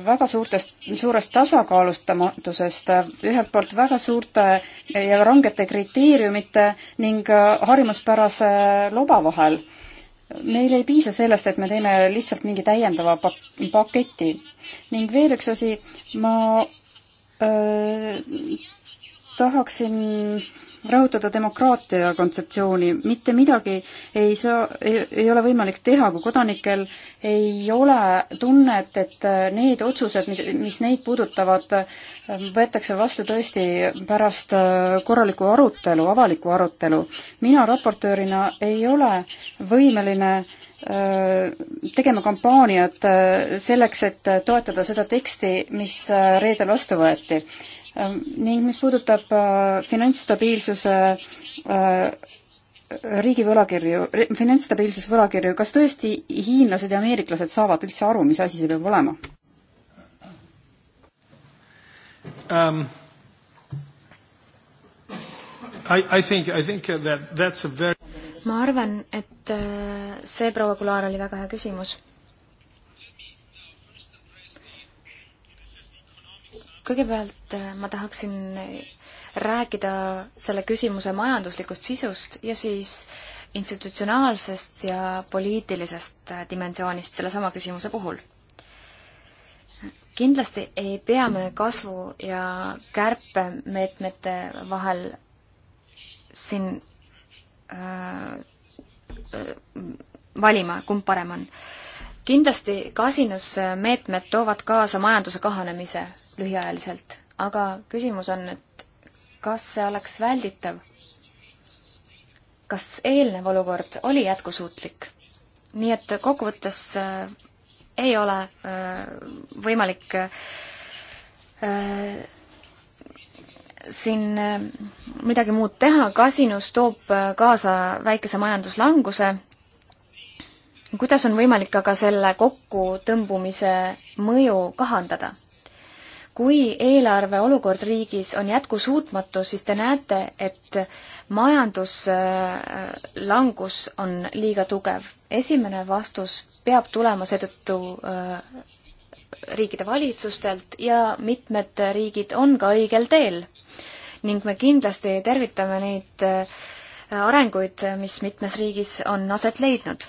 väga suurtest, suurest tasakaalustamatusest, ühelt poolt väga suurte ja rangete kriteeriumite ning harjumuspärase loba vahel meil ei piisa sellest, et me teeme lihtsalt mingi täiendava paketi. ning veel üks asi, ma öö, tahaksin rõhutada demokraatia kontseptsiooni, mitte midagi ei saa, ei ole võimalik teha, kui kodanikel ei ole tunnet, et äh, need otsused, mis neid puudutavad, äh, võetakse vastu tõesti pärast äh, korralikku arutelu, avalikku arutelu. mina raportöörina ei ole võimeline tegema kampaaniat selleks, et toetada seda teksti, mis reedel vastu võeti Ehm, ning mis puudutab äh, finantsstabiilsuse äh, riigi võlakirju, finantsstabiilsus võlakirju, kas tõesti hiinlased ja ameeriklased saavad üldse aru, mis asi see peab olema um,? I, I think, I think that that's a very ma arvan, et äh, see, proua Kular, oli väga hea küsimus kõigepealt äh, ma tahaksin rääkida selle küsimuse majanduslikust sisust ja siis institutsionaalsest ja poliitilisest äh, dimensioonist sellesama küsimuse puhul. kindlasti ei pea me kasvu ja kärpemeetmete vahel siin äh, äh valima, kumb parem on äh, kindlasti kasinusmeetmed toovad kaasa majanduse kahanemise lühiajaliselt, aga küsimus on, et kas see oleks välditav? kas eelnev olukord oli jätkusuutlik? nii et kokkuvõttes äh, ei ole äh, võimalik äh, siin äh, midagi muud teha, kasinus toob äh, kaasa väikese majanduslanguse kuidas on võimalik aga selle kokkutõmbumise mõju kahandada? kui eelarve olukord riigis on jätkusuutmatu, siis te näete, et majanduslangus äh, on liiga tugev. esimene vastus peab tulema seetõttu äh, riikide valitsustelt ja mitmed riigid on ka õigel teel. ning me kindlasti tervitame neid äh, arenguid, mis mitmes riigis on aset leidnud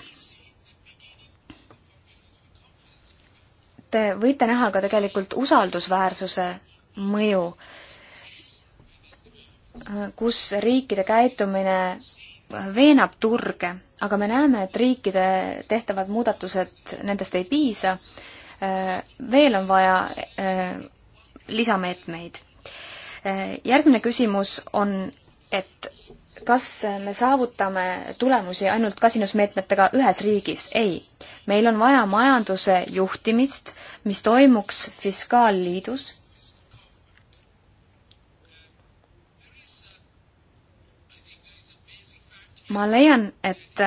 te võite näha ka tegelikult usaldusväärsuse mõju, kus riikide käitumine veenab turge, aga me näeme, et riikide tehtavad muudatused, nendest ei piisa. veel on vaja eh, lisameetmeid. Eh, järgmine küsimus on, et kas me saavutame tulemusi ainult kasinusmeetmetega ühes riigis? ei. meil on vaja majanduse juhtimist, mis toimuks fiskaalliidus. ma leian, et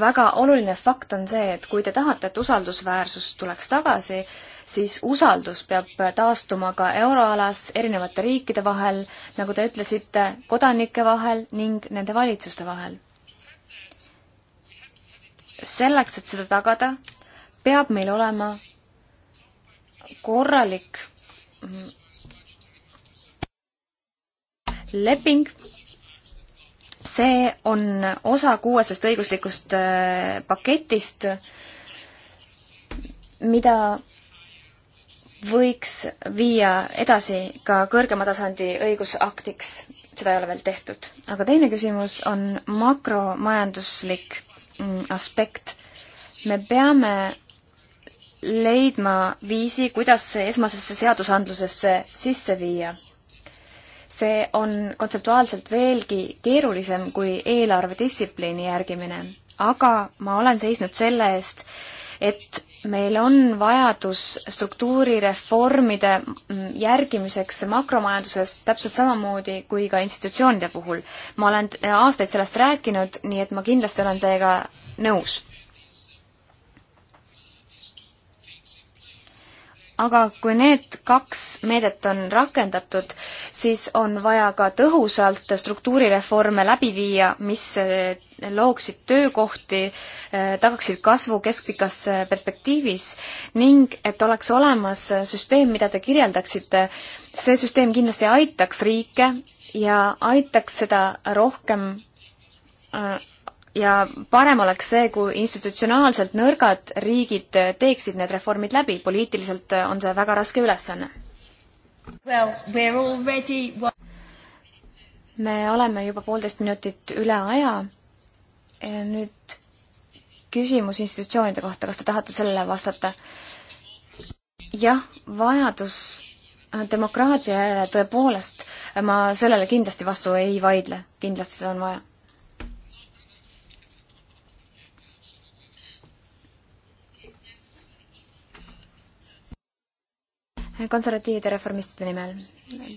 väga oluline fakt on see, et kui te tahate, et usaldusväärsus tuleks tagasi, siis usaldus peab taastuma ka euroalas erinevate riikide vahel, nagu te ütlesite, kodanike vahel ning nende valitsuste vahel. selleks, et seda tagada, peab meil olema korralik leping, see on osa kuuesest õiguslikust äh, paketist, mida võiks viia edasi ka kõrgema tasandi õigusaktiks, seda ei ole veel tehtud. aga teine küsimus on makromajanduslik mm, aspekt. me peame leidma viisi, kuidas see esmasesse seadusandlusesse sisse viia. see on kontseptuaalselt veelgi keerulisem kui eelarvedistsipliini järgimine, aga ma olen seisnud selle eest, et meil on vajadus struktuurireformide mm, järgimiseks makromajanduses täpselt samamoodi kui ka institutsioonide puhul. ma olen aastaid sellest rääkinud, nii et ma kindlasti olen teiega nõus. aga kui need kaks meedet on rakendatud, siis on vaja ka tõhusalt struktuurireforme läbi viia, mis eh, looksid töökohti, eh, tagaksid kasvu keskpikas eh, perspektiivis ning et oleks olemas süsteem, mida te kirjeldaksite. see süsteem kindlasti aitaks riike ja aitaks seda rohkem ja parem oleks see, kui institutsionaalselt nõrgad riigid teeksid need reformid läbi, poliitiliselt on see väga raske ülesanne well,. Already... me oleme juba poolteist minutit üle aja. nüüd küsimus institutsioonide kohta, kas te tahate sellele vastata? jah, vajadus demokraatia järele tõepoolest, ma sellele kindlasti vastu ei vaidle, kindlasti seda on vaja konservatiivide reformistide nimel.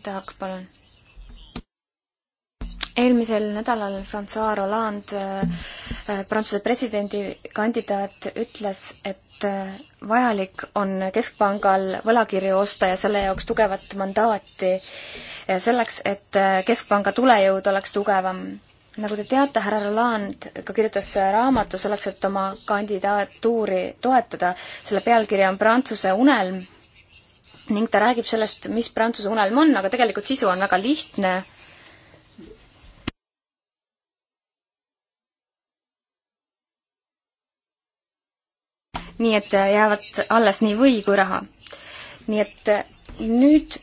Taak, palun. eelmisel nädalal Francois Hollande, äh, Prantsuse presidendikandidaat, ütles, et äh, vajalik on keskpangal võlakirju osta ja selle jaoks tugevat mandaati ja selleks, et äh, keskpanga tulejõud oleks tugevam nagu te teate, härra Roland ka kirjutas raamatu selleks, et oma kandidatuuri toetada. selle pealkiri on Prantsuse unelm ning ta räägib sellest, mis Prantsuse unelm on, aga tegelikult sisu on väga lihtne. nii et äh, jäävad alles nii või kui raha. nii et äh, nüüd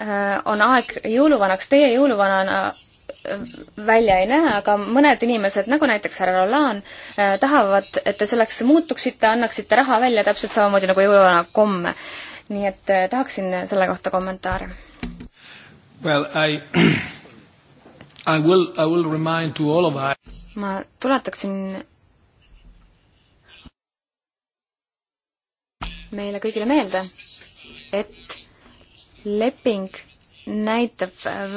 äh, on aeg jõuluvanaks, teie jõuluvanana välja ei näe, aga mõned inimesed, nagu näiteks härra Rolan, tahavad, et te selleks muutuksite, annaksite raha välja täpselt samamoodi nagu jõuluvana komme nii et äh, tahaksin selle kohta kommentaare. Well I I will, I will remind to all of us ma tuletaksin meile kõigile meelde, et leping näitab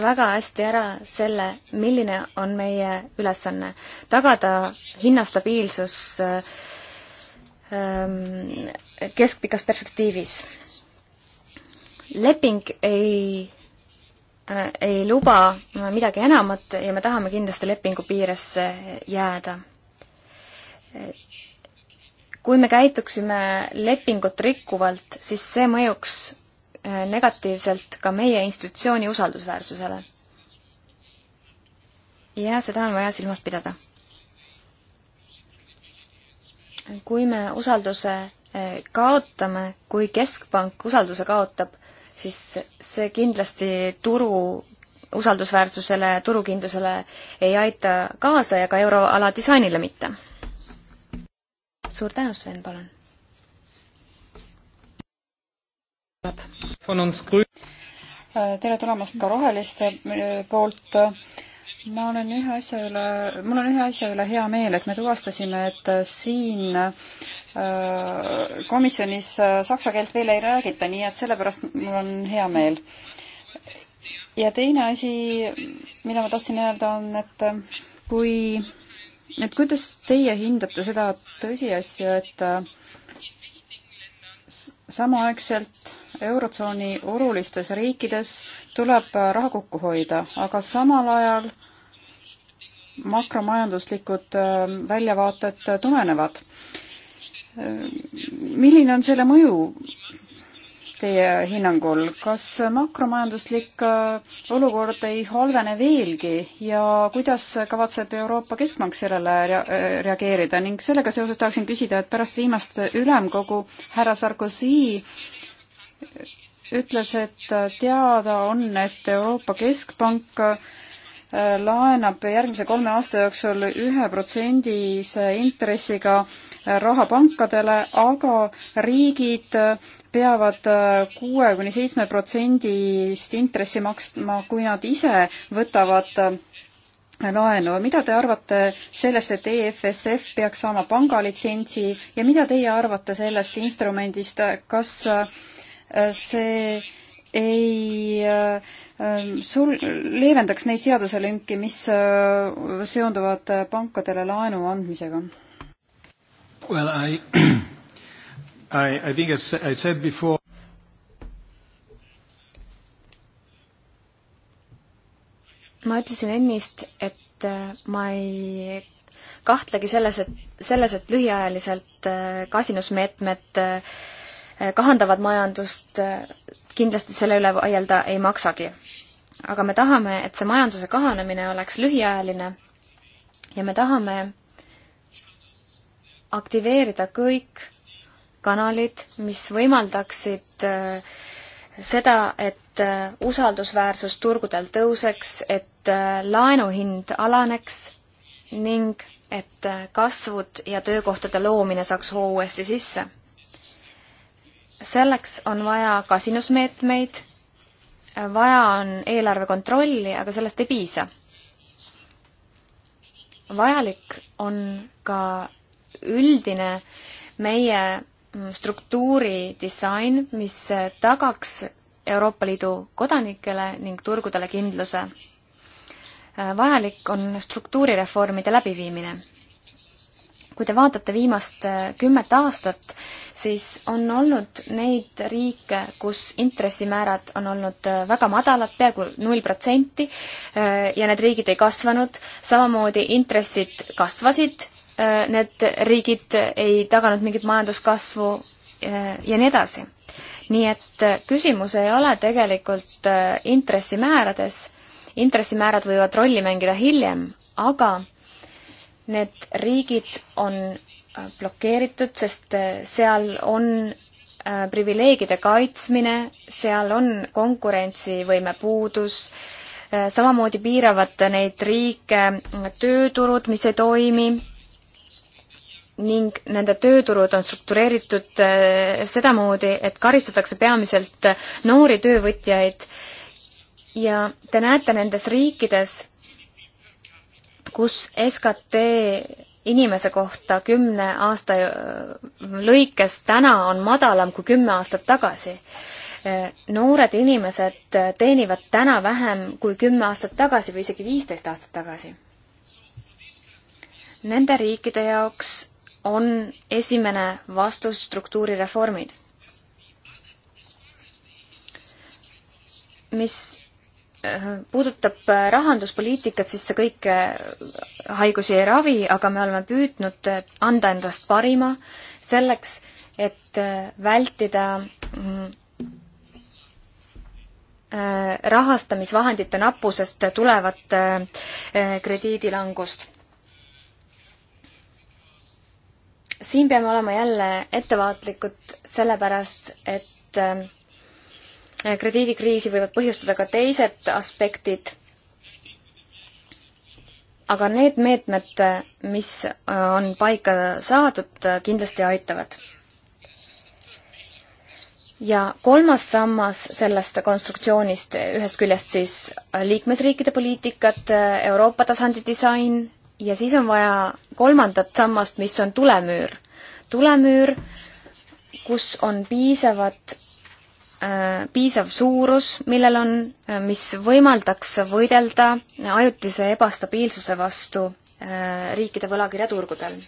väga hästi ära selle, milline on meie ülesanne. tagada hinnastabiilsus ähm, keskpikas perspektiivis leping ei äh,, ei luba midagi enamat ja me tahame kindlasti lepingu piiresse jääda. kui me käituksime lepingut rikkuvalt, siis see mõjuks äh, negatiivselt ka meie institutsiooni usaldusväärsusele. ja seda on vaja silmas pidada. kui me usalduse äh, kaotame, kui keskpank usalduse kaotab, siis see kindlasti turu usaldusväärsusele, turukindlusele ei aita kaasa ja ka euroala disainile mitte. suur tänu, Sven, palun. tere tulemast ka roheliste poolt ma olen ühe asja üle, mul on ühe asja üle hea meel, et me tuvastasime, et siin Äh, komisjonis äh, saksa keelt veel ei räägita, nii et sellepärast mul on hea meel. ja teine asi, mida ma tahtsin öelda, on, et äh, kui, et kuidas teie hindate seda tõsiasja, et samaaegselt Eurotsooni olulistes riikides tuleb raha kokku hoida, aga samal ajal makromajanduslikud väljavaated tumenevad Ehm, milline on selle mõju teie hinnangul, kas makromajanduslik äh, olukord ei halvene veelgi ja kuidas kavatseb Euroopa Keskpank sellele rea äh, reageerida ning sellega seoses tahaksin küsida, et pärast viimast ülemkogu härra Sarkozy ütles, et teada on, et Euroopa Keskpank äh, laenab järgmise kolme aasta jooksul ühe protsendise intressiga äh, raha pankadele, aga riigid peavad kuue kuni seitsme protsendist intressi maksma, kui nad ise võtavad laenu. mida te arvate sellest, et EFSF peaks saama pangalitsentsi ja mida teie arvate sellest instrumendist, kas äh, see ei äh, sul-, leevendaks neid seaduselünki, mis äh, seonduvad pankadele laenu andmisega? Well, I, I, I think as I said before, ma ütlesin ennist, et äh, ma ei kahtlegi selles, et selles, et lühiajaliselt äh, kasinusmeetmed äh, kahandavad majandust, kindlasti selle üle vaielda ei maksagi. aga me tahame, et see majanduse kahanemine oleks lühiajaline ja me tahame, aktiveerida kõik kanalid, mis võimaldaksid äh, seda, et äh, usaldusväärsus turgudel tõuseks, et äh, laenu hind alaneks ning et kasvud ja töökohtade loomine saaks hoo uuesti sisse. selleks on vaja kasinusmeetmeid, vaja on eelarve kontrolli, aga sellest ei piisa. vajalik on ka üldine meie struktuuri disain, mis tagaks Euroopa Liidu kodanikele ning turgudele kindluse. vajalik on struktuurireformide läbiviimine. kui te vaatate viimast kümmet aastat, siis on olnud neid riike, kus intressimäärad on olnud väga madalad, peaaegu null protsenti, ja need riigid ei kasvanud, samamoodi intressid kasvasid Äh, need riigid ei taganud mingit majanduskasvu äh, ja nii edasi. nii et äh, küsimus ei ole tegelikult intressimäärades, intressimäärad võivad rolli mängida hiljem, aga need riigid on blokeeritud, sest seal on privileegide kaitsmine, seal on konkurentsivõime puudus, samamoodi piiravad neid riike tööturud, mis ei toimi, ning nende tööturud on struktureeritud eh, sedamoodi, et karistatakse peamiselt eh, noori töövõtjaid ja te näete nendes riikides, kus SKT inimese kohta kümne aasta eh, lõikes täna on madalam kui kümme aastat tagasi. noored inimesed teenivad täna vähem kui kümme aastat tagasi või isegi viisteist aastat tagasi. Nende riikide jaoks on esimene vastus struktuurireformid, mis äh, puudutab rahanduspoliitikat, siis see kõik äh, haigusi ei ravi, aga me oleme püüdnud äh, anda endast parima selleks, et vältida mm, rahastamisvahendite nappusest tulevat krediidilangust siin peame olema jälle ettevaatlikud, sellepärast et äh, krediidikriisi võivad põhjustada ka teised aspektid. aga need meetmed, mis äh, on paika saadud, äh, kindlasti aitavad. ja kolmas sammas sellest konstruktsioonist, ühest küljest siis liikmesriikide poliitikad, Euroopa tasandi disain, ja siis on vaja kolmandat sammast, mis on tulemüür. tulemüür, kus on piisavad äh, piisav suurus, millel on, äh, mis võimaldaks võidelda ajutise ebastabiilsuse vastu äh, riikide võlakirjaturgudel.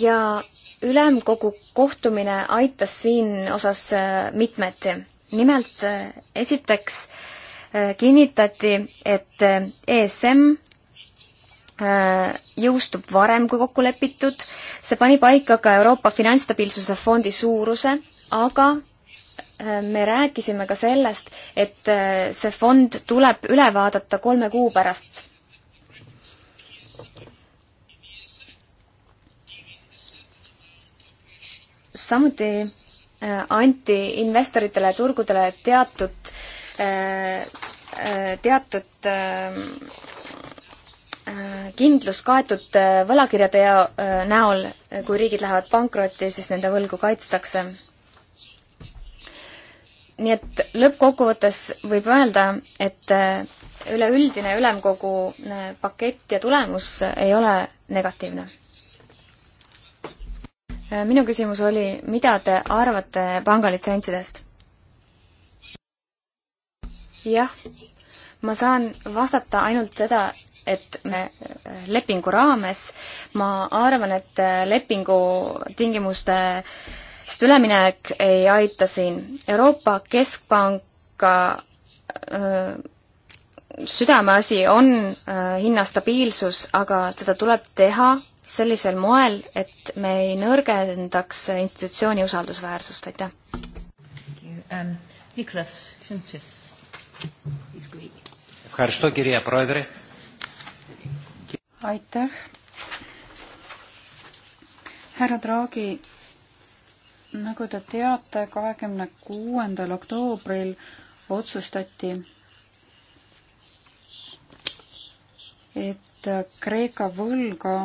ja ülemkogu kohtumine aitas siin osas mitmeti. nimelt esiteks äh, kinnitati, et ESM äh, jõustub varem kui kokku lepitud, see pani paika ka Euroopa Finantsstabiilsuse Fondi suuruse, aga äh, me rääkisime ka sellest, et äh, see fond tuleb üle vaadata kolme kuu pärast. samuti anti investoritele ja turgudele teatud äh, Äh, teatud äh, äh, kindlus kaetud võlakirjade ja, näol, kui riigid lähevad pankrotti, siis nende võlgu kaitstakse. nii et lõppkokkuvõttes võib öelda, et üleüldine ülemkogu pakett ja tulemus ei ole negatiivne minu küsimus oli, mida te arvate pangalitsentsidest? jah, ma saan vastata ainult seda, et me lepingu raames, ma arvan, et lepingu tingimuste sest üleminek ei aita siin. Euroopa Keskpanka öö, südameasi on öö, hinnastabiilsus, aga seda tuleb teha sellisel moel, et me ei nõrgendaks institutsiooni usaldusväärsust, aitäh. Um, Niklas Šuntis aitäh. härra Draghi, nagu te teate, kahekümne kuuendal oktoobril otsustati, et Kreeka võlga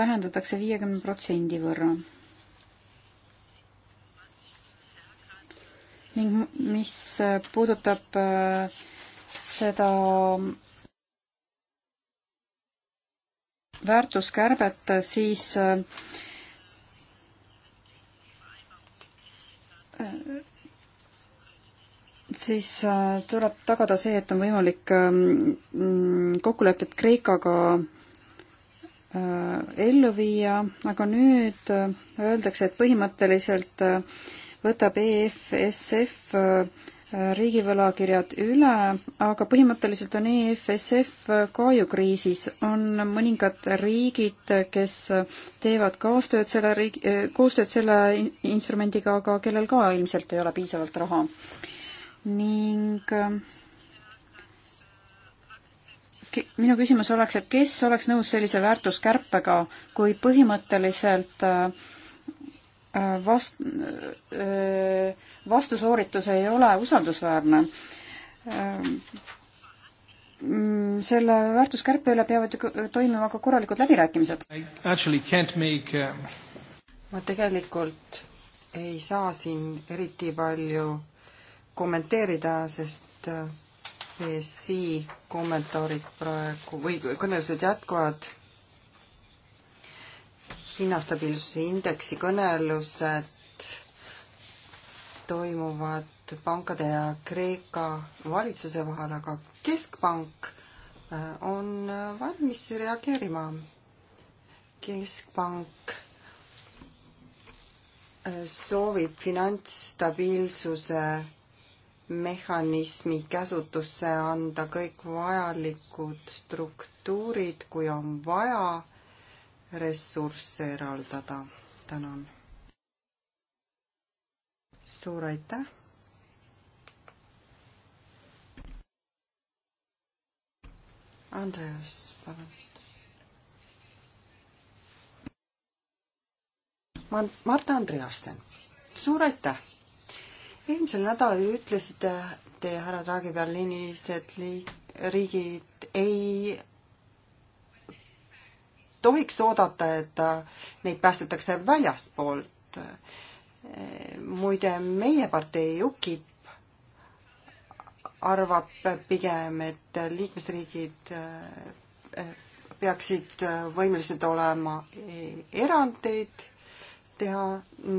vähendatakse viiekümne protsendi võrra ning mis äh, puudutab äh, seda väärtuskärbet, äh, siis siis tuleb tagada see, et on võimalik ähm, mm, kokkulepet Kreekaga ellu viia, aga nüüd öeldakse, et põhimõtteliselt äh, võtab EFSF äh, riigivõlakirjad üle, aga põhimõtteliselt on EFSF äh, ka ju kriisis. on mõningad riigid, kes äh, teevad kaastööd selle riigi, koostööd selle instrumendiga, aga kellel ka ilmselt ei ole piisavalt raha. ning minu küsimus oleks, et kes oleks nõus sellise väärtuskärpega, kui põhimõtteliselt äh, vast-, äh, vastusooritus ei ole usaldusväärne. Mm, selle väärtuskärpe üle peavad ju toimima ka korralikud läbirääkimised. Make... Um, ma tegelikult ei saa siin eriti palju kommenteerida, sest BSI äh, kommentaarid praegu või kõnelused jätkuvad hinnastabiilsuse indeksi kõnelused toimuvad pankade ja Kreeka valitsuse vahel, aga keskpank äh, on äh, valmis reageerima. keskpank äh, soovib finantsstabiilsuse mehhanismi käsutusse anda kõik vajalikud struktuurid, kui on vaja ressursse eraldada. tänan. suur aitäh. Andreas, palun. ma, Marta Andreasen, suur aitäh. eelmisel nädalal ütlesite te härra Draghi Berliinis, et liik-, riigid ei tohiks oodata, et äh, neid päästetakse väljastpoolt. muide, meie partei UKIP arvab pigem, et liikmesriigid äh, peaksid võimelised olema erandeid teha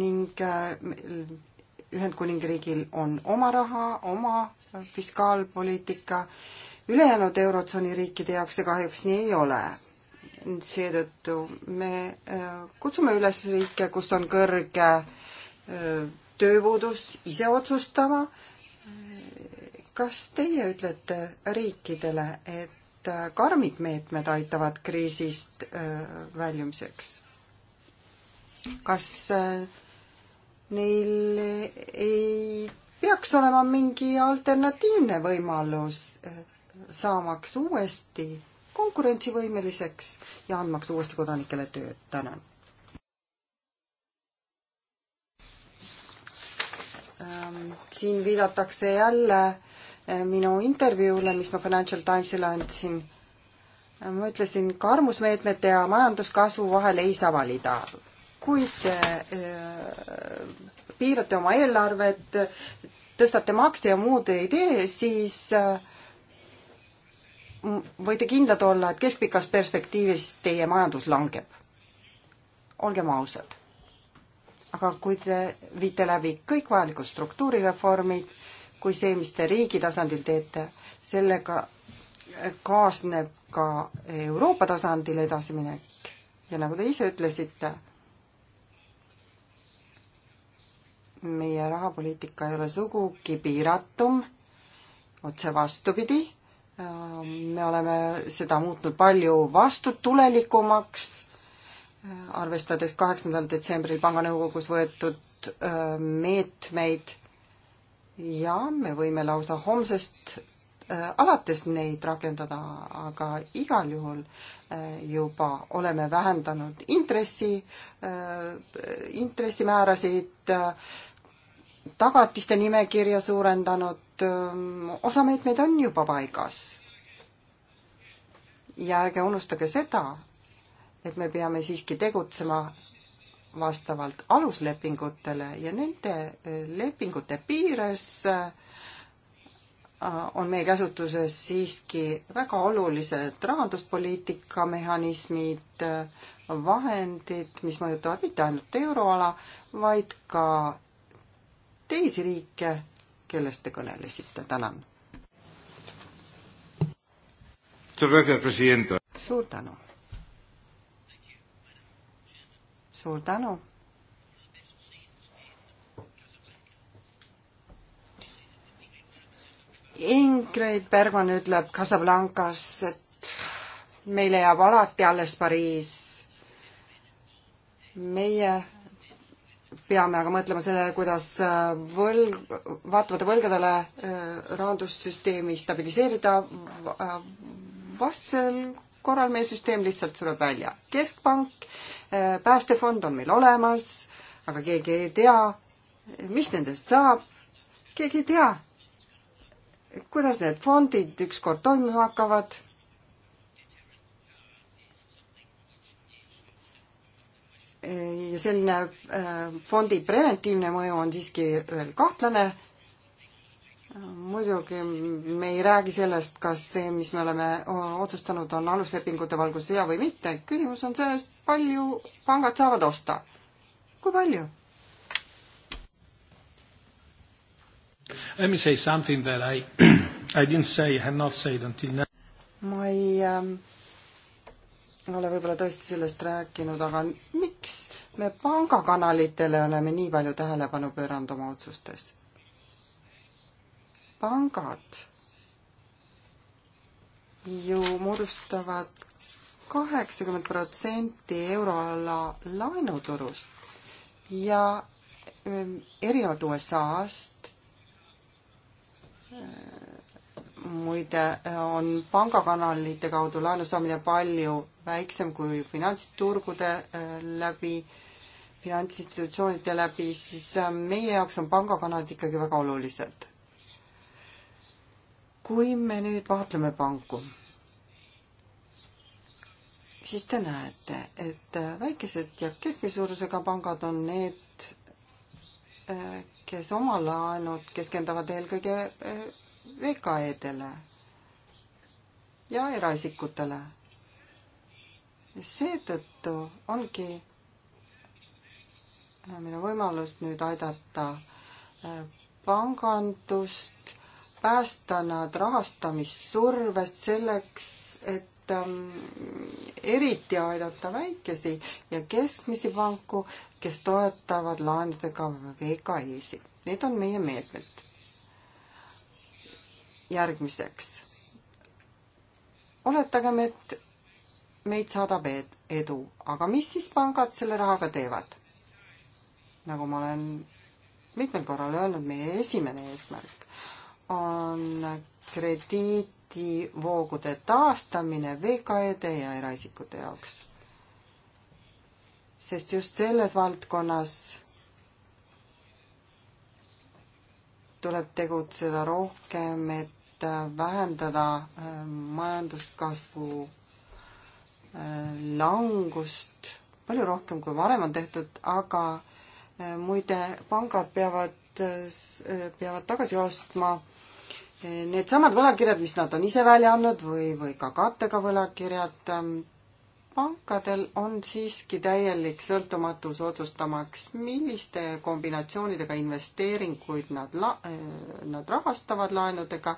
ning äh, Ühendkuningriigil on oma raha, oma fiskaalpoliitika, ülejäänud Eurotsooni riikide jaoks see kahjuks nii ei ole seetõttu me äh, kutsume üles riike, kus on kõrge äh, tööpuudus, ise otsustama. kas teie ütlete riikidele, et äh, karmid meetmed aitavad kriisist väljumiseks? kas neil ei peaks olema mingi alternatiivne võimalus saamaks uuesti konkurentsivõimeliseks ja andmaks uuesti kodanikele tööd. tänan. Ähm, siin viidatakse jälle äh, minu intervjuule, mis ma Financial Timesile andsin. Äh, ma ütlesin, karmusmeetmete ja majanduskasvu vahel ei saa valida. kui te äh, piirate oma eelarvet, tõstate makse ja muud ei tee, siis äh, võite kindlad olla, et keskpikas perspektiivis teie majandus langeb. olgem ausad. aga kui te viite läbi kõik vajalikud struktuurireformid, kui see, mis te riigi tasandil teete, sellega eh, kaasneb ka Euroopa tasandil edasiminek ja nagu te ise ütlesite, meie rahapoliitika ei ole sugugi piiratum, otse vastupidi me oleme seda muutnud palju vastutulelikumaks, arvestades kaheksandal detsembril panganõukogus võetud äh, meetmeid ja me võime lausa homsest äh, alates neid rakendada, aga igal juhul äh, juba oleme vähendanud intressi, intressimäärasid, tagatiste nimekirja suurendanud, Ähm, osa meetmeid on juba paigas. ja ärge unustage seda, et me peame siiski tegutsema vastavalt aluslepingutele ja nende äh, lepingute piires äh, on meie käsutuses siiski väga olulised rahanduspoliitika mehhanismid, äh, vahendid, mis mõjutavad mitte ainult euroala, vaid ka teisi riike kellest te kõnelesite, tänan. suur tänu. suur tänu. Ingrid Bergman ütleb Casablancas, et meile jääb alati alles Pariis. meie peame aga mõtlema sellele, kuidas äh, võlg, vaatamata võlgadele äh, rahandussüsteemi stabiliseerida, äh, vastasel korral meie süsteem lihtsalt sureb välja. keskpank, päästefond on meil olemas, aga keegi ei tea, mis nendest saab, keegi ei tea, kuidas need fondid ükskord toimima hakkavad ja selline äh, fondi preventiivne mõju on siiski veel kahtlane. muidugi me ei räägi sellest, kas see, mis me oleme otsustanud, on aluslepingute valguses hea või mitte. küsimus on selles, palju pangad saavad osta. kui palju? Let me say something that I, I didn't say, I had not said until now. ma ei ähm, ei ole võib-olla tõesti sellest rääkinud, aga miks me pangakanalitele oleme nii palju tähelepanu pööranud oma otsustes? pangad ju moodustavad kaheksakümmend protsenti euroala laenuturust ja ähm, erinevalt USA-st äh, muide on pangakanalite kaudu laenu saamine palju väiksem kui finantsturgude äh, läbi, finantsinstitutsioonide läbi, siis äh, meie jaoks on pangakanalid ikkagi väga olulised. kui me nüüd vaatleme panku, siis te näete, et äh, väikesed ja keskmise suurusega pangad on need, kes oma laenud keskenduvad eelkõige VKE-dele ja eraisikutele seetõttu ongi äh, meil on võimalus nüüd aidata äh, pangandust, päästa nad rahastamissurvest selleks, et ähm, eriti aidata väikesi ja keskmisi panku, kes toetavad laenudega VKI-sid. Need on meie meetmed. järgmiseks. oletagem, et meid saadab ed-, edu, aga mis siis pangad selle rahaga teevad? nagu ma olen mitmel korral öelnud, meie esimene eesmärk on krediidivoogude taastamine VKE-de ja eraisikute jaoks. sest just selles valdkonnas tuleb tegutseda rohkem, et äh, vähendada äh, majanduskasvu langust palju rohkem, kui varem on tehtud, aga eh, muide, pangad peavad, eh, peavad tagasi ostma eh, needsamad võlakirjad, mis nad on ise välja andnud või, või ka kattega võlakirjad ehm, pankadel on siiski täielik sõltumatus otsustamaks, milliste kombinatsioonidega investeeringuid nad la-, eh, nad rahastavad laenudega,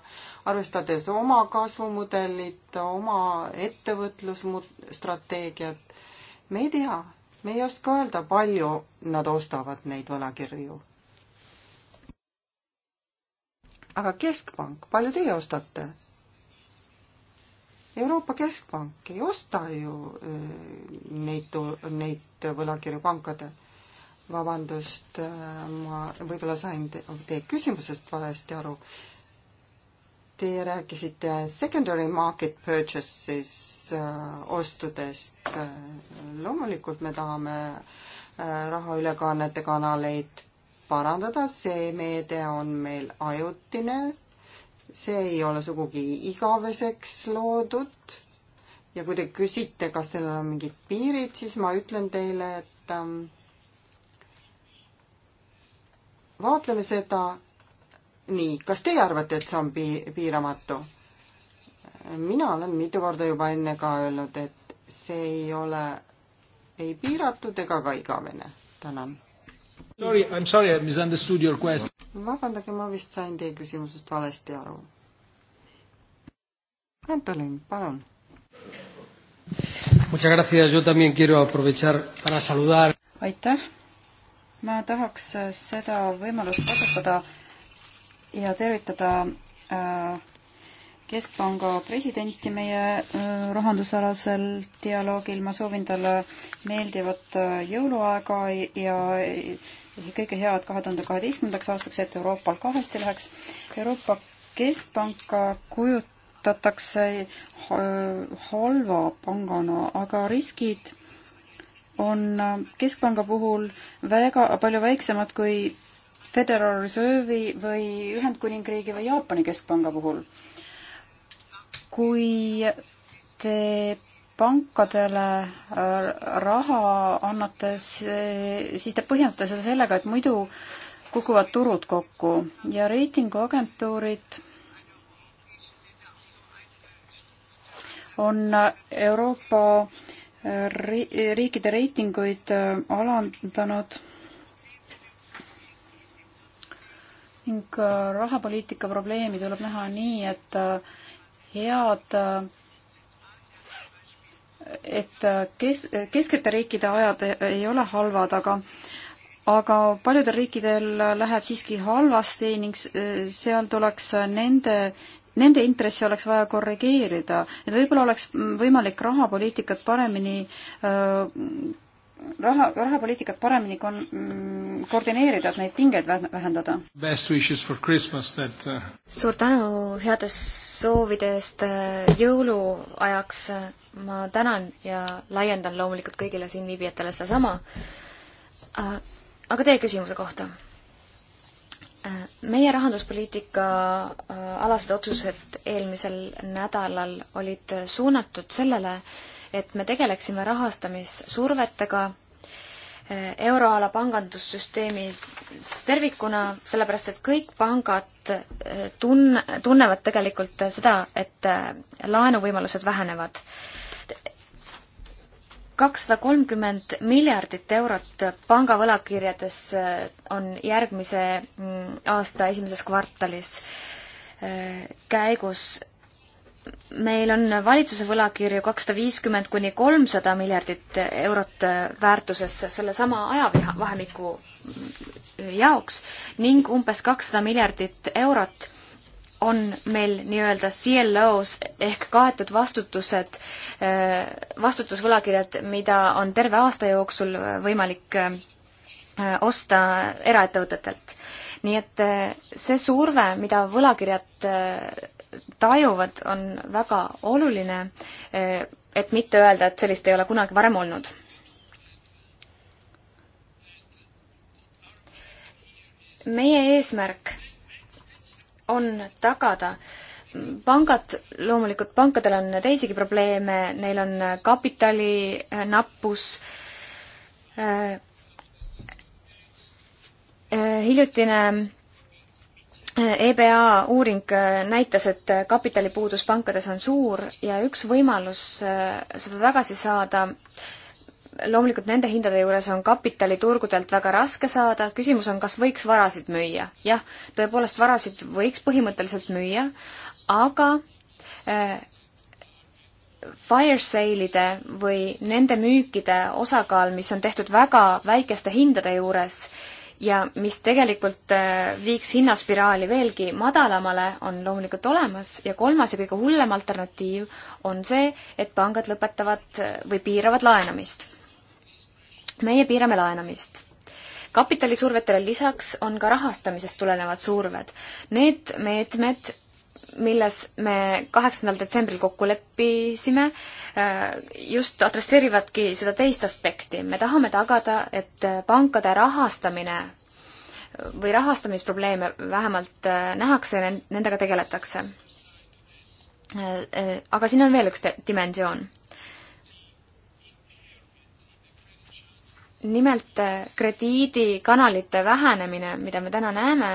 arvestades oma kasvumudelit, oma ettevõtlusstrateegiat. me ei tea, me ei oska öelda, palju nad ostavad neid võlakirju. aga keskpank, palju teie ostate? Euroopa Keskpank ei osta ju eh, neid, neid võlakirju pankadel. vabandust, eh, ma võib-olla sain teie küsimusest valesti aru. Teie rääkisite secondary market purchases eh, ostudest. loomulikult me tahame rahaülekannete kanaleid parandada, see meede on meil ajutine see ei ole sugugi igaveseks loodud ja kui te küsite, kas teil on mingid piirid, siis ma ütlen teile, et ähm, vaatleme seda nii, kas teie arvate, et see on pii-, piiramatu? mina olen mitu korda juba enne ka öelnud, et see ei ole ei piiratud ega ka igavene. tänan Sorry, I m sorry, I misunderstood your question. vabandage, ma vist sain teie küsimusest valesti aru. Antolin, palun. Muchas gracias, yo también quiero aprovechar para saludar. aitäh, ma tahaks äh, seda võimalust kasutada ja tervitada äh, Keskpanga presidenti meie äh, rahandusalasel dialoogil, ma soovin talle meeldivat äh, jõuluaega ja kõike head kahe tuhande kaheteistkümnendaks aastaks, et Euroopal kahesti läheks. Euroopa Keskpanka kujutatakse äh, halva pangana, aga riskid on äh, Keskpanga puhul väga palju väiksemad kui Federal Reserve'i või Ühendkuningriigi või Jaapani keskpanga puhul. kui te pankadele äh, raha annate, siis te põhjendate seda sellega, et muidu kukuvad turud kokku ja reitinguagentuurid on Euroopa äh, riikide reitinguid äh, alandanud ning rahapoliitika probleemi tuleb näha nii, et head et kes, keskete riikide ajad ei ole halvad, aga aga paljudel riikidel läheb siiski halvasti ning seal tuleks nende, nende intressi oleks vaja korrigeerida. et võib-olla oleks võimalik rahapoliitikat paremini öö, äh, raha, rahapoliitikat paremini kon-, mm, koordineerida, et neid pingeid vähendada. Uh, suur tänu heade soovide eest uh, jõuluajaks, uh, ma tänan ja laiendan loomulikult kõigile siinviibijatele sedasama, aga teie küsimuse kohta? meie rahanduspoliitika alased otsused eelmisel nädalal olid suunatud sellele, et me tegeleksime rahastamissurvetega eh, euroala pangandussüsteemis tervikuna, sellepärast et kõik pangad eh, tun-, tunnevad tegelikult seda, et eh, laenuvõimalused vähenevad. kakssada kolmkümmend miljardit eurot pangavõlakirjades on järgmise mm, aasta esimeses kvartalis käigus meil on valitsuse võlakirju kakssada viiskümmend kuni kolmsada miljardit eurot väärtuses sellesama ajavahemiku jaoks ning umbes kakssada miljardit eurot on meil nii-öelda CLO-s ehk kaetud vastutused, äh, vastutusvõlakirjad, mida on terve aasta jooksul võimalik äh, osta eraettevõtetelt. nii et äh, see surve, mida võlakirjad tajuvad, on väga oluline, eh, et mitte öelda, et sellist ei ole kunagi varem olnud. meie eesmärk on tagada pangad, loomulikult pankadel on teisigi probleeme, neil on kapitali eh, nappus, eh, hiljutine EBA uuring äh, näitas, et äh, kapitalipuudus pankades on suur ja üks võimalus äh, seda tagasi saada loomulikult nende hindade juures on kapitaliturgudelt väga raske saada, küsimus on, kas võiks varasid müüa. jah, tõepoolest varasid võiks põhimõtteliselt müüa, aga äh, fire sale'ide või nende müükide osakaal, mis on tehtud väga väikeste hindade juures äh,, ja mis tegelikult äh, viiks hinnaspiraali veelgi madalamale, on loomulikult olemas ja kolmas ja kõige hullem alternatiiv on see, et pangad lõpetavad äh, või piiravad laenamist. meie piirame laenamist kapitalisurvetele lisaks on ka rahastamisest tulenevad surved. Need meetmed milles me kaheksandal detsembril kokku leppisime, äh, just adresseerivadki seda teist aspekti. me tahame tagada, et pankade rahastamine või rahastamisprobleeme vähemalt äh, nähakse ja nendega tegeletakse. Äh, aga siin on veel üks dimensioon. nimelt krediidikanalite vähenemine, mida me täna näeme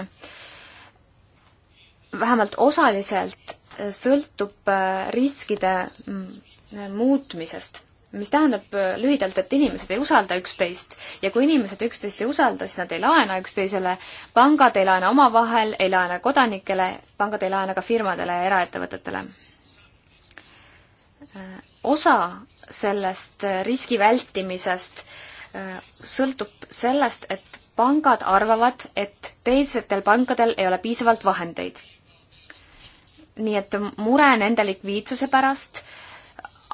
vähemalt osaliselt sõltub äh, riskide mm, muutmisest, mis tähendab äh, lühidalt, et inimesed ei usalda üksteist ja kui inimesed üksteist ei usalda, siis nad ei laena üksteisele, pangad ei laena omavahel, ei laena kodanikele, pangad ei laena ka firmadele ja eraettevõtetele. Äh, osa sellest riski vältimisest sõltub sellest, et pangad arvavad, et teistel pankadel ei ole piisavalt vahendeid nii et mure nende likviidsuse pärast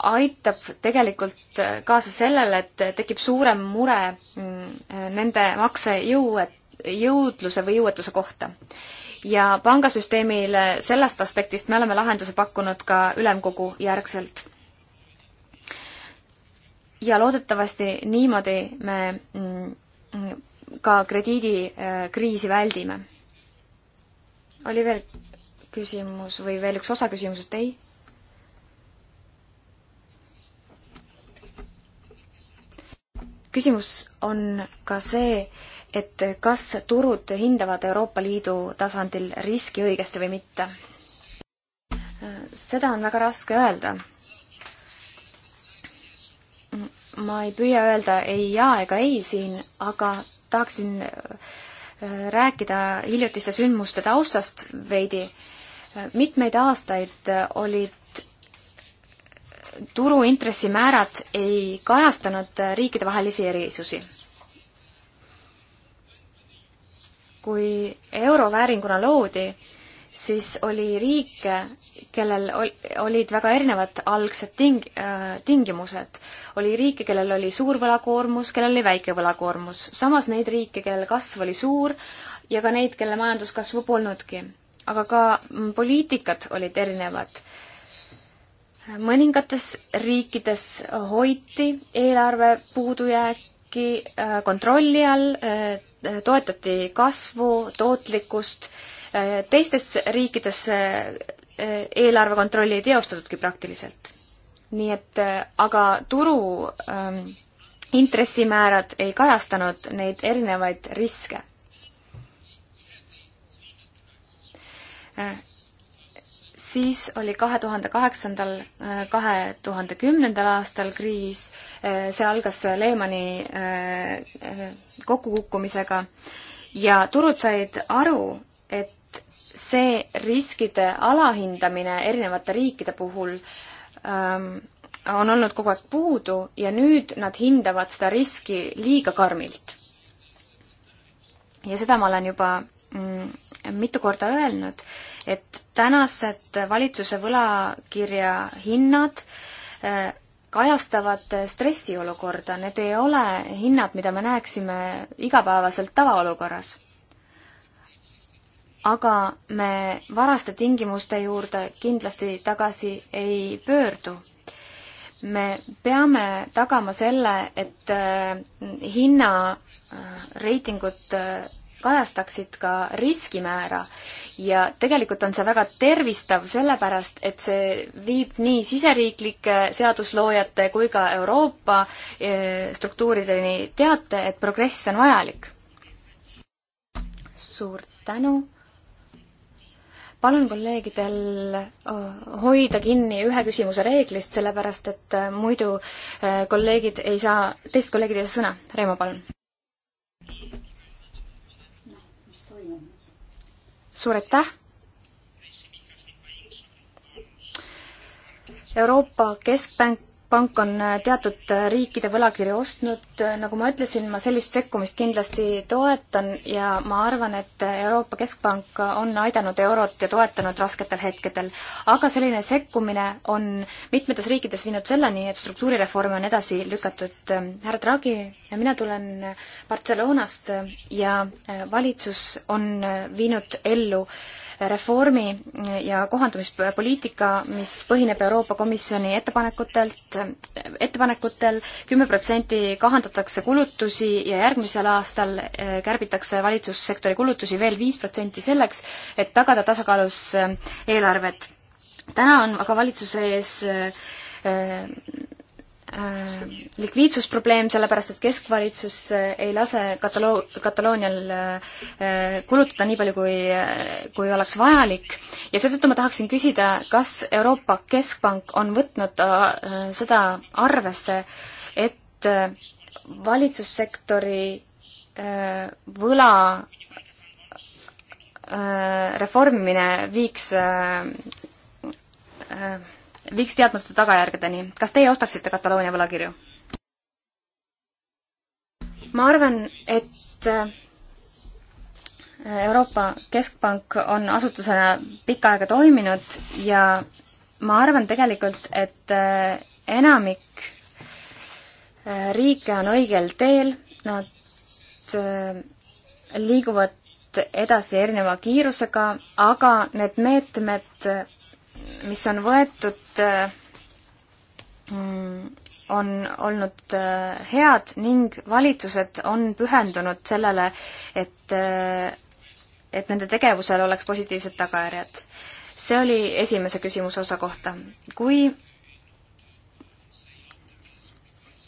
aitab tegelikult kaasa sellele, et tekib suurem mure mm, nende maksejõue, jõudluse või jõuetuse kohta. ja pangasüsteemile sellest aspektist me oleme lahenduse pakkunud ka ülemkogu järgselt. ja loodetavasti niimoodi me mm, ka krediidikriisi väldime. oli veel küsimus või veel üks osa küsimusest, ei? küsimus on ka see, et kas turud hindavad Euroopa Liidu tasandil riski õigesti või mitte. seda on väga raske öelda. ma ei püüa öelda ei jaa ega ei siin, aga tahaksin äh, rääkida hiljutiste sündmuste taustast veidi mitmeid aastaid olid turu intressimäärad ei kajastanud riikidevahelisi erisusi. kui euro vääringuna loodi, siis oli riike, kellel olid väga erinevad algsed ting-, äh, tingimused. oli riike, kellel oli suur võlakoormus, kellel oli väike võlakoormus. samas neid riike, kellel kasv oli suur ja ka neid, kelle majanduskasvu polnudki aga ka poliitikad olid erinevad. mõningates riikides hoiti eelarve puudujääki äh, kontrolli all, äh, toetati kasvu, tootlikkust, äh, teistes riikides eelarve kontrolli ei teostatudki praktiliselt. nii et aga turu ähm, intressimäärad ei kajastanud neid erinevaid riske siis oli kahe tuhande kaheksandal, äh, kahe tuhande kümnendal aastal kriis, äh, see algas Lehmani äh, kokkukukkumisega ja turud said aru, et see riskide alahindamine erinevate riikide puhul ähm, on olnud kogu aeg puudu ja nüüd nad hindavad seda riski liiga karmilt ja seda ma olen juba mm, mitu korda öelnud, et tänased valitsuse võlakirja hinnad äh, kajastavad stressiolukorda, need ei ole hinnad, mida me näeksime igapäevaselt tavaolukorras aga me varaste tingimuste juurde kindlasti tagasi ei pöördu. me peame tagama selle, et äh, hinna Äh, reitingud äh, kajastaksid ka riskimäära ja tegelikult on see väga tervistav, sellepärast et see viib nii siseriiklike seadusloojate kui ka Euroopa äh, struktuurideni teate, et progress on vajalik. suur tänu! palun kolleegidel hoida kinni ühe küsimuse reeglist, sellepärast et muidu kolleegid ei saa, teised kolleegid ei saa sõna. Reimo, palun! suur aitäh! Euroopa Keskpank pank on äh, teatud äh, riikide võlakirju ostnud, äh, nagu ma ütlesin, ma sellist sekkumist kindlasti toetan ja ma arvan, et Euroopa Keskpank on aidanud eurot ja toetanud rasketel hetkedel. aga selline sekkumine on mitmetes riikides viinud selleni, et struktuurireforme on edasi lükatud. härra Draghi, mina tulen Barcelonast ja valitsus on viinud ellu äh, reformi ja kohandumispoliitika, mis põhineb Euroopa Komisjoni ettepanekutelt, ettepanekutel, kümme protsenti kahandatakse kulutusi ja järgmisel aastal eh, kärbitakse valitsussektori kulutusi veel viis protsenti selleks, et tagada tasakaalus eh, eelarvet. täna on aga valitsuse ees eh, Äh, likviidsusprobleem, sellepärast et keskvalitsus äh, ei lase Kataloo-, Kataloonial äh, kulutada nii palju, kui, kui oleks vajalik. ja seetõttu ma tahaksin küsida, kas Euroopa Keskpank on võtnud seda arvesse, et valitsussektori võla reformimine viiks viiks teadmatu tagajärgedeni. kas teie ostaksite Kataloonia võlakirju? ma arvan, et äh, Euroopa Keskpank on asutusena pikka aega toiminud ja ma arvan tegelikult, et äh, enamik äh, riike on õigel teel, nad liiguvad edasi erineva kiirusega, aga need meetmed mis on võetud, äh, on olnud äh, head ning valitsused on pühendunud sellele, et, äh, et nende tegevusel oleks positiivsed tagajärjed. see oli esimese küsimuse osa kohta. kui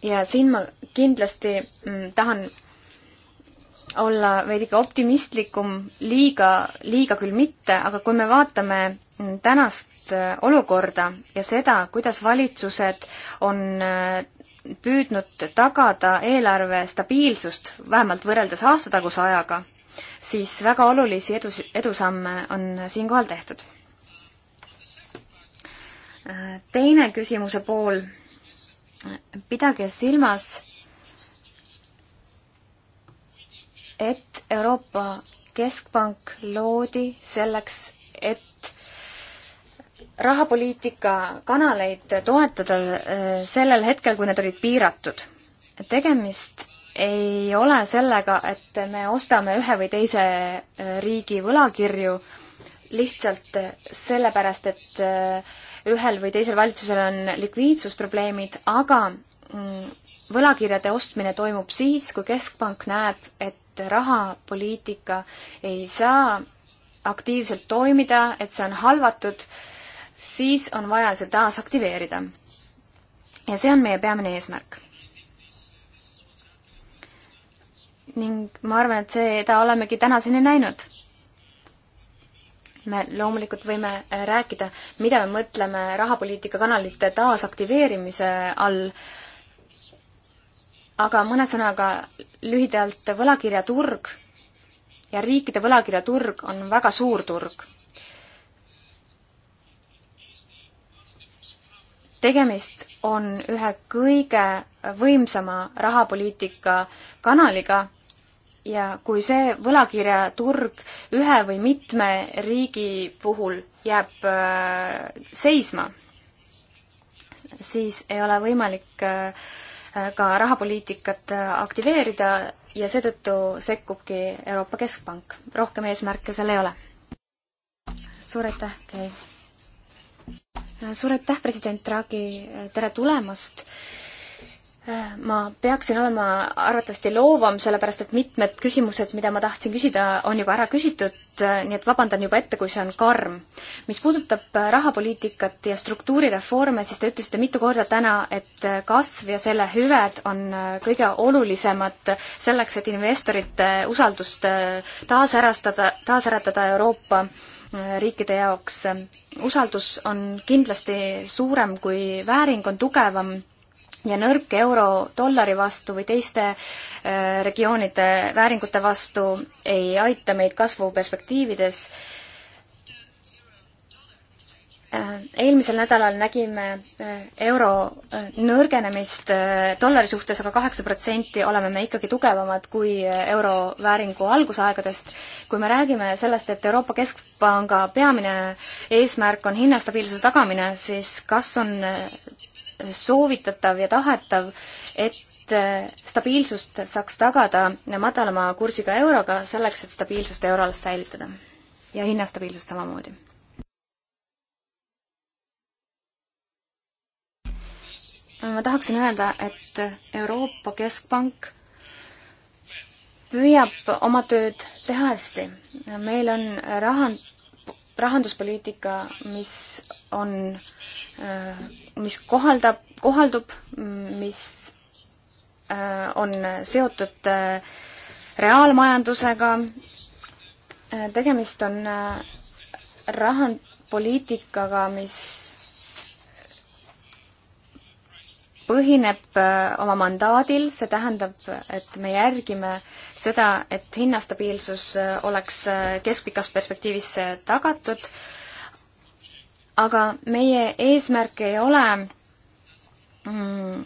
ja siin ma kindlasti mm, tahan olla veidike optimistlikum, liiga, liiga küll mitte, aga kui me vaatame tänast äh, olukorda ja seda, kuidas valitsused on äh, püüdnud tagada eelarve stabiilsust, vähemalt võrreldes aastataguse ajaga, siis väga olulisi edus, edusamme on siinkohal tehtud. Äh, teine küsimuse pool, pidage silmas et Euroopa Keskpank loodi selleks, et rahapoliitika kanaleid toetada äh, sellel hetkel, kui need olid piiratud. tegemist ei ole sellega, et me ostame ühe või teise äh, riigi võlakirju lihtsalt sellepärast, et äh, ühel või teisel valitsusel on likviidsusprobleemid, aga mm, võlakirjade ostmine toimub siis, kui keskpank näeb, et et rahapoliitika ei saa aktiivselt toimida, et see on halvatud, siis on vaja see taasaktiveerida. ja see on meie peamine eesmärk. ning ma arvan, et seda olemegi tänaseni näinud me loomulikult võime rääkida, mida me mõtleme rahapoliitika kanalite taasaktiveerimise all äh,, aga mõne sõnaga lühidalt võlakirjaturg ja riikide võlakirjaturg on väga suur turg. tegemist on ühe kõige võimsama rahapoliitika kanaliga ja kui see võlakirjaturg ühe või mitme riigi puhul jääb äh, seisma, siis ei ole võimalik äh, Äh, ka rahapoliitikat äh, aktiveerida ja seetõttu sekkubki Euroopa Keskpank. rohkem eesmärke seal ei ole. suur aitäh, Kei! suur aitäh, president Draghi, tere tulemast! ma peaksin olema arvatavasti loovam, sellepärast et mitmed küsimused, mida ma tahtsin küsida, on juba ära küsitud, nii et vabandan juba ette, kui see on karm. mis puudutab rahapoliitikat ja struktuurireforme, siis te ütlesite mitu korda täna, et kasv ja selle hüved on kõige olulisemad selleks, et investorite usaldust taasärastada, taasäratada Euroopa riikide jaoks. usaldus on kindlasti suurem, kui vääring on tugevam ja nõrk euro dollari vastu või teiste äh, regioonide vääringute vastu ei aita meid kasvuperspektiivides. Äh, eelmisel nädalal nägime äh, euro nõrgenemist dollari suhtes aga, aga kaheksa protsenti oleme me ikkagi tugevamad kui euro vääringu algusaegadest. kui me räägime sellest, et Euroopa Keskpanga peamine eesmärk on hinnastabiilsuse tagamine, siis kas on soovitatav ja tahetav, et äh, stabiilsust saaks tagada madalama kursiga euroga, selleks et stabiilsust euroalas säilitada ja hinnastabiilsust samamoodi. ma tahaksin öelda, et Euroopa Keskpank püüab oma tööd teha hästi. meil on rahan-, rahanduspoliitika, mis on, mis kohaldab, kohaldub, mis on seotud reaalmajandusega, tegemist on rahapoliitikaga, mis põhineb oma mandaadil, see tähendab, et me järgime seda, et hinnastabiilsus oleks keskpikas perspektiivis tagatud aga meie eesmärk ei ole mm,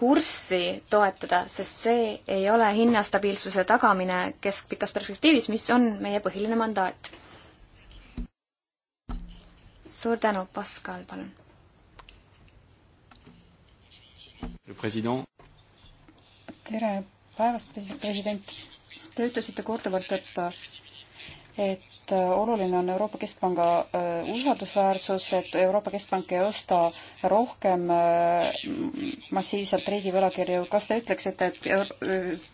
kurssi toetada, sest see ei ole hinnastabiilsuse tagamine keskpikas perspektiivis, mis on meie põhiline mandaat. suur tänu, Pascal, palun. tere päevast, president. Te ütlesite korduvalt, et et äh, oluline on Euroopa Keskpanga äh, usaldusväärsus, et Euroopa Keskpank ei osta rohkem äh, massiivselt riigi võlakirju. kas te ütleksite, et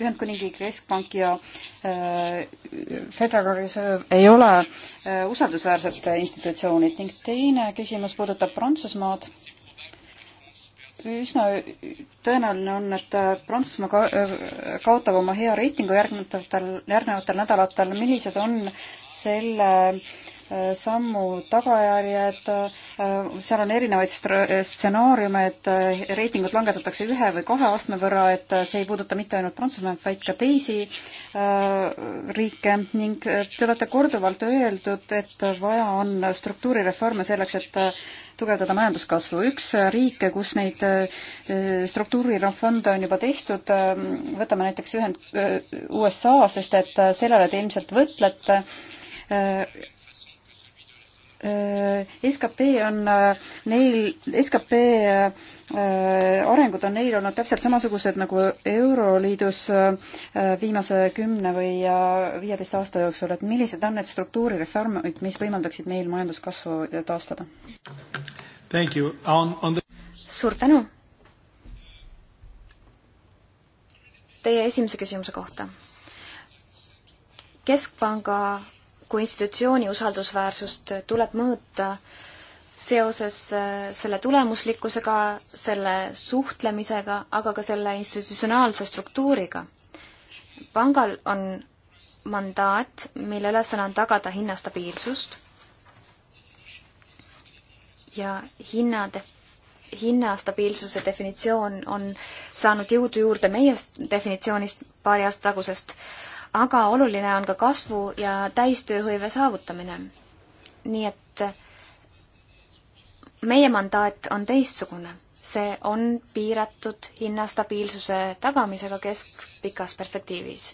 Ühendkuningi Keskpank ja Federal Reserve ei ole usaldusväärsed institutsioonid ning teine küsimus puudutab Prantsusmaad üsna tõenäoline on, et äh, Prantsusmaa ka-, äh, kaotab oma hea reitingu järgnevatel, järgnevatel nädalatel, millised on selle äh, Äh, sammu tagajärjed, äh, seal on erinevaid stsenaariume, et äh, reitingut langetatakse ühe või kahe astme võrra, et see ei puuduta mitte ainult Prantsusmaad, vaid ka teisi riike ning te olete korduvalt öeldud, et vaja on struktuurireforme selleks, et tugevdada majanduskasvu. üks riike, kus neid struktuurifonde on juba tehtud, võtame näiteks ühend-, USA, sest et sellele te ilmselt võtlete, Äh, skp on äh, neil, skp äh, arengud on neil olnud täpselt samasugused nagu Euroliidus viimase kümne või viieteist aasta jooksul, et millised on need struktuurireformid, mis võimaldaksid meil majanduskasvu taastada? The... suur tänu! Teie esimese küsimuse kohta. keskpanga kui institutsiooni usaldusväärsust tuleb mõõta seoses äh, selle tulemuslikkusega, selle suhtlemisega, aga ka selle institutsionaalse struktuuriga. pangal on mandaat, mille ülesanne on tagada hinnastabiilsust ja hinnad, hinnastabiilsuse definitsioon on saanud jõudu juurde meie definitsioonist paari aasta tagusest aga oluline on ka kasvu ja täistööhõive saavutamine. nii et meie mandaat on teistsugune. see on piiratud hinnastabiilsuse tagamisega keskpikas perspektiivis.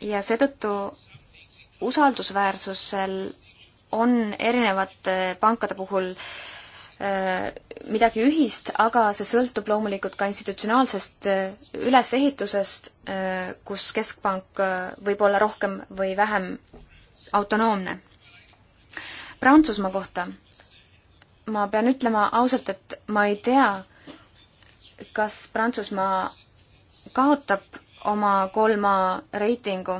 ja seetõttu usaldusväärsusel on erinevate pankade puhul äh, Äh, midagi ühist, aga see sõltub loomulikult ka institutsionaalsest äh, ülesehitusest, äh, kus Keskpank võib olla rohkem või vähem autonoomne. Prantsusmaa kohta ma pean ütlema ausalt, et ma ei tea, kas Prantsusmaa kaotab oma kolma reitingu.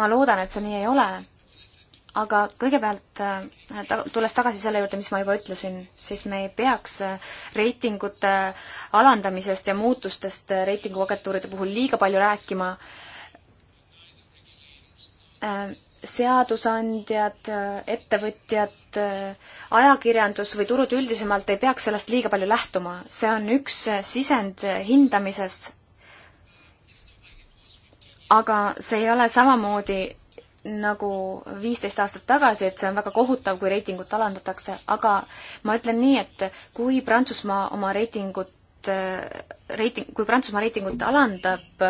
ma loodan, et see nii ei ole aga kõigepealt äh, tulles tagasi selle juurde, mis ma juba ütlesin, siis me ei peaks äh, reitingute alandamisest ja muutustest äh, reitinguagentuuride puhul liiga palju rääkima. seadusandjad, ettevõtjad, ajakirjandus või turud üldisemalt ei peaks sellest liiga palju lähtuma, see on üks sisend hindamisest. aga see ei ole samamoodi nagu viisteist aastat tagasi, et see on väga kohutav, kui reitingut alandatakse, aga ma ütlen nii, et kui Prantsusmaa oma reitingut reiting, kui Prantsusmaa reitingut alandab,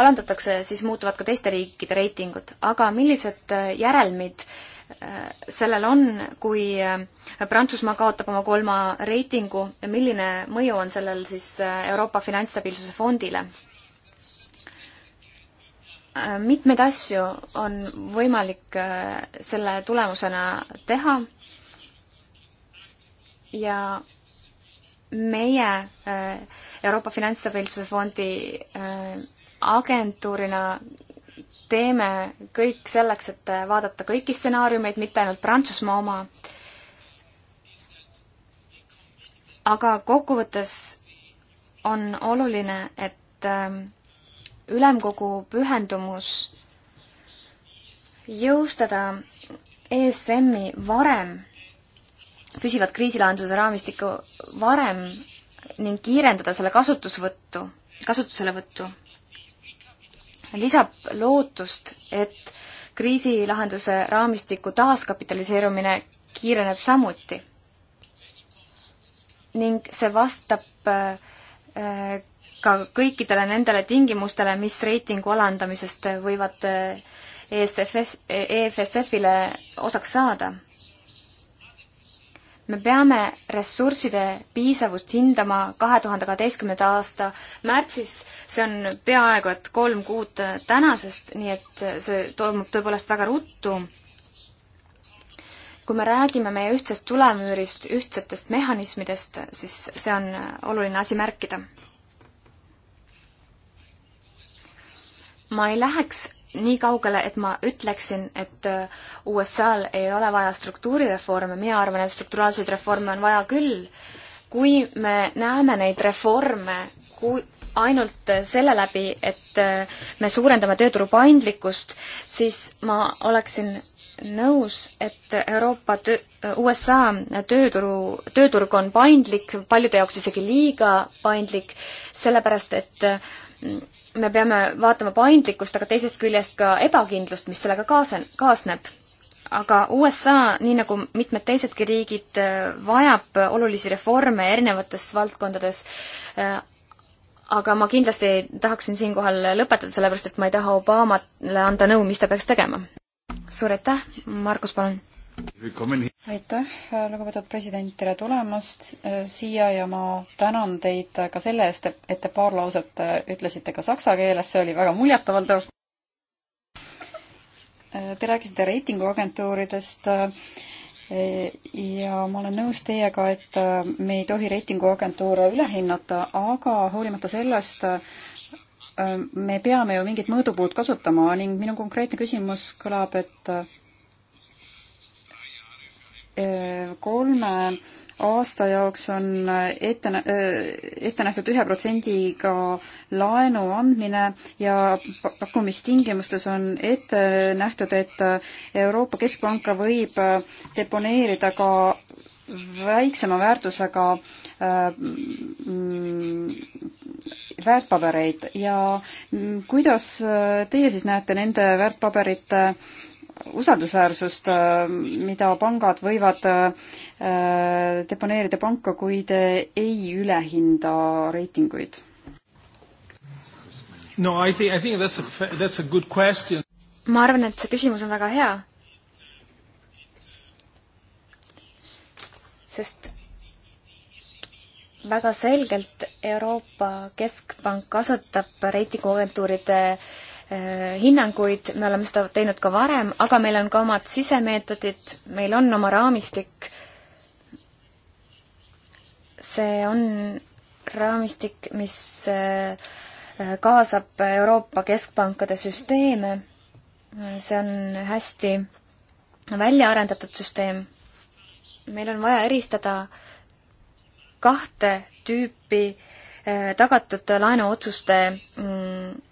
alandatakse, siis muutuvad ka teiste riikide reitingud. aga millised järelmid äh, sellel on, kui äh, Prantsusmaa kaotab oma kolma reitingu ja milline mõju on sellel siis äh, Euroopa Finantsstabiilsuse Fondile? Äh, mitmeid asju on võimalik äh, selle tulemusena teha ja meie äh, Euroopa Finantsstabiilsuse Fondi agentuurina teeme kõik selleks, et vaadata kõiki stsenaariumeid, mitte ainult Prantsusmaa oma. aga kokkuvõttes on oluline, et ülemkogu pühendumus jõustada ESM-i varem, püsivat kriisilahenduse raamistikku varem ning kiirendada selle kasutusvõttu, kasutuselevõttu, lisab lootust, et kriisilahenduse raamistiku taaskapitaliseerumine kiireneb samuti. ning see vastab äh, ka kõikidele nendele tingimustele, mis reitingu alandamisest võivad äh, ESFS, EFSF-ile osaks saada. me peame ressursside piisavust hindama kahe tuhande kaheteistkümnenda aasta märtsis, see on peaaegu et kolm kuud tänasest, nii et see toimub tõepoolest väga ruttu. kui me räägime meie ühtsest tulemüürist, ühtsetest mehhanismidest, siis see on oluline asi märkida ma ei läheks nii kaugele, et ma ütleksin, et äh, USA-l ei ole vaja struktuurireforme, mina arvan, et strukturaalseid reforme on vaja küll. kui me näeme neid reforme kui ainult äh, selle läbi, et äh, me suurendame tööturu paindlikkust, siis ma oleksin nõus, et Euroopa töö, USA tööturu, tööturg on paindlik, paljude jaoks isegi liiga paindlik, sellepärast et me peame vaatama paindlikkust, aga teisest küljest ka ebakindlust, mis sellega kaasen-, kaasneb. aga USA, nii nagu mitmed teisedki riigid, äh, vajab olulisi reforme erinevates valdkondades, äh, aga ma kindlasti tahaksin siinkohal lõpetada, sellepärast et ma ei taha Obamale anda nõu, mis ta peaks tegema. suur aitäh, Markus, palun! aitäh, lugupeetud president, tere tulemast äh, siia ja ma tänan teid ka selle eest, et te paar lauset äh, ütlesite ka saksa keeles, see oli väga muljetavaldav. Äh, te rääkisite reitinguagentuuridest ja ma olen nõus teiega, et me ei tohi reitinguagentuure üle hinnata, aga hoolimata sellest me peame ju mingit mõõdupuud kasutama ning minu konkreetne küsimus kõlab, et kolme aasta jaoks on ette, ette nähtud ühe protsendiga laenu andmine ja pakkumistingimustes on ette nähtud, et Euroopa Keskpanka võib deponeerida ka väiksema väärtusega mm, väärtpabereid ja kuidas teie siis näete nende väärtpaberite äh, usaldusväärsust, äh, mida pangad võivad äh, deponeerida panka, kui te ei ülehinda reitinguid? no I think, I think that's a, that's a good question. ma arvan, et see küsimus on väga hea. sest väga selgelt Euroopa Keskpank kasutab reitinguagentuuride äh, Eh, hinnanguid, me oleme seda teinud ka varem, aga meil on ka omad sisemeetodid, meil on oma raamistik. see on raamistik, mis eh, kaasab Euroopa keskpankade süsteeme. see on hästi välja arendatud süsteem. meil on vaja eristada kahte tüüpi eh, tagatud laenuotsuste mm,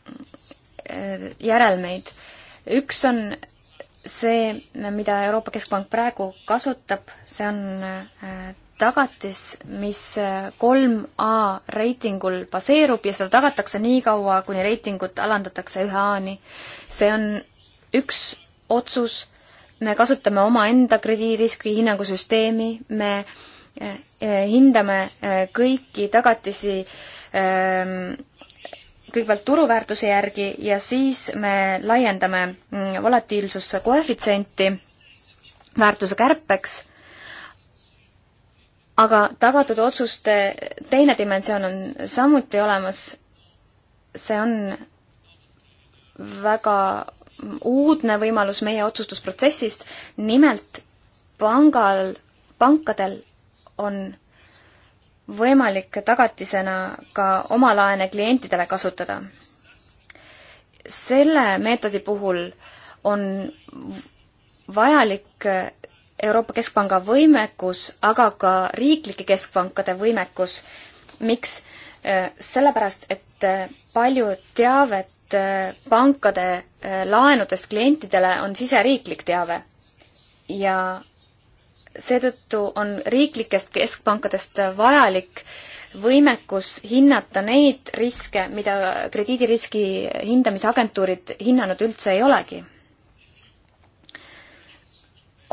järelmeid. üks on see, mida Euroopa Keskpank praegu kasutab, see on äh, tagatis, mis äh, kolm A reitingul baseerub ja seda tagatakse nii kaua, kuni reitingut alandatakse ühe A-ni. see on üks otsus, me kasutame omaenda krediidiriski hinnangusüsteemi, me äh, hindame kõiki tagatisi ähm, kõigepealt turuväärtuse järgi ja siis me laiendame mm, volatiilsuse koefitsienti väärtuse kärpeks, aga tagatud otsuste teine dimensioon on samuti olemas, see on väga uudne võimalus meie otsustusprotsessist, nimelt pangal, pankadel on võimalik tagatisena ka oma laene klientidele kasutada. selle meetodi puhul on vajalik Euroopa Keskpanga võimekus, aga ka riiklike keskpankade võimekus. miks? sellepärast, et palju teavet pankade laenudest klientidele on siseriiklik teave ja seetõttu on riiklikest keskpankadest vajalik võimekus hinnata neid riske, mida krediidiriski hindamisagentuurid hinnanud üldse ei olegi.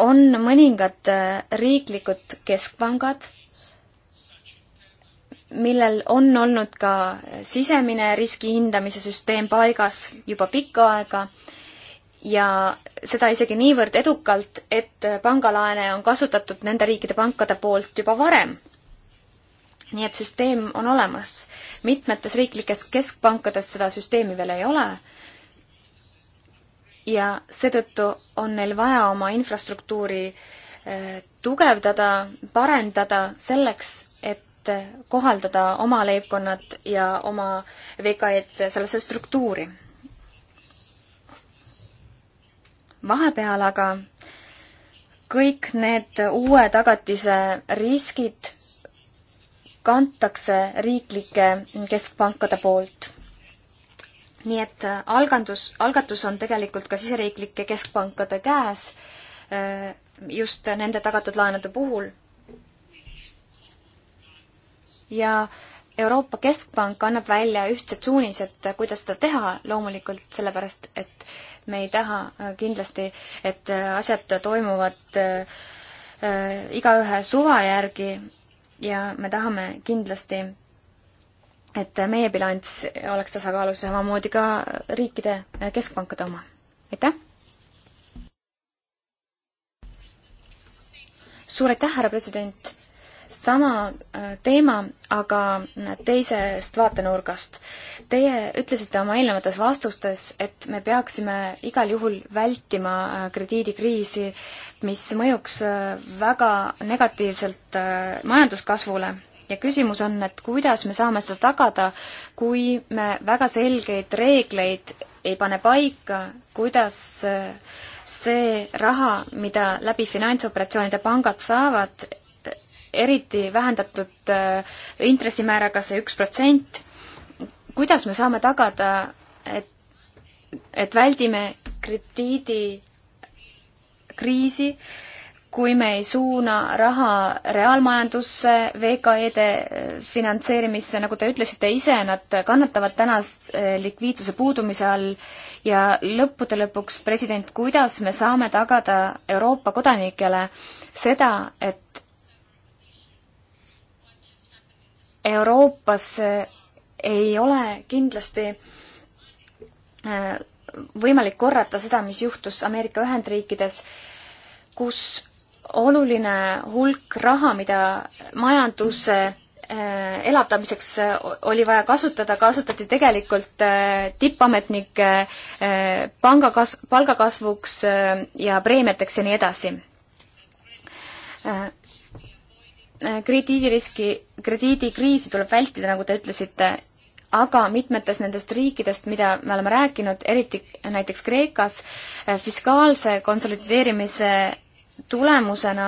on mõningad äh, riiklikud keskpangad, millel on olnud ka sisemine riski hindamise süsteem paigas juba pikka aega ja seda isegi niivõrd edukalt, et pangalaene on kasutatud nende riikide pankade poolt juba varem. nii et süsteem on olemas. mitmetes riiklikes keskpankades seda süsteemi veel ei ole. ja seetõttu on neil vaja oma infrastruktuuri eh, tugevdada, parendada selleks, et kohaldada oma leibkonnad ja oma VKE-d sellesse struktuuri vahepeal aga kõik need uue tagatise riskid kantakse riiklike keskpankade poolt. nii et algandus, algatus on tegelikult ka siseriiklike keskpankade käes äh, just nende tagatud laenude puhul. ja Euroopa Keskpank annab välja ühtsed suunised, kuidas seda teha, loomulikult sellepärast, et me ei taha äh, kindlasti, et äh, asjad toimuvad äh, igaühe suva järgi ja me tahame kindlasti, et meie bilanss oleks tasakaalus samamoodi ka riikide keskpankade oma. aitäh! suur aitäh, härra president! sama äh, teema, aga teisest vaatenurgast. Teie ütlesite oma eelnevates vastustes, et me peaksime igal juhul vältima äh, krediidikriisi, mis mõjuks äh, väga negatiivselt majanduskasvule ja küsimus on, et kuidas me saame seda tagada, kui me väga selgeid reegleid ei pane paika, kuidas see raha, mida läbi finantsoperatsioonide pangad saavad, eriti vähendatud äh, intressimääraga see üks protsent, kuidas me saame tagada, et, et väldime krediidikriisi, kui me ei suuna raha reaalmajandusse, VKE-de finantseerimisse, nagu te ütlesite ise, nad kannatavad tänast äh, likviidsuse puudumise all ja lõppude lõpuks, president, kuidas me saame tagada Euroopa kodanikele seda, et Euroopas ei ole kindlasti äh, võimalik korrata seda, mis juhtus Ameerika Ühendriikides, kus oluline hulk raha, mida majanduse äh, elavdamiseks äh, oli vaja kasutada, kasutati tegelikult tippametnike pangakas-, palgakasvuks ja preemiateks ja nii edasi krediidiriski, krediidikriisi tuleb vältida, nagu te ütlesite, aga mitmetes nendest riikidest, mida me oleme rääkinud, eriti näiteks Kreekas, eh, fiskaalse konsolideerimise tulemusena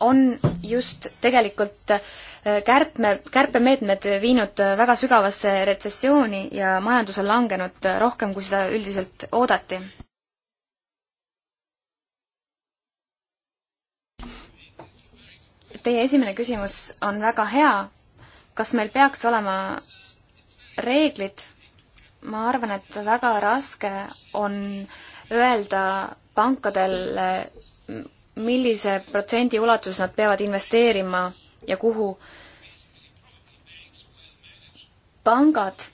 on just tegelikult eh, kärpme, kärpemeetmed viinud väga sügavasse retsessiooni ja majandus on langenud rohkem, kui seda üldiselt oodati teie esimene küsimus on väga hea. kas meil peaks olema reeglid? ma arvan, et väga raske on öelda pankadel, millise protsendi ulatuses nad peavad investeerima ja kuhu. pangad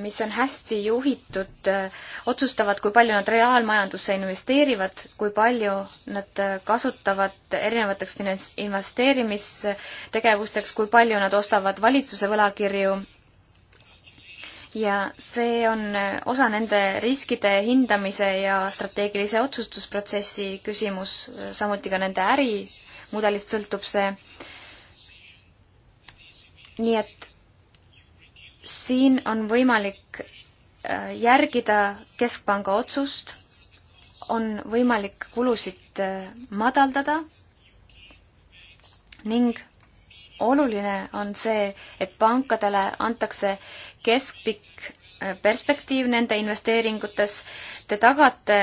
mis on hästi juhitud, äh, otsustavad, kui palju nad reaalmajandusse investeerivad, kui palju nad äh, kasutavad erinevateks finants-, investeerimistegevusteks, kui palju nad ostavad valitsuse võlakirju ja see on äh, osa nende riskide hindamise ja strateegilise otsustusprotsessi küsimus, samuti ka nende ärimudelist sõltub see. nii et siin on võimalik äh, järgida Keskpanga otsust, on võimalik kulusid äh, madaldada ning oluline on see, et pankadele antakse keskpikk äh, perspektiiv nende investeeringutes. Te tagate,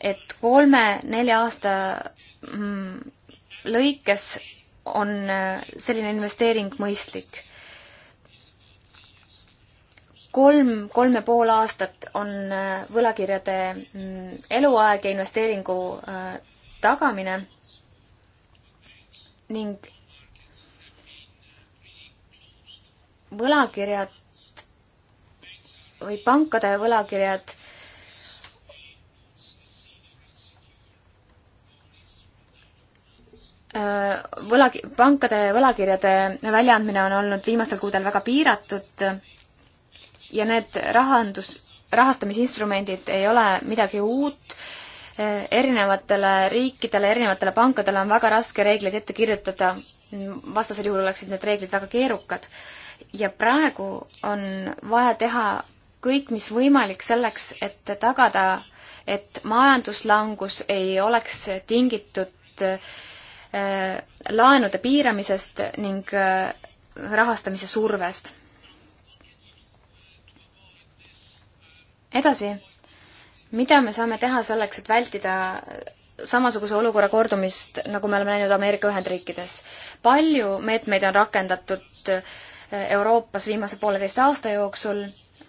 et kolme-nelja aasta mm, lõikes on selline investeering mõistlik kolm, kolm ja pool aastat on äh, võlakirjade mm, eluaeg ja investeeringu äh, tagamine ning võlakirjad või pankade võlakirjad äh, võla, pankade võlakirjade väljaandmine on olnud viimastel kuudel väga piiratud ja need rahandus, rahastamisinstrumendid ei ole midagi uut, erinevatele riikidele, erinevatele pankadele on väga raske reegleid ette kirjutada, vastasel juhul oleksid need reeglid väga keerukad. ja praegu on vaja teha kõik, mis võimalik selleks, et tagada, et majanduslangus ei oleks tingitud äh, laenude piiramisest ning äh, rahastamise survest edasi, mida me saame teha selleks, et vältida samasuguse olukorra kordumist, nagu me oleme näinud Ameerika Ühendriikides? palju meetmeid on rakendatud äh, Euroopas viimase pooleteist aasta jooksul,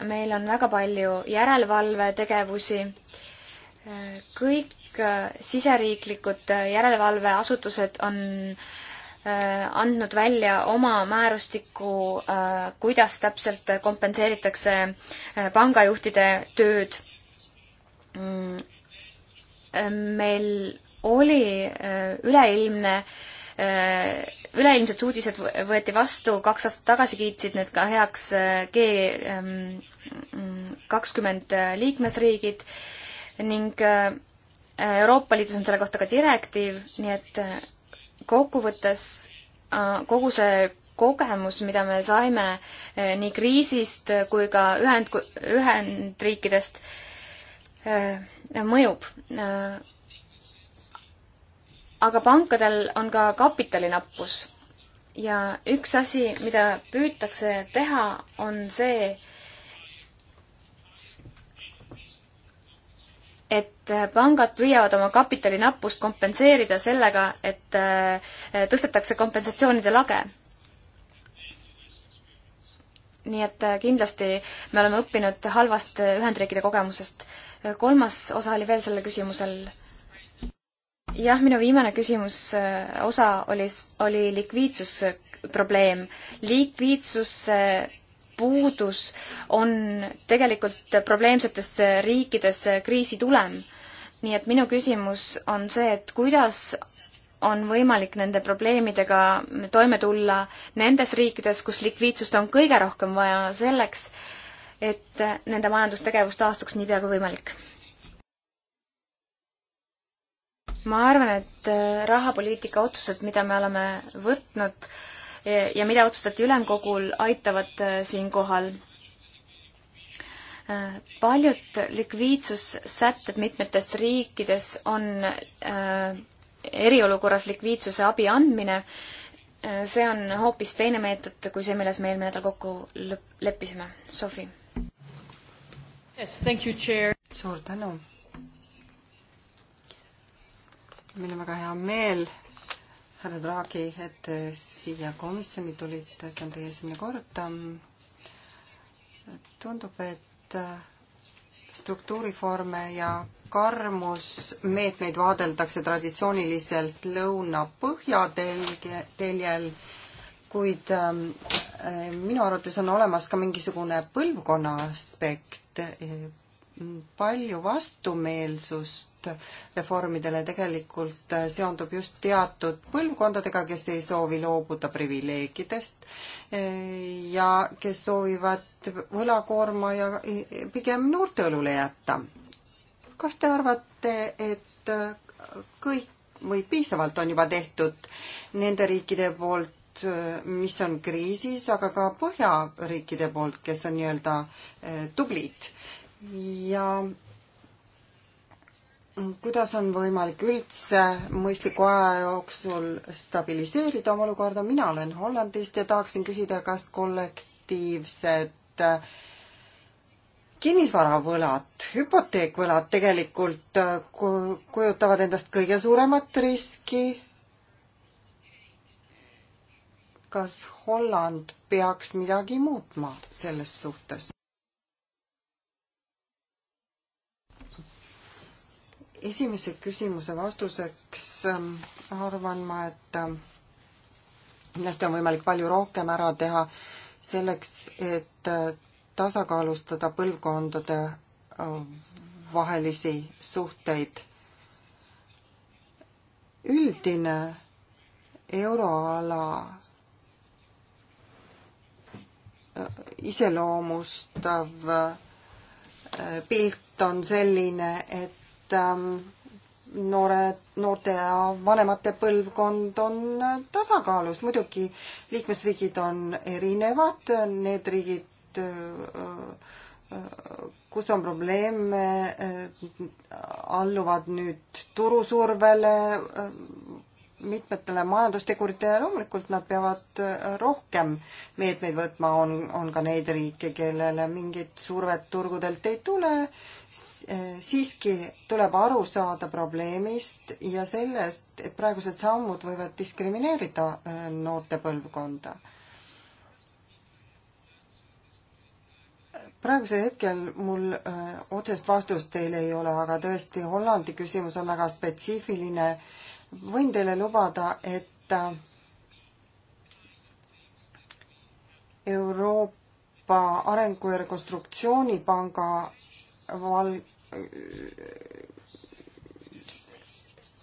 meil on väga palju järelevalvetegevusi, äh, kõik äh, siseriiklikud järelevalveasutused on äh, Äh, andnud välja oma määrustiku, äh, kuidas täpselt kompenseeritakse äh, pangajuhtide tööd. Mm, meil oli üleilmne üleilmsed uudised võeti vastu, kaks aastat tagasi kiitsid need ka heaks G ähm, kakskümmend liikmesriigid ning Euroopa Liidus on selle kohta ka direktiiv, nii et kokkuvõttes äh, kogu see kogemus, mida me saime äh, nii kriisist kui ka ühend, Ühendriikidest, äh, mõjub. aga pankadel on ka kapitalinappus ja üks asi, mida püütakse teha, on see, et pangad püüavad oma kapitali nappust kompenseerida sellega, et äh, tõstetakse kompensatsioonide lage. nii et äh, kindlasti me oleme õppinud halvast äh, Ühendriikide kogemusest. kolmas osa oli veel sellel küsimusel. jah, minu viimane küsimus, osa oli, oli likviidsusprobleem. likviidsuse puudus on tegelikult probleemsetes riikides kriisi tulem. nii et minu küsimus on see, et kuidas on võimalik nende probleemidega toime tulla nendes riikides, kus likviidsust on kõige rohkem vaja selleks, et nende majandustegevus taastuks niipea kui võimalik? ma arvan, et rahapoliitika otsused, mida me oleme võtnud, ja mida otsustati ülemkogul, aitavad äh, siinkohal. Äh, paljud likviidsussätted mitmetes riikides on äh, eriolukorras likviidsuse abi andmine, see on hoopis teine meetod kui see, milles me eelmine nädal kokku leppisime. Sofi yes,. suur tänu. meil on väga hea meel härra Draghi, et te äh, siia komisjoni tulite, see on teie esimene kord. Ähm, tundub, et äh, struktuuriforme ja karmusmeetmeid vaadeldakse traditsiooniliselt lõuna-põhja teljel, kuid ähm, äh, minu arvates on olemas ka mingisugune põlvkonna aspekt palju vastumeelsust reformidele tegelikult äh, seondub just teatud põlvkondadega, kes ei soovi loobuda privileegidest äh, ja kes soovivad võlakoorma ja äh, pigem noorte õlule jätta. kas te arvate, et kõik või piisavalt on juba tehtud nende riikide poolt, mis on kriisis, aga ka põhjariikide poolt, kes on nii-öelda tublid ja kuidas on võimalik üldse mõistliku aja jooksul stabiliseerida oma olukorda, mina olen Hollandist ja tahaksin küsida, kas kollektiivsed kinnisvaravõlad, hüpoteekvõlad tegelikult kujutavad endast kõige suuremat riski. kas Holland peaks midagi muutma selles suhtes? esimese küsimuse vastuseks ähm, arvan ma, et kindlasti ähm, on võimalik palju rohkem ära teha selleks, et äh, tasakaalustada põlvkondade äh, vahelisi suhteid. üldine euroala äh, iseloomustav pilt on selline, et Ähm, noored, noorte ja vanemate põlvkond on tasakaalus. muidugi liikmesriigid on erinevad, need riigid, äh, äh, kus on probleeme, äh, alluvad nüüd turusurvele, mitmetele majandusteguritele, loomulikult nad peavad äh, rohkem meetmeid võtma, on, on ka neid riike, kellele mingit survet turgudelt ei tule, äh, siiski tuleb aru saada probleemist ja sellest, et praegused sammud võivad diskrimineerida äh, noorte põlvkonda. praegusel hetkel mul öö, otsest vastust teile ei ole, aga tõesti, Hollandi küsimus on väga spetsiifiline öö, võin teile lubada, et äh, Euroopa Arengu- ja Rekonstruktsioonipanga val-, äh,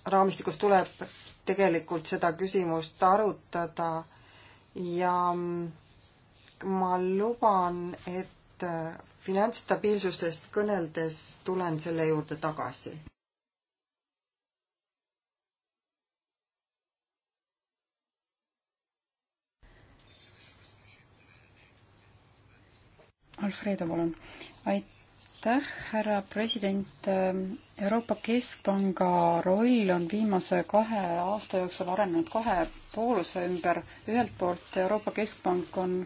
raamistikus tuleb tegelikult seda küsimust arutada ja mm, ma luban, et äh, finantsstabiilsusest kõneldes tulen selle juurde tagasi Alfredo, palun. aitäh, härra president. Ähm, Euroopa Keskpanga roll on viimase kahe aasta jooksul arenenud kahe pooluse ümber. ühelt poolt Euroopa Keskpank on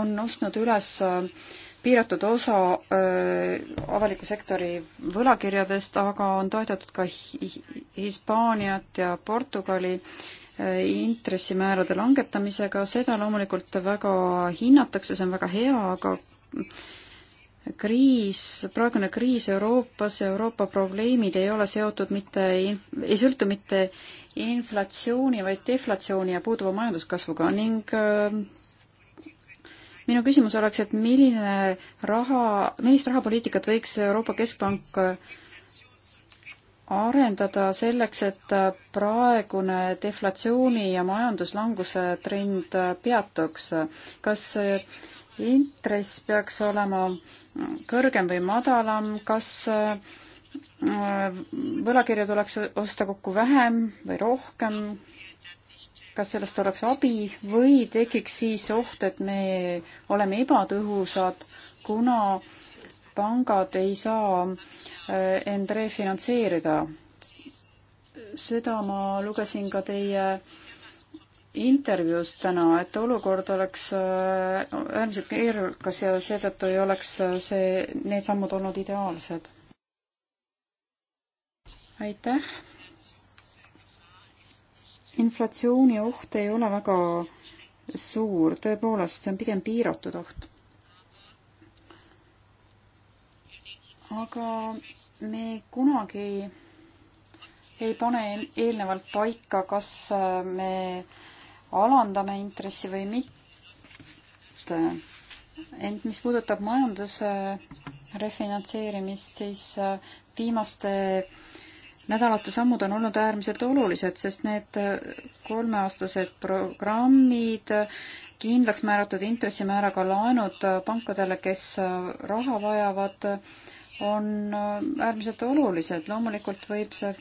on ostnud üles äh, piiratud osa öö, äh, avaliku sektori võlakirjadest, aga on toetatud ka Hispaaniat ja Portugali intressimäärade langetamisega, seda loomulikult väga hinnatakse, see on väga hea, aga kriis, praegune kriis Euroopas ja Euroopa probleemid ei ole seotud mitte, ei sõltu mitte inflatsiooni, vaid deflatsiooni ja puuduva majanduskasvuga ning äh, minu küsimus oleks, et milline raha, millist rahapoliitikat võiks Euroopa Keskpank arendada selleks, et praegune deflatsiooni ja majanduslanguse trend peatuks? kas intress peaks olema kõrgem või madalam, kas äh, võlakirju tuleks osta kokku vähem või rohkem, kas sellest oleks abi või tekiks siis oht, et me oleme ebatõhusad, kuna pangad ei saa Äh, end refinantseerida. seda ma lugesin ka teie intervjuus täna, et olukord oleks äh, äärmiselt keerukas ja seetõttu ei oleks äh, see, need sammud olnud ideaalsed. aitäh. inflatsiooni oht ei ole väga suur, tõepoolest, see on pigem piiratud oht. aga me kunagi ei pane eelnevalt paika, kas äh, me alandame intressi või mitte. ent mis puudutab majanduse refinantseerimist, siis äh, viimaste nädalate sammud on olnud äärmiselt olulised, sest need äh, kolmeaastased programmid, kindlaks määratud intressimääraga laenud pankadele, kes raha vajavad, on äh, äärmiselt olulised. loomulikult võib see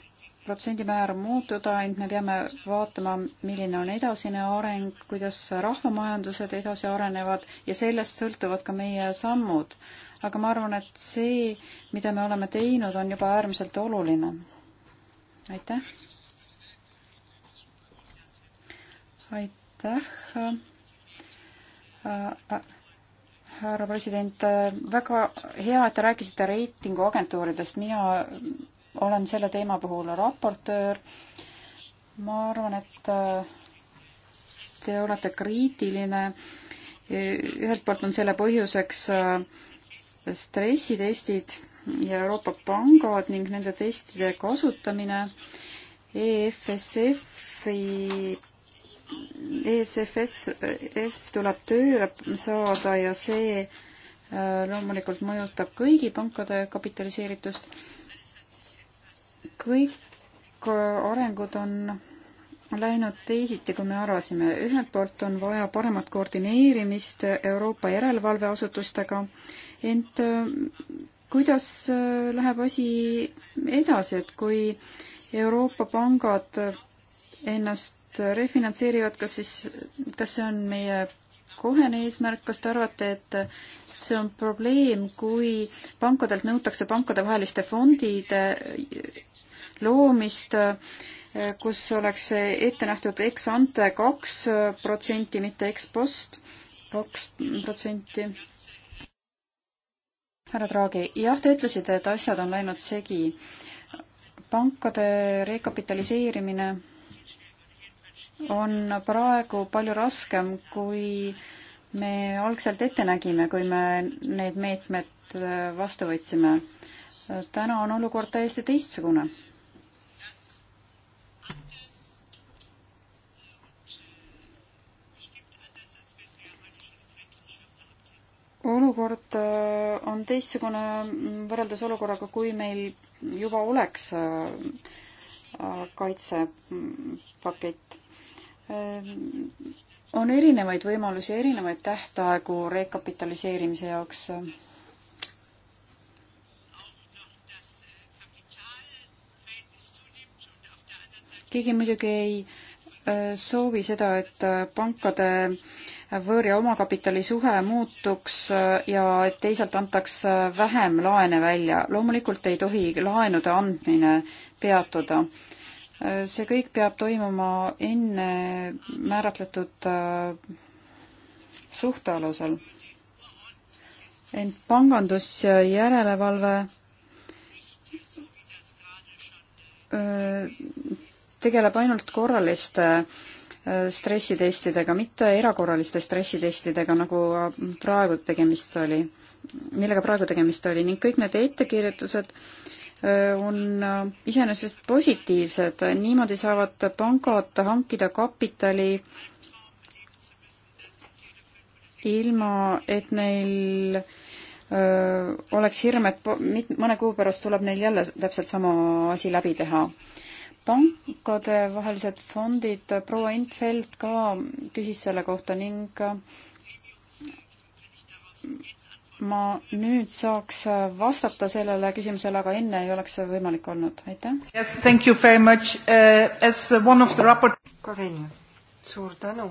protsendimäär muutuda, ent me peame vaatama, milline on edasine areng, kuidas rahvamajandused edasi arenevad ja sellest sõltuvad ka meie sammud. aga ma arvan, et see, mida me oleme teinud, on juba äärmiselt oluline. aitäh. aitäh äh,. Äh härra president, väga hea, et te rääkisite reitinguagentuuridest, mina olen selle teema puhul raportöör. ma arvan, et äh, te olete kriitiline. ühelt poolt on selle põhjuseks äh, stressitestid ja Euroopa pangad ning nende testide kasutamine. EFSF-i ESFS tuleb tööle saada ja see äh, loomulikult mõjutab kõigi pankade kapitaliseeritust. kõik äh, arengud on läinud teisiti, kui me arvasime. ühelt poolt on vaja paremat koordineerimist Euroopa järelevalveasutustega, ent äh, kuidas läheb asi edasi, et kui Euroopa pangad ennast refinantseerivad, kas siis, kas see on meie kohene eesmärk, kas te arvate, et see on probleem, kui pankadelt nõutakse pankadevaheliste fondide loomist, kus oleks ette nähtud ex ante kaks protsenti, mitte ex post kaks protsenti? härra Draagi, jah, te ütlesite, et asjad on läinud segi. pankade rekapitaliseerimine on praegu palju raskem, kui me algselt ette nägime, kui me need meetmed äh, vastu võtsime. täna on olukord täiesti teistsugune. olukord äh, on teistsugune võrreldes olukorraga, kui meil juba oleks äh, kaitsepakett Ehm, on erinevaid võimalusi, erinevaid tähtaegu rekapitaliseerimise jaoks. keegi muidugi ei äh, soovi seda, et äh, pankade võõr- ja omakapitali suhe muutuks äh, ja et teisalt antaks vähem laene välja. loomulikult ei tohi laenude andmine peatuda see kõik peab toimuma enne määratletud äh, suhtealusel. ent pangandusjärelevalve äh, tegeleb ainult korraliste äh, stressitestidega, mitte erakorraliste stressitestidega, nagu praegu tegemist oli, millega praegu tegemist oli ning kõik need ettekirjutused äh, Äh, on äh, iseenesest positiivsed, niimoodi saavad pangad hankida kapitali ilma, et neil öö, äh, oleks hirm, et mit-, mõne kuu pärast tuleb neil jälle täpselt sama asi läbi teha. pankadevahelised fondid, proua Intfeld ka küsis selle kohta ning ma nüüd saaks vastata sellele küsimusele, aga enne ei oleks see võimalik olnud, aitäh. Yes, thank you very much uh, as one of the raport-. Karin, suur tänu.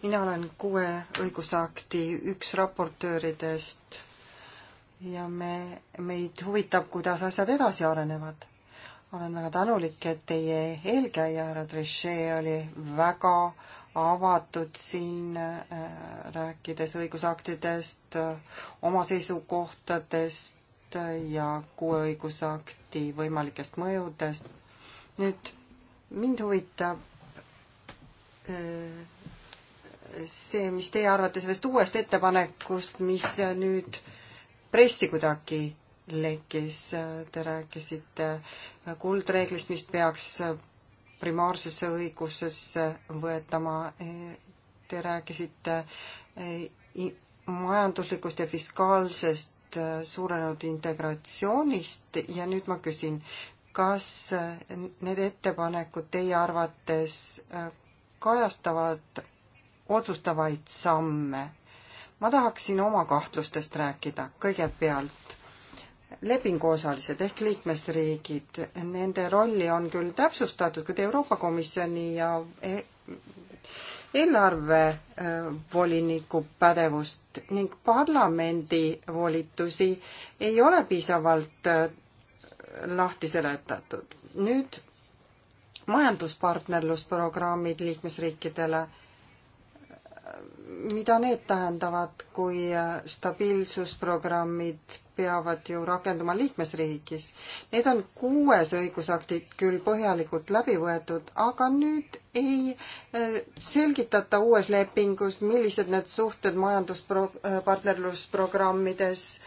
mina olen kuue õigusakti üks raportööridest ja me, meid huvitab, kuidas asjad edasi arenevad. olen väga tänulik, et teie eelkäija härra Trichet oli väga avatud siin, äh, rääkides õigusaktidest, äh, oma seisukohtadest ja kuue õigusakti võimalikest mõjudest. nüüd mind huvitab äh, see, mis teie arvate sellest uuest ettepanekust, mis nüüd pressi kuidagi lekkis, te rääkisite kuldreeglist, mis peaks primaarsesse õigusesse võetama. Te rääkisite eh, majanduslikust ja fiskaalsest eh, suurenenud integratsioonist ja nüüd ma küsin, kas eh, need ettepanekud teie arvates kajastavad otsustavaid samme? ma tahaksin oma kahtlustest rääkida kõigepealt lepinguosalised ehk liikmesriigid, nende rolli on küll täpsustatud, kuid Euroopa Komisjoni ja e-, eelarvevoliniku e, pädevust ning parlamendi volitusi ei ole piisavalt e, lahti seletatud. nüüd majanduspartnerlusprogrammid liikmesriikidele mida need tähendavad, kui stabiilsusprogrammid peavad ju rakenduma liikmesriigis. Need on kuues õigusaktid küll põhjalikult läbi võetud, aga nüüd ei eh, selgitata uues lepingus, millised need suhted majanduspartnerlusprogrammides eh,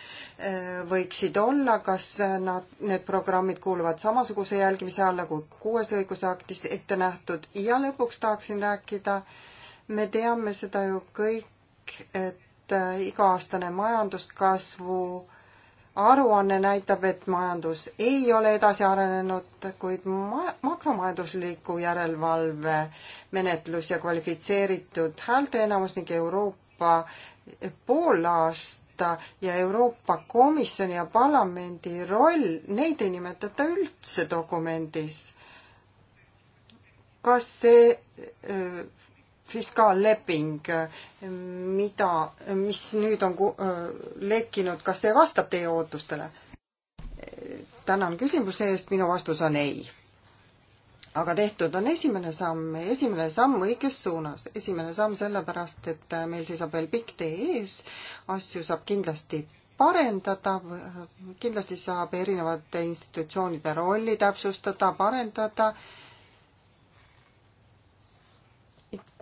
eh, võiksid olla, kas nad, need programmid kuuluvad samasuguse jälgimise alla kui kuues õigusaktis ette nähtud ja lõpuks tahaksin rääkida äh, me teame seda ju kõik, et äh, iga-aastane majanduskasvu aruanne näitab, et majandus ei ole edasi arenenud, kuid ma-, makromajandusliku järelevalve menetlus ja kvalifitseeritud häälteenamus ning Euroopa eh, poolaasta ja Euroopa Komisjoni ja parlamendi roll, neid ei nimetata üldse dokumendis. kas see öö, eh, fiskaalleping, mida, mis nüüd on lekkinud, kas see vastab teie ootustele? tänan küsimuse eest, minu vastus on ei. aga tehtud on esimene samm, esimene samm õiges suunas, esimene samm sellepärast, et meil seisab veel pikk tee ees, asju saab kindlasti parendada, kindlasti saab erinevate institutsioonide rolli täpsustada, parendada äh,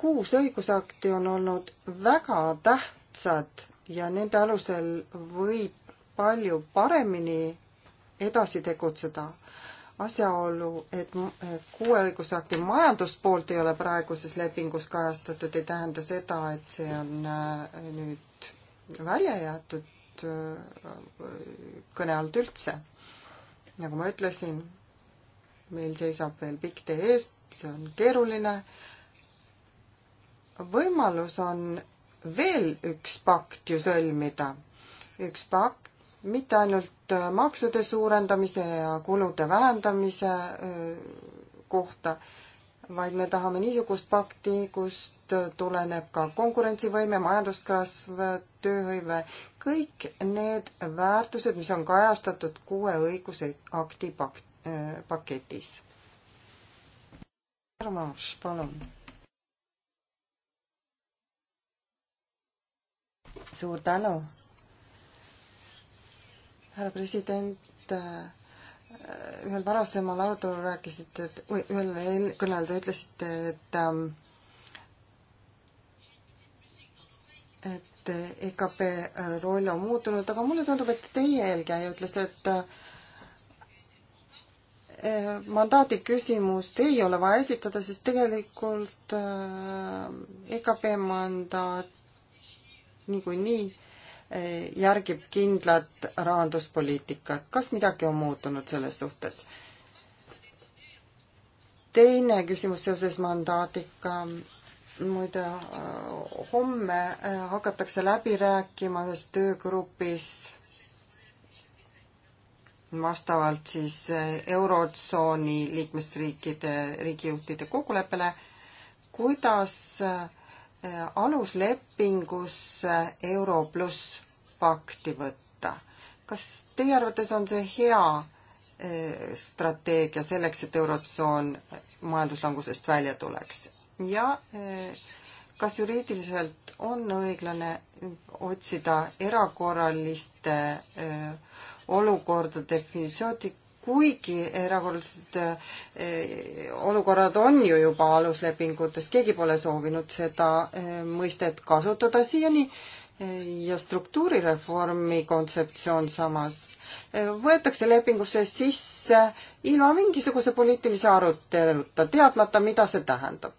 kuus õigusakti on olnud väga tähtsad ja nende alusel võib palju paremini edasi tegutseda. asjaolu, et kuue õigusakti majanduspoolt ei ole praeguses lepingus kajastatud, ei tähenda seda, et see on äh, nüüd välja jäetud äh, kõne alt üldse. nagu ma ütlesin, meil seisab veel pikk tee eest, see on keeruline võimalus on veel üks pakt ju sõlmida. üks pakt mitte ainult äh, maksude suurendamise ja kulude vähendamise äh, kohta, vaid me tahame niisugust pakti, kust äh, tuleneb ka konkurentsivõime, majanduskasv, tööhõive, kõik need väärtused, mis on kajastatud kuue õigusakti pak-, paketis. Arvamus, palun suur tänu. härra president, äh, ühel varasemal arutelul rääkisite, et või ühel eelkõnel te ütlesite, et ähm, et EKP äh, roll on muutunud, aga mulle tundub, et teie eelkäija ütles, et äh, mandaadi küsimust ei ole vaja esitada, sest tegelikult EKP mandaat niikuinii eh, järgib kindlat rahanduspoliitikat. kas midagi on muutunud selles suhtes? teine küsimus seoses mandaadiga. muide, eh, homme eh, hakatakse läbi rääkima ühes töögrupis vastavalt siis Eurotsooni liikmesriikide riigijuhtide kokkuleppele, kuidas äh, Äh, aluslepingusse äh, Euro pluss pakti võtta. kas teie arvates on see hea äh, strateegia selleks, et Eurotsoon majanduslangusest välja tuleks? ja kas juriidiliselt on õiglane otsida erakorraliste olukordade definitsiooni, kuigi erakordselt eh, olukorrad on ju juba aluslepingutes, keegi pole soovinud seda eh, mõistet kasutada siiani eh, ja struktuurireformi kontseptsioon samas võetakse lepingusse sisse ilma mingisuguse poliitilise aruteluta, teadmata, mida see tähendab.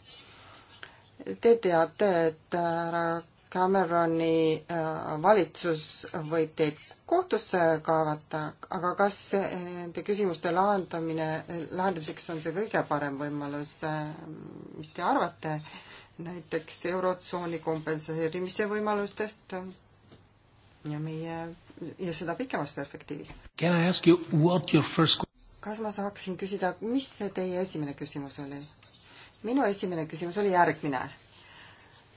Te teate, et härra Cameroni äh, valitsus võib teid kohtusse kaevata, aga kas äh, nende küsimuste lahendamine, lahendamiseks on see kõige parem võimalus, äh, mis te arvate näiteks Eurotsooni kompenseerimise võimalustest ja meie, ja seda pikemas perspektiivis? You first... kas ma saaksin küsida, mis see teie esimene küsimus oli? minu esimene küsimus oli järgmine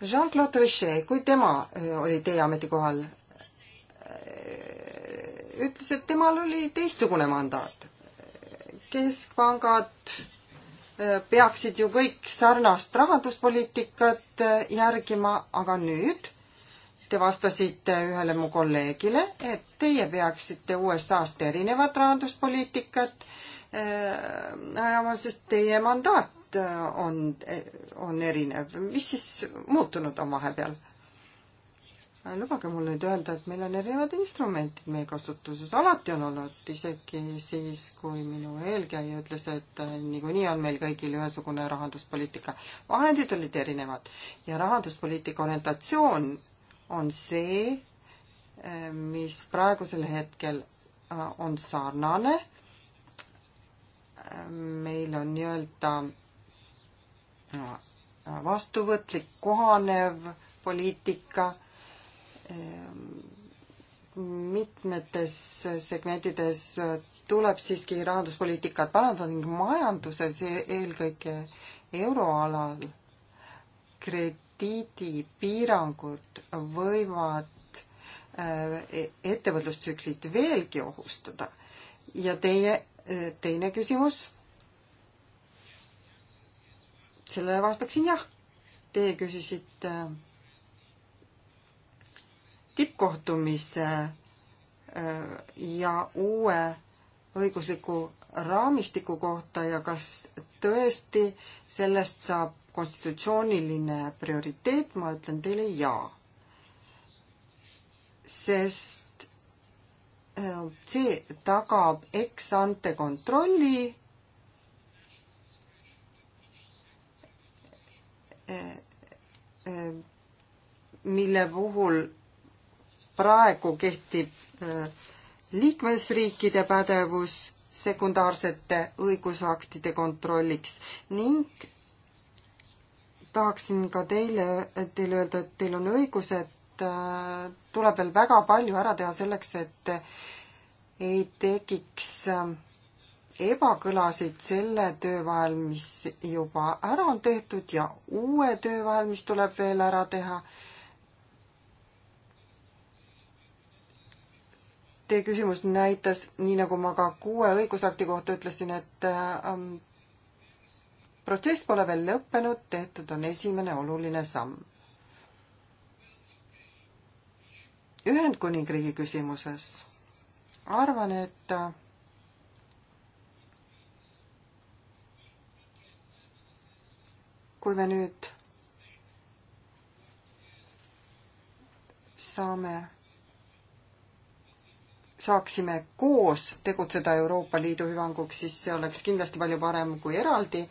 Jean-Claude Trichet, kui tema äh, oli teie ametikohal, äh, ütles, et temal oli teistsugune mandaat. keskpangad äh, peaksid ju kõik sarnast rahanduspoliitikat järgima, aga nüüd te vastasite ühele mu kolleegile, et teie peaksite USA-st erinevat rahanduspoliitikat ajama, sest teie mandaat Äh, on, on erinev. mis siis muutunud on vahepeal? Äh, lubage mul nüüd öelda, et meil on erinevad instrumendid meie kasutuses, alati on olnud, isegi siis, kui minu eelkäija ütles, et äh, niikuinii on meil kõigil ühesugune rahanduspoliitika. vahendid olid erinevad ja rahanduspoliitika orientatsioon on see, mis praegusel hetkel on sarnane. meil on nii-öelda vastuvõtlik, kohanev poliitika ehm, mitmetes segmentides tuleb siiski rahanduspoliitikat parandada ning majanduses e-, eelkõige euroalal krediidipiirangud võivad ehm, e-, ettevõtlustsüklit veelgi ohustada. ja teie e, teine küsimus sellele vastaksin jah. Teie küsisite äh, tippkohtumise äh, ja uue õigusliku raamistiku kohta ja kas tõesti sellest saab konstitutsiooniline prioriteet, ma ütlen teile jaa. sest äh, see tagab ex-ante kontrolli mille puhul praegu kehtib äh, liikmesriikide pädevus sekundaarsete õigusaktide kontrolliks ning tahaksin ka teile, teile öelda, et teil on õigus, et äh, tuleb veel väga palju ära teha selleks, et äh, ei tekiks äh, ebakõlasid selle töö vahel, mis juba ära on tehtud ja uue töö vahel, mis tuleb veel ära teha. Teie küsimus näitas, nii nagu ma ka kuue õigusakti kohta ütlesin, et ähm, protsess pole veel lõppenud, tehtud on esimene oluline samm. Ühendkuningriigi küsimuses arvan, et äh, kui me nüüd saame, saaksime koos tegutseda Euroopa Liidu hüvanguks, siis see oleks kindlasti palju parem kui eraldi.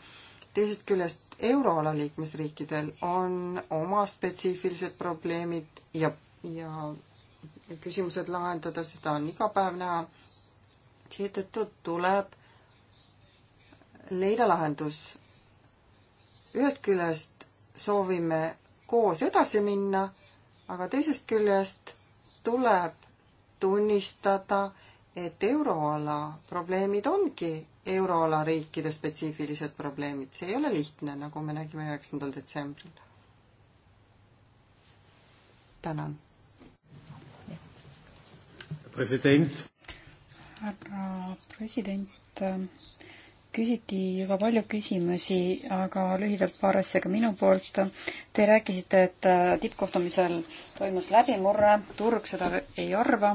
teisest küljest euroala liikmesriikidel on oma spetsiifilised probleemid ja, ja küsimused lahendada, seda on iga päev näha. seetõttu tuleb leida lahendus ühest küljest soovime koos edasi minna, aga teisest küljest tuleb tunnistada, et euroala probleemid ongi euroala riikide spetsiifilised probleemid, see ei ole lihtne, nagu me nägime üheksandal detsembril. tänan. president. härra president küsiti juba palju küsimusi, aga lühidalt paar asja ka minu poolt. Te rääkisite, et äh, tippkohtumisel toimus läbimurre, turg seda ei arva.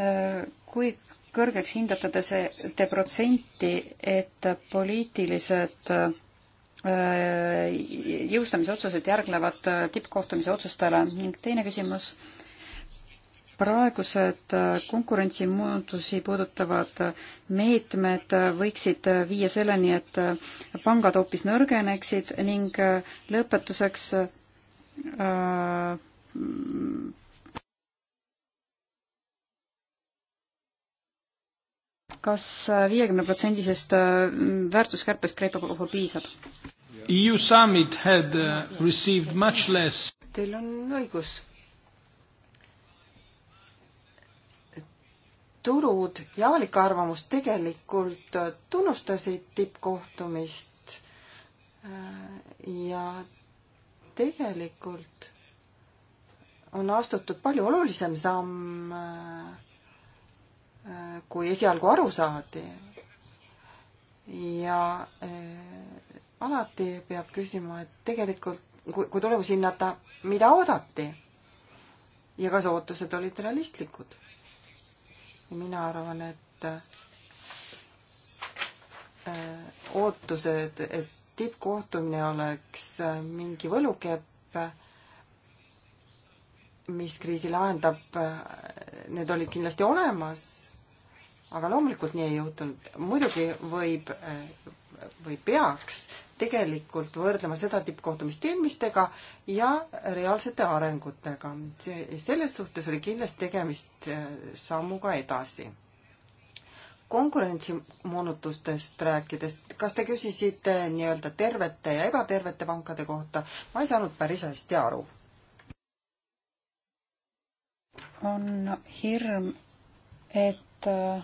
Äh, kui kõrgeks hindate te see, te protsenti, et poliitilised äh, jõustamisotsused järgnevad tippkohtumise otsustele ning teine küsimus praegused äh, konkurentsimuutusi puudutavad äh, meetmed äh, võiksid viia selleni, et pangad hoopis nõrgeneksid ning lõpetuseks kas viiekümne protsendisest väärtuskärpest Kreeka puhul piisab? EU summit had received much less Teil on õigus turud ja avalik arvamus tegelikult tunnustasid tippkohtumist äh, ja tegelikult on astutud palju olulisem samm, äh, äh, kui esialgu aru saadi. ja alati peab küsima, et tegelikult kui, kui tulemusi hinnata, mida oodati ja kas ootused olid realistlikud mina arvan, et äh, ootused, et tippkohtumine oleks äh, mingi võlukepp, mis kriisi lahendab, äh, need olid kindlasti olemas, aga loomulikult nii ei juhtunud. muidugi võib või peaks tegelikult võrdlema seda tippkohtumist eelmistega ja reaalsete arengutega. selles suhtes oli kindlasti tegemist äh, sammuga edasi. konkurentsimoonutustest rääkides, kas te küsisite nii-öelda tervete ja ebatervete pankade kohta, ma ei saanud päris hästi aru. on hirm, et äh,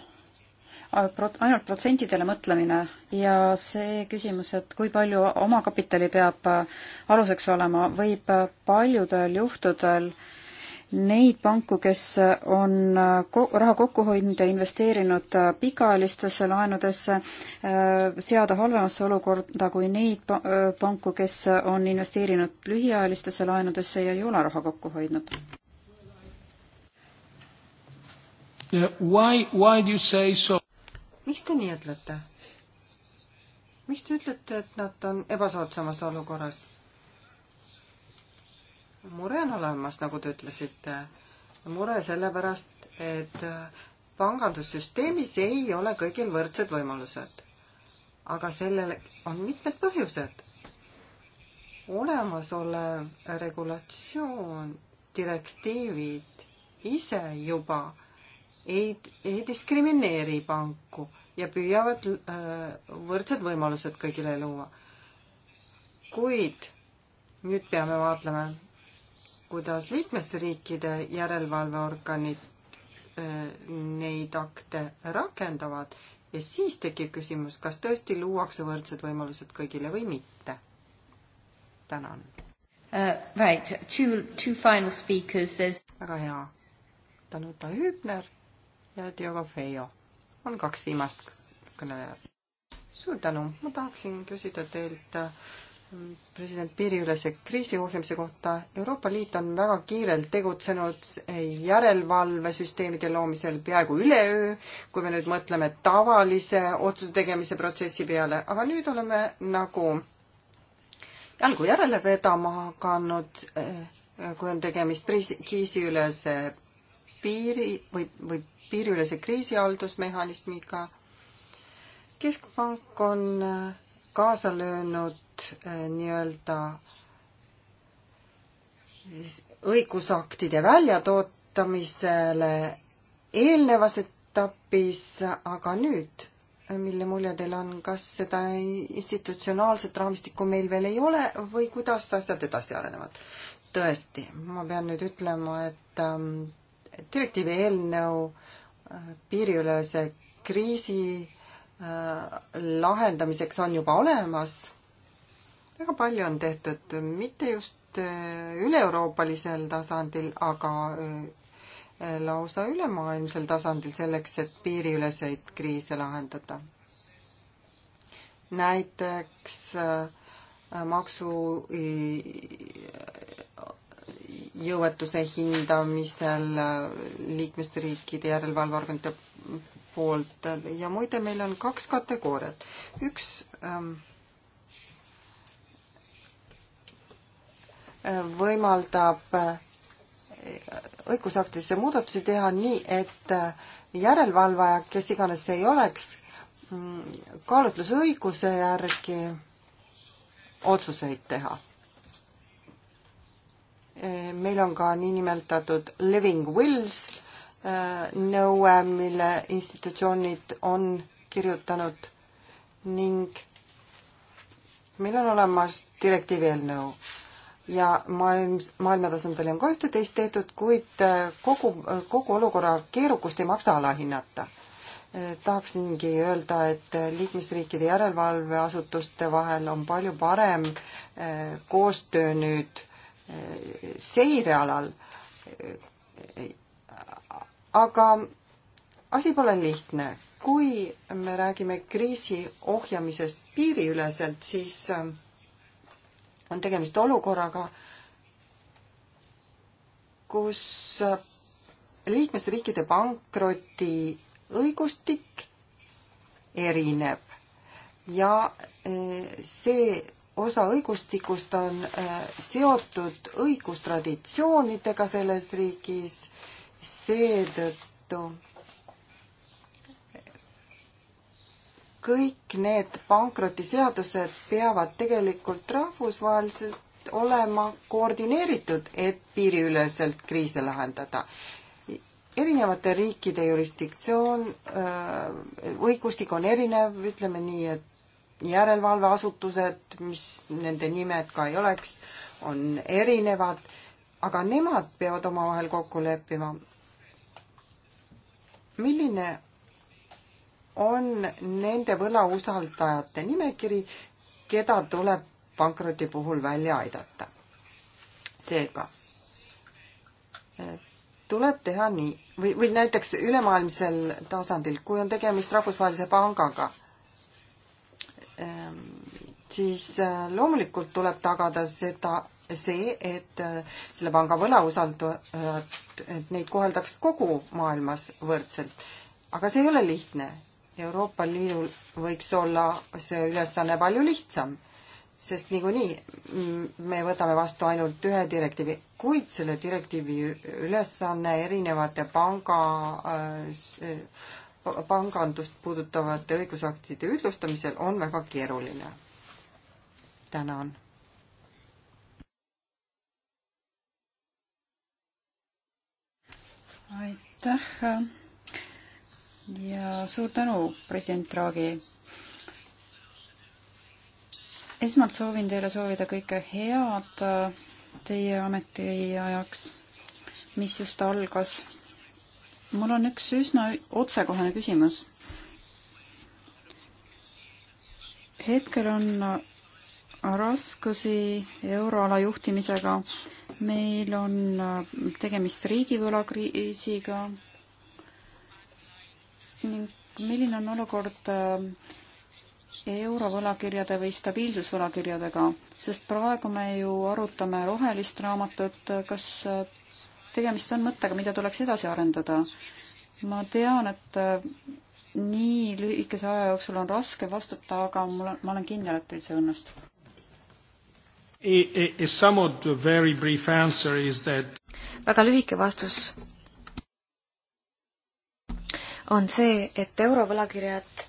Äh, prot-, ainult protsentidele mõtlemine ja see küsimus, et kui palju omakapitali peab äh, aluseks olema, võib äh, paljudel juhtudel neid panku, kes on ko-, raha kokku hoidnud ja investeerinud pikaajalistesse laenudesse, seada halvemasse olukorda kui neid pa-, panku, kes on investeerinud lühiajalistesse laenudesse ja ei ole raha kokku hoidnud. Why, why do you say so? miks te nii ütlete? miks te ütlete, et nad on ebasoodsamas olukorras? mure on olemas, nagu te ütlesite. mure sellepärast, et pangandussüsteemis ei ole kõigil võrdsed võimalused. aga sellel on mitmed põhjused. olemasolev regulatsioon, direktiivid ise juba ei, ei diskrimineeri panku ja püüavad äh, võrdsed võimalused kõigile luua. kuid nüüd peame vaatlema, kuidas liikmesriikide järelevalveorganid äh, neid akte rakendavad ja siis tekib küsimus, kas tõesti luuakse võrdsed võimalused kõigile või mitte. tänan uh,. Right, two, two final speakers. väga hea. Danuta Hübner ja Diogo Feio on kaks viimast kõnelejat. suur tänu, ma tahaksin küsida teilt äh, president piiriülese kriisi ohjamise kohta. Euroopa Liit on väga kiirelt tegutsenud järelevalvesüsteemide loomisel peaaegu üleöö, kui me nüüd mõtleme tavalise otsuse tegemise protsessi peale, aga nüüd oleme nagu jalgu järele vedama hakanud, äh, kui on tegemist kriisiülese piiri või, või piiriülese kriisihaldusmehhanismiga. keskpank on äh, kaasa löönud äh, nii-öelda õigusaktide väljatootamisele eelnevas etapis, aga nüüd, mille mulje teil on, kas seda institutsionaalset raamistikku meil veel ei ole või kuidas asjad edasi arenevad? tõesti, ma pean nüüd ütlema, et ähm, direktiivi eelnõu äh, piiriülese kriisi äh, lahendamiseks on juba olemas. väga palju on tehtud, mitte just äh, üle-euroopalisel tasandil, aga lausa ülemaailmsel tasandil selleks, et piiriüleseid kriise lahendada. näiteks maksu jõuetuse hindamisel äh, liikmesriikide järelevalveorganite poolt ja muide, meil on kaks kategooriat. üks ähm, võimaldab äh, õigusaktidesse muudatusi teha nii, et äh, järelevalvaja, kes iganes see ei oleks, mm, kaalutlusõiguse järgi otsuseid teha meil on ka niinimetatud living wills äh, nõue, mille institutsioonid on kirjutanud ning meil on olemas direktiivi eelnõu ja maailm, maailma tasandil on ka üht-teist tehtud, kuid äh, kogu, kogu olukorra keerukust ei maksa alahinnata. Äh, tahaksingi öelda, et liikmesriikide järelevalveasutuste vahel on palju parem koostöö nüüd seirealal. aga asi pole lihtne. kui me räägime kriisi ohjamisest piiriüleselt, siis ähm, on tegemist olukorraga, kus äh, liikmesriikide pankroti õigustik erineb ja äh, see osa õigustikust on äh, seotud õigustraditsioonidega selles riigis, seetõttu kõik need pankrotiseadused peavad tegelikult rahvusvaheliselt olema koordineeritud, et piiriüleselt kriise lahendada. erinevate riikide jurisdiktsioon, äh, õigustik on erinev, ütleme nii, et järelevalveasutused, mis nende nimed ka ei oleks, on erinevad, aga nemad peavad omavahel kokku leppima. milline on nende võlausaldajate nimekiri, keda tuleb pankroti puhul välja aidata? seega tuleb teha nii või, või näiteks ülemaailmsel tasandil, kui on tegemist rahvusvahelise pangaga Ehm, siis äh, loomulikult tuleb tagada seda, see, et äh, selle panga võlausaldajad, äh, et neid koheldaks kogu maailmas võrdselt. aga see ei ole lihtne. Euroopa Liidul võiks olla see ülesanne palju lihtsam, sest niikuinii me võtame vastu ainult ühe direktiivi, kuid selle direktiivi ülesanne erinevate panga äh, pangandust puudutavate õigusaktide ühtlustamisel on väga keeruline. tänan. aitäh ja suur tänu, president Draghi. esmalt soovin teile soovida kõike head teie ametiajaks, mis just algas mul on üks üsna otsekohane küsimus. hetkel on raskusi euroala juhtimisega. meil on tegemist riigivõlakriisiga ning milline on olukord äh, eurovõlakirjade või stabiilsusvõlakirjadega, sest praegu me ju arutame rohelist raamatut, kas äh, tegemist on mõttega, mida tuleks edasi arendada. ma tean, et äh, nii lühikese aja jooksul on raske vastata, aga mul on, ma olen kindel, et teil see õnnestub. väga lühike vastus on see, et eurovõlakirjad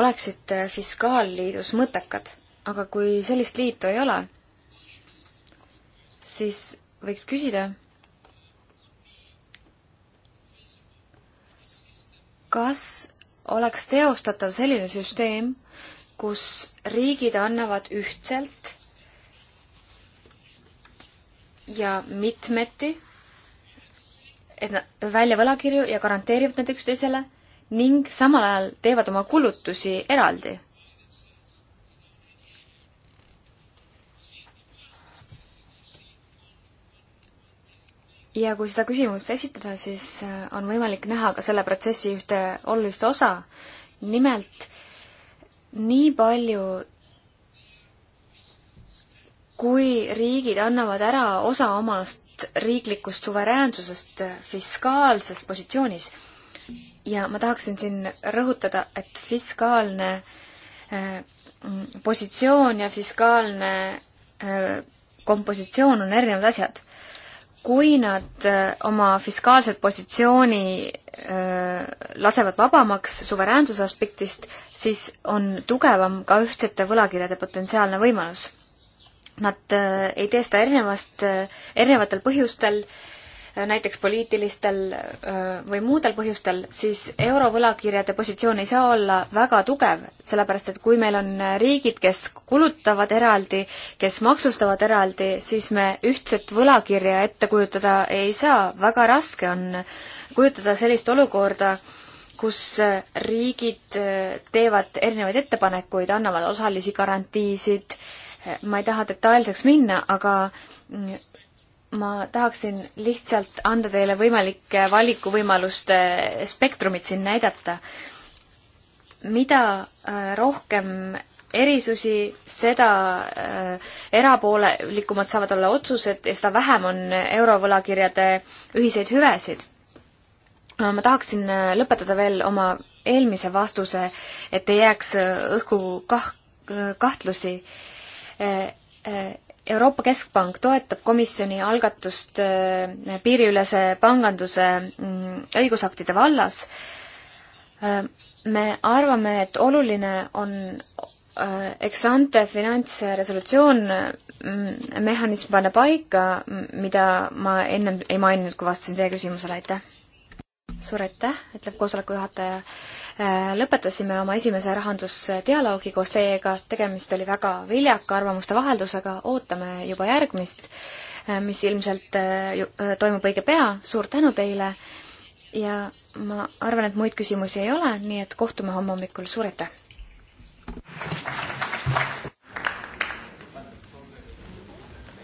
oleksid fiskaalliidus mõttekad, aga kui sellist liitu ei ole, siis võiks küsida, kas oleks teostatav selline süsteem, kus riigid annavad ühtselt ja mitmeti, et nad välja võlakirju ja garanteerivad need üksteisele ning samal ajal teevad oma kulutusi eraldi. ja kui seda küsimust esitada, siis äh, on võimalik näha ka selle protsessi ühte olulist osa, nimelt nii palju, kui riigid annavad ära osa omast riiklikust suveräänsusest fiskaalses positsioonis ja ma tahaksin siin rõhutada, et fiskaalne äh, positsioon ja fiskaalne äh, kompositsioon on erinevad asjad kui nad äh, oma fiskaalset positsiooni äh, lasevad vabamaks suveräänsuse aspektist, siis on tugevam ka ühtsete võlakirjade potentsiaalne võimalus. Nad äh, ei tee seda erinevast, erinevatel põhjustel äh, näiteks poliitilistel või muudel põhjustel, siis eurovõlakirjade positsioon ei saa olla väga tugev, sellepärast et kui meil on riigid, kes kulutavad eraldi, kes maksustavad eraldi, siis me ühtset võlakirja ette kujutada ei saa, väga raske on kujutada sellist olukorda, kus riigid teevad erinevaid ettepanekuid, annavad osalisi garantiisid, ma ei taha detailseks minna, aga mm, ma tahaksin lihtsalt anda teile võimalike valikuvõimaluste spektrumit siin näidata. mida äh, rohkem erisusi, seda äh, erapoolelikumad saavad olla otsused ja seda vähem on eurovõlakirjade ühiseid hüvesid. Äh, ma tahaksin lõpetada veel oma eelmise vastuse, et ei jääks õhku kah-, kahtlusi Euroopa Keskpank toetab komisjoni algatust äh, piiriülese panganduse mm, õigusaktide vallas. Äh, me arvame, et oluline on äh, eksante finantsresolutsioon, mm, mehhanism panna paika, mm, mida ma ennem ei maininud, kui vastasin teie küsimusele, aitäh! suur aitäh, ütleb koosoleku juhataja lõpetasime oma esimese rahandusdialoogi koos teiega, tegemist oli väga viljaka arvamuste vaheldusega, ootame juba järgmist, äh, mis ilmselt äh, äh, toimub õige pea, suur tänu teile ja ma arvan, et muid küsimusi ei ole, nii et kohtume homme hommikul, suur aitäh!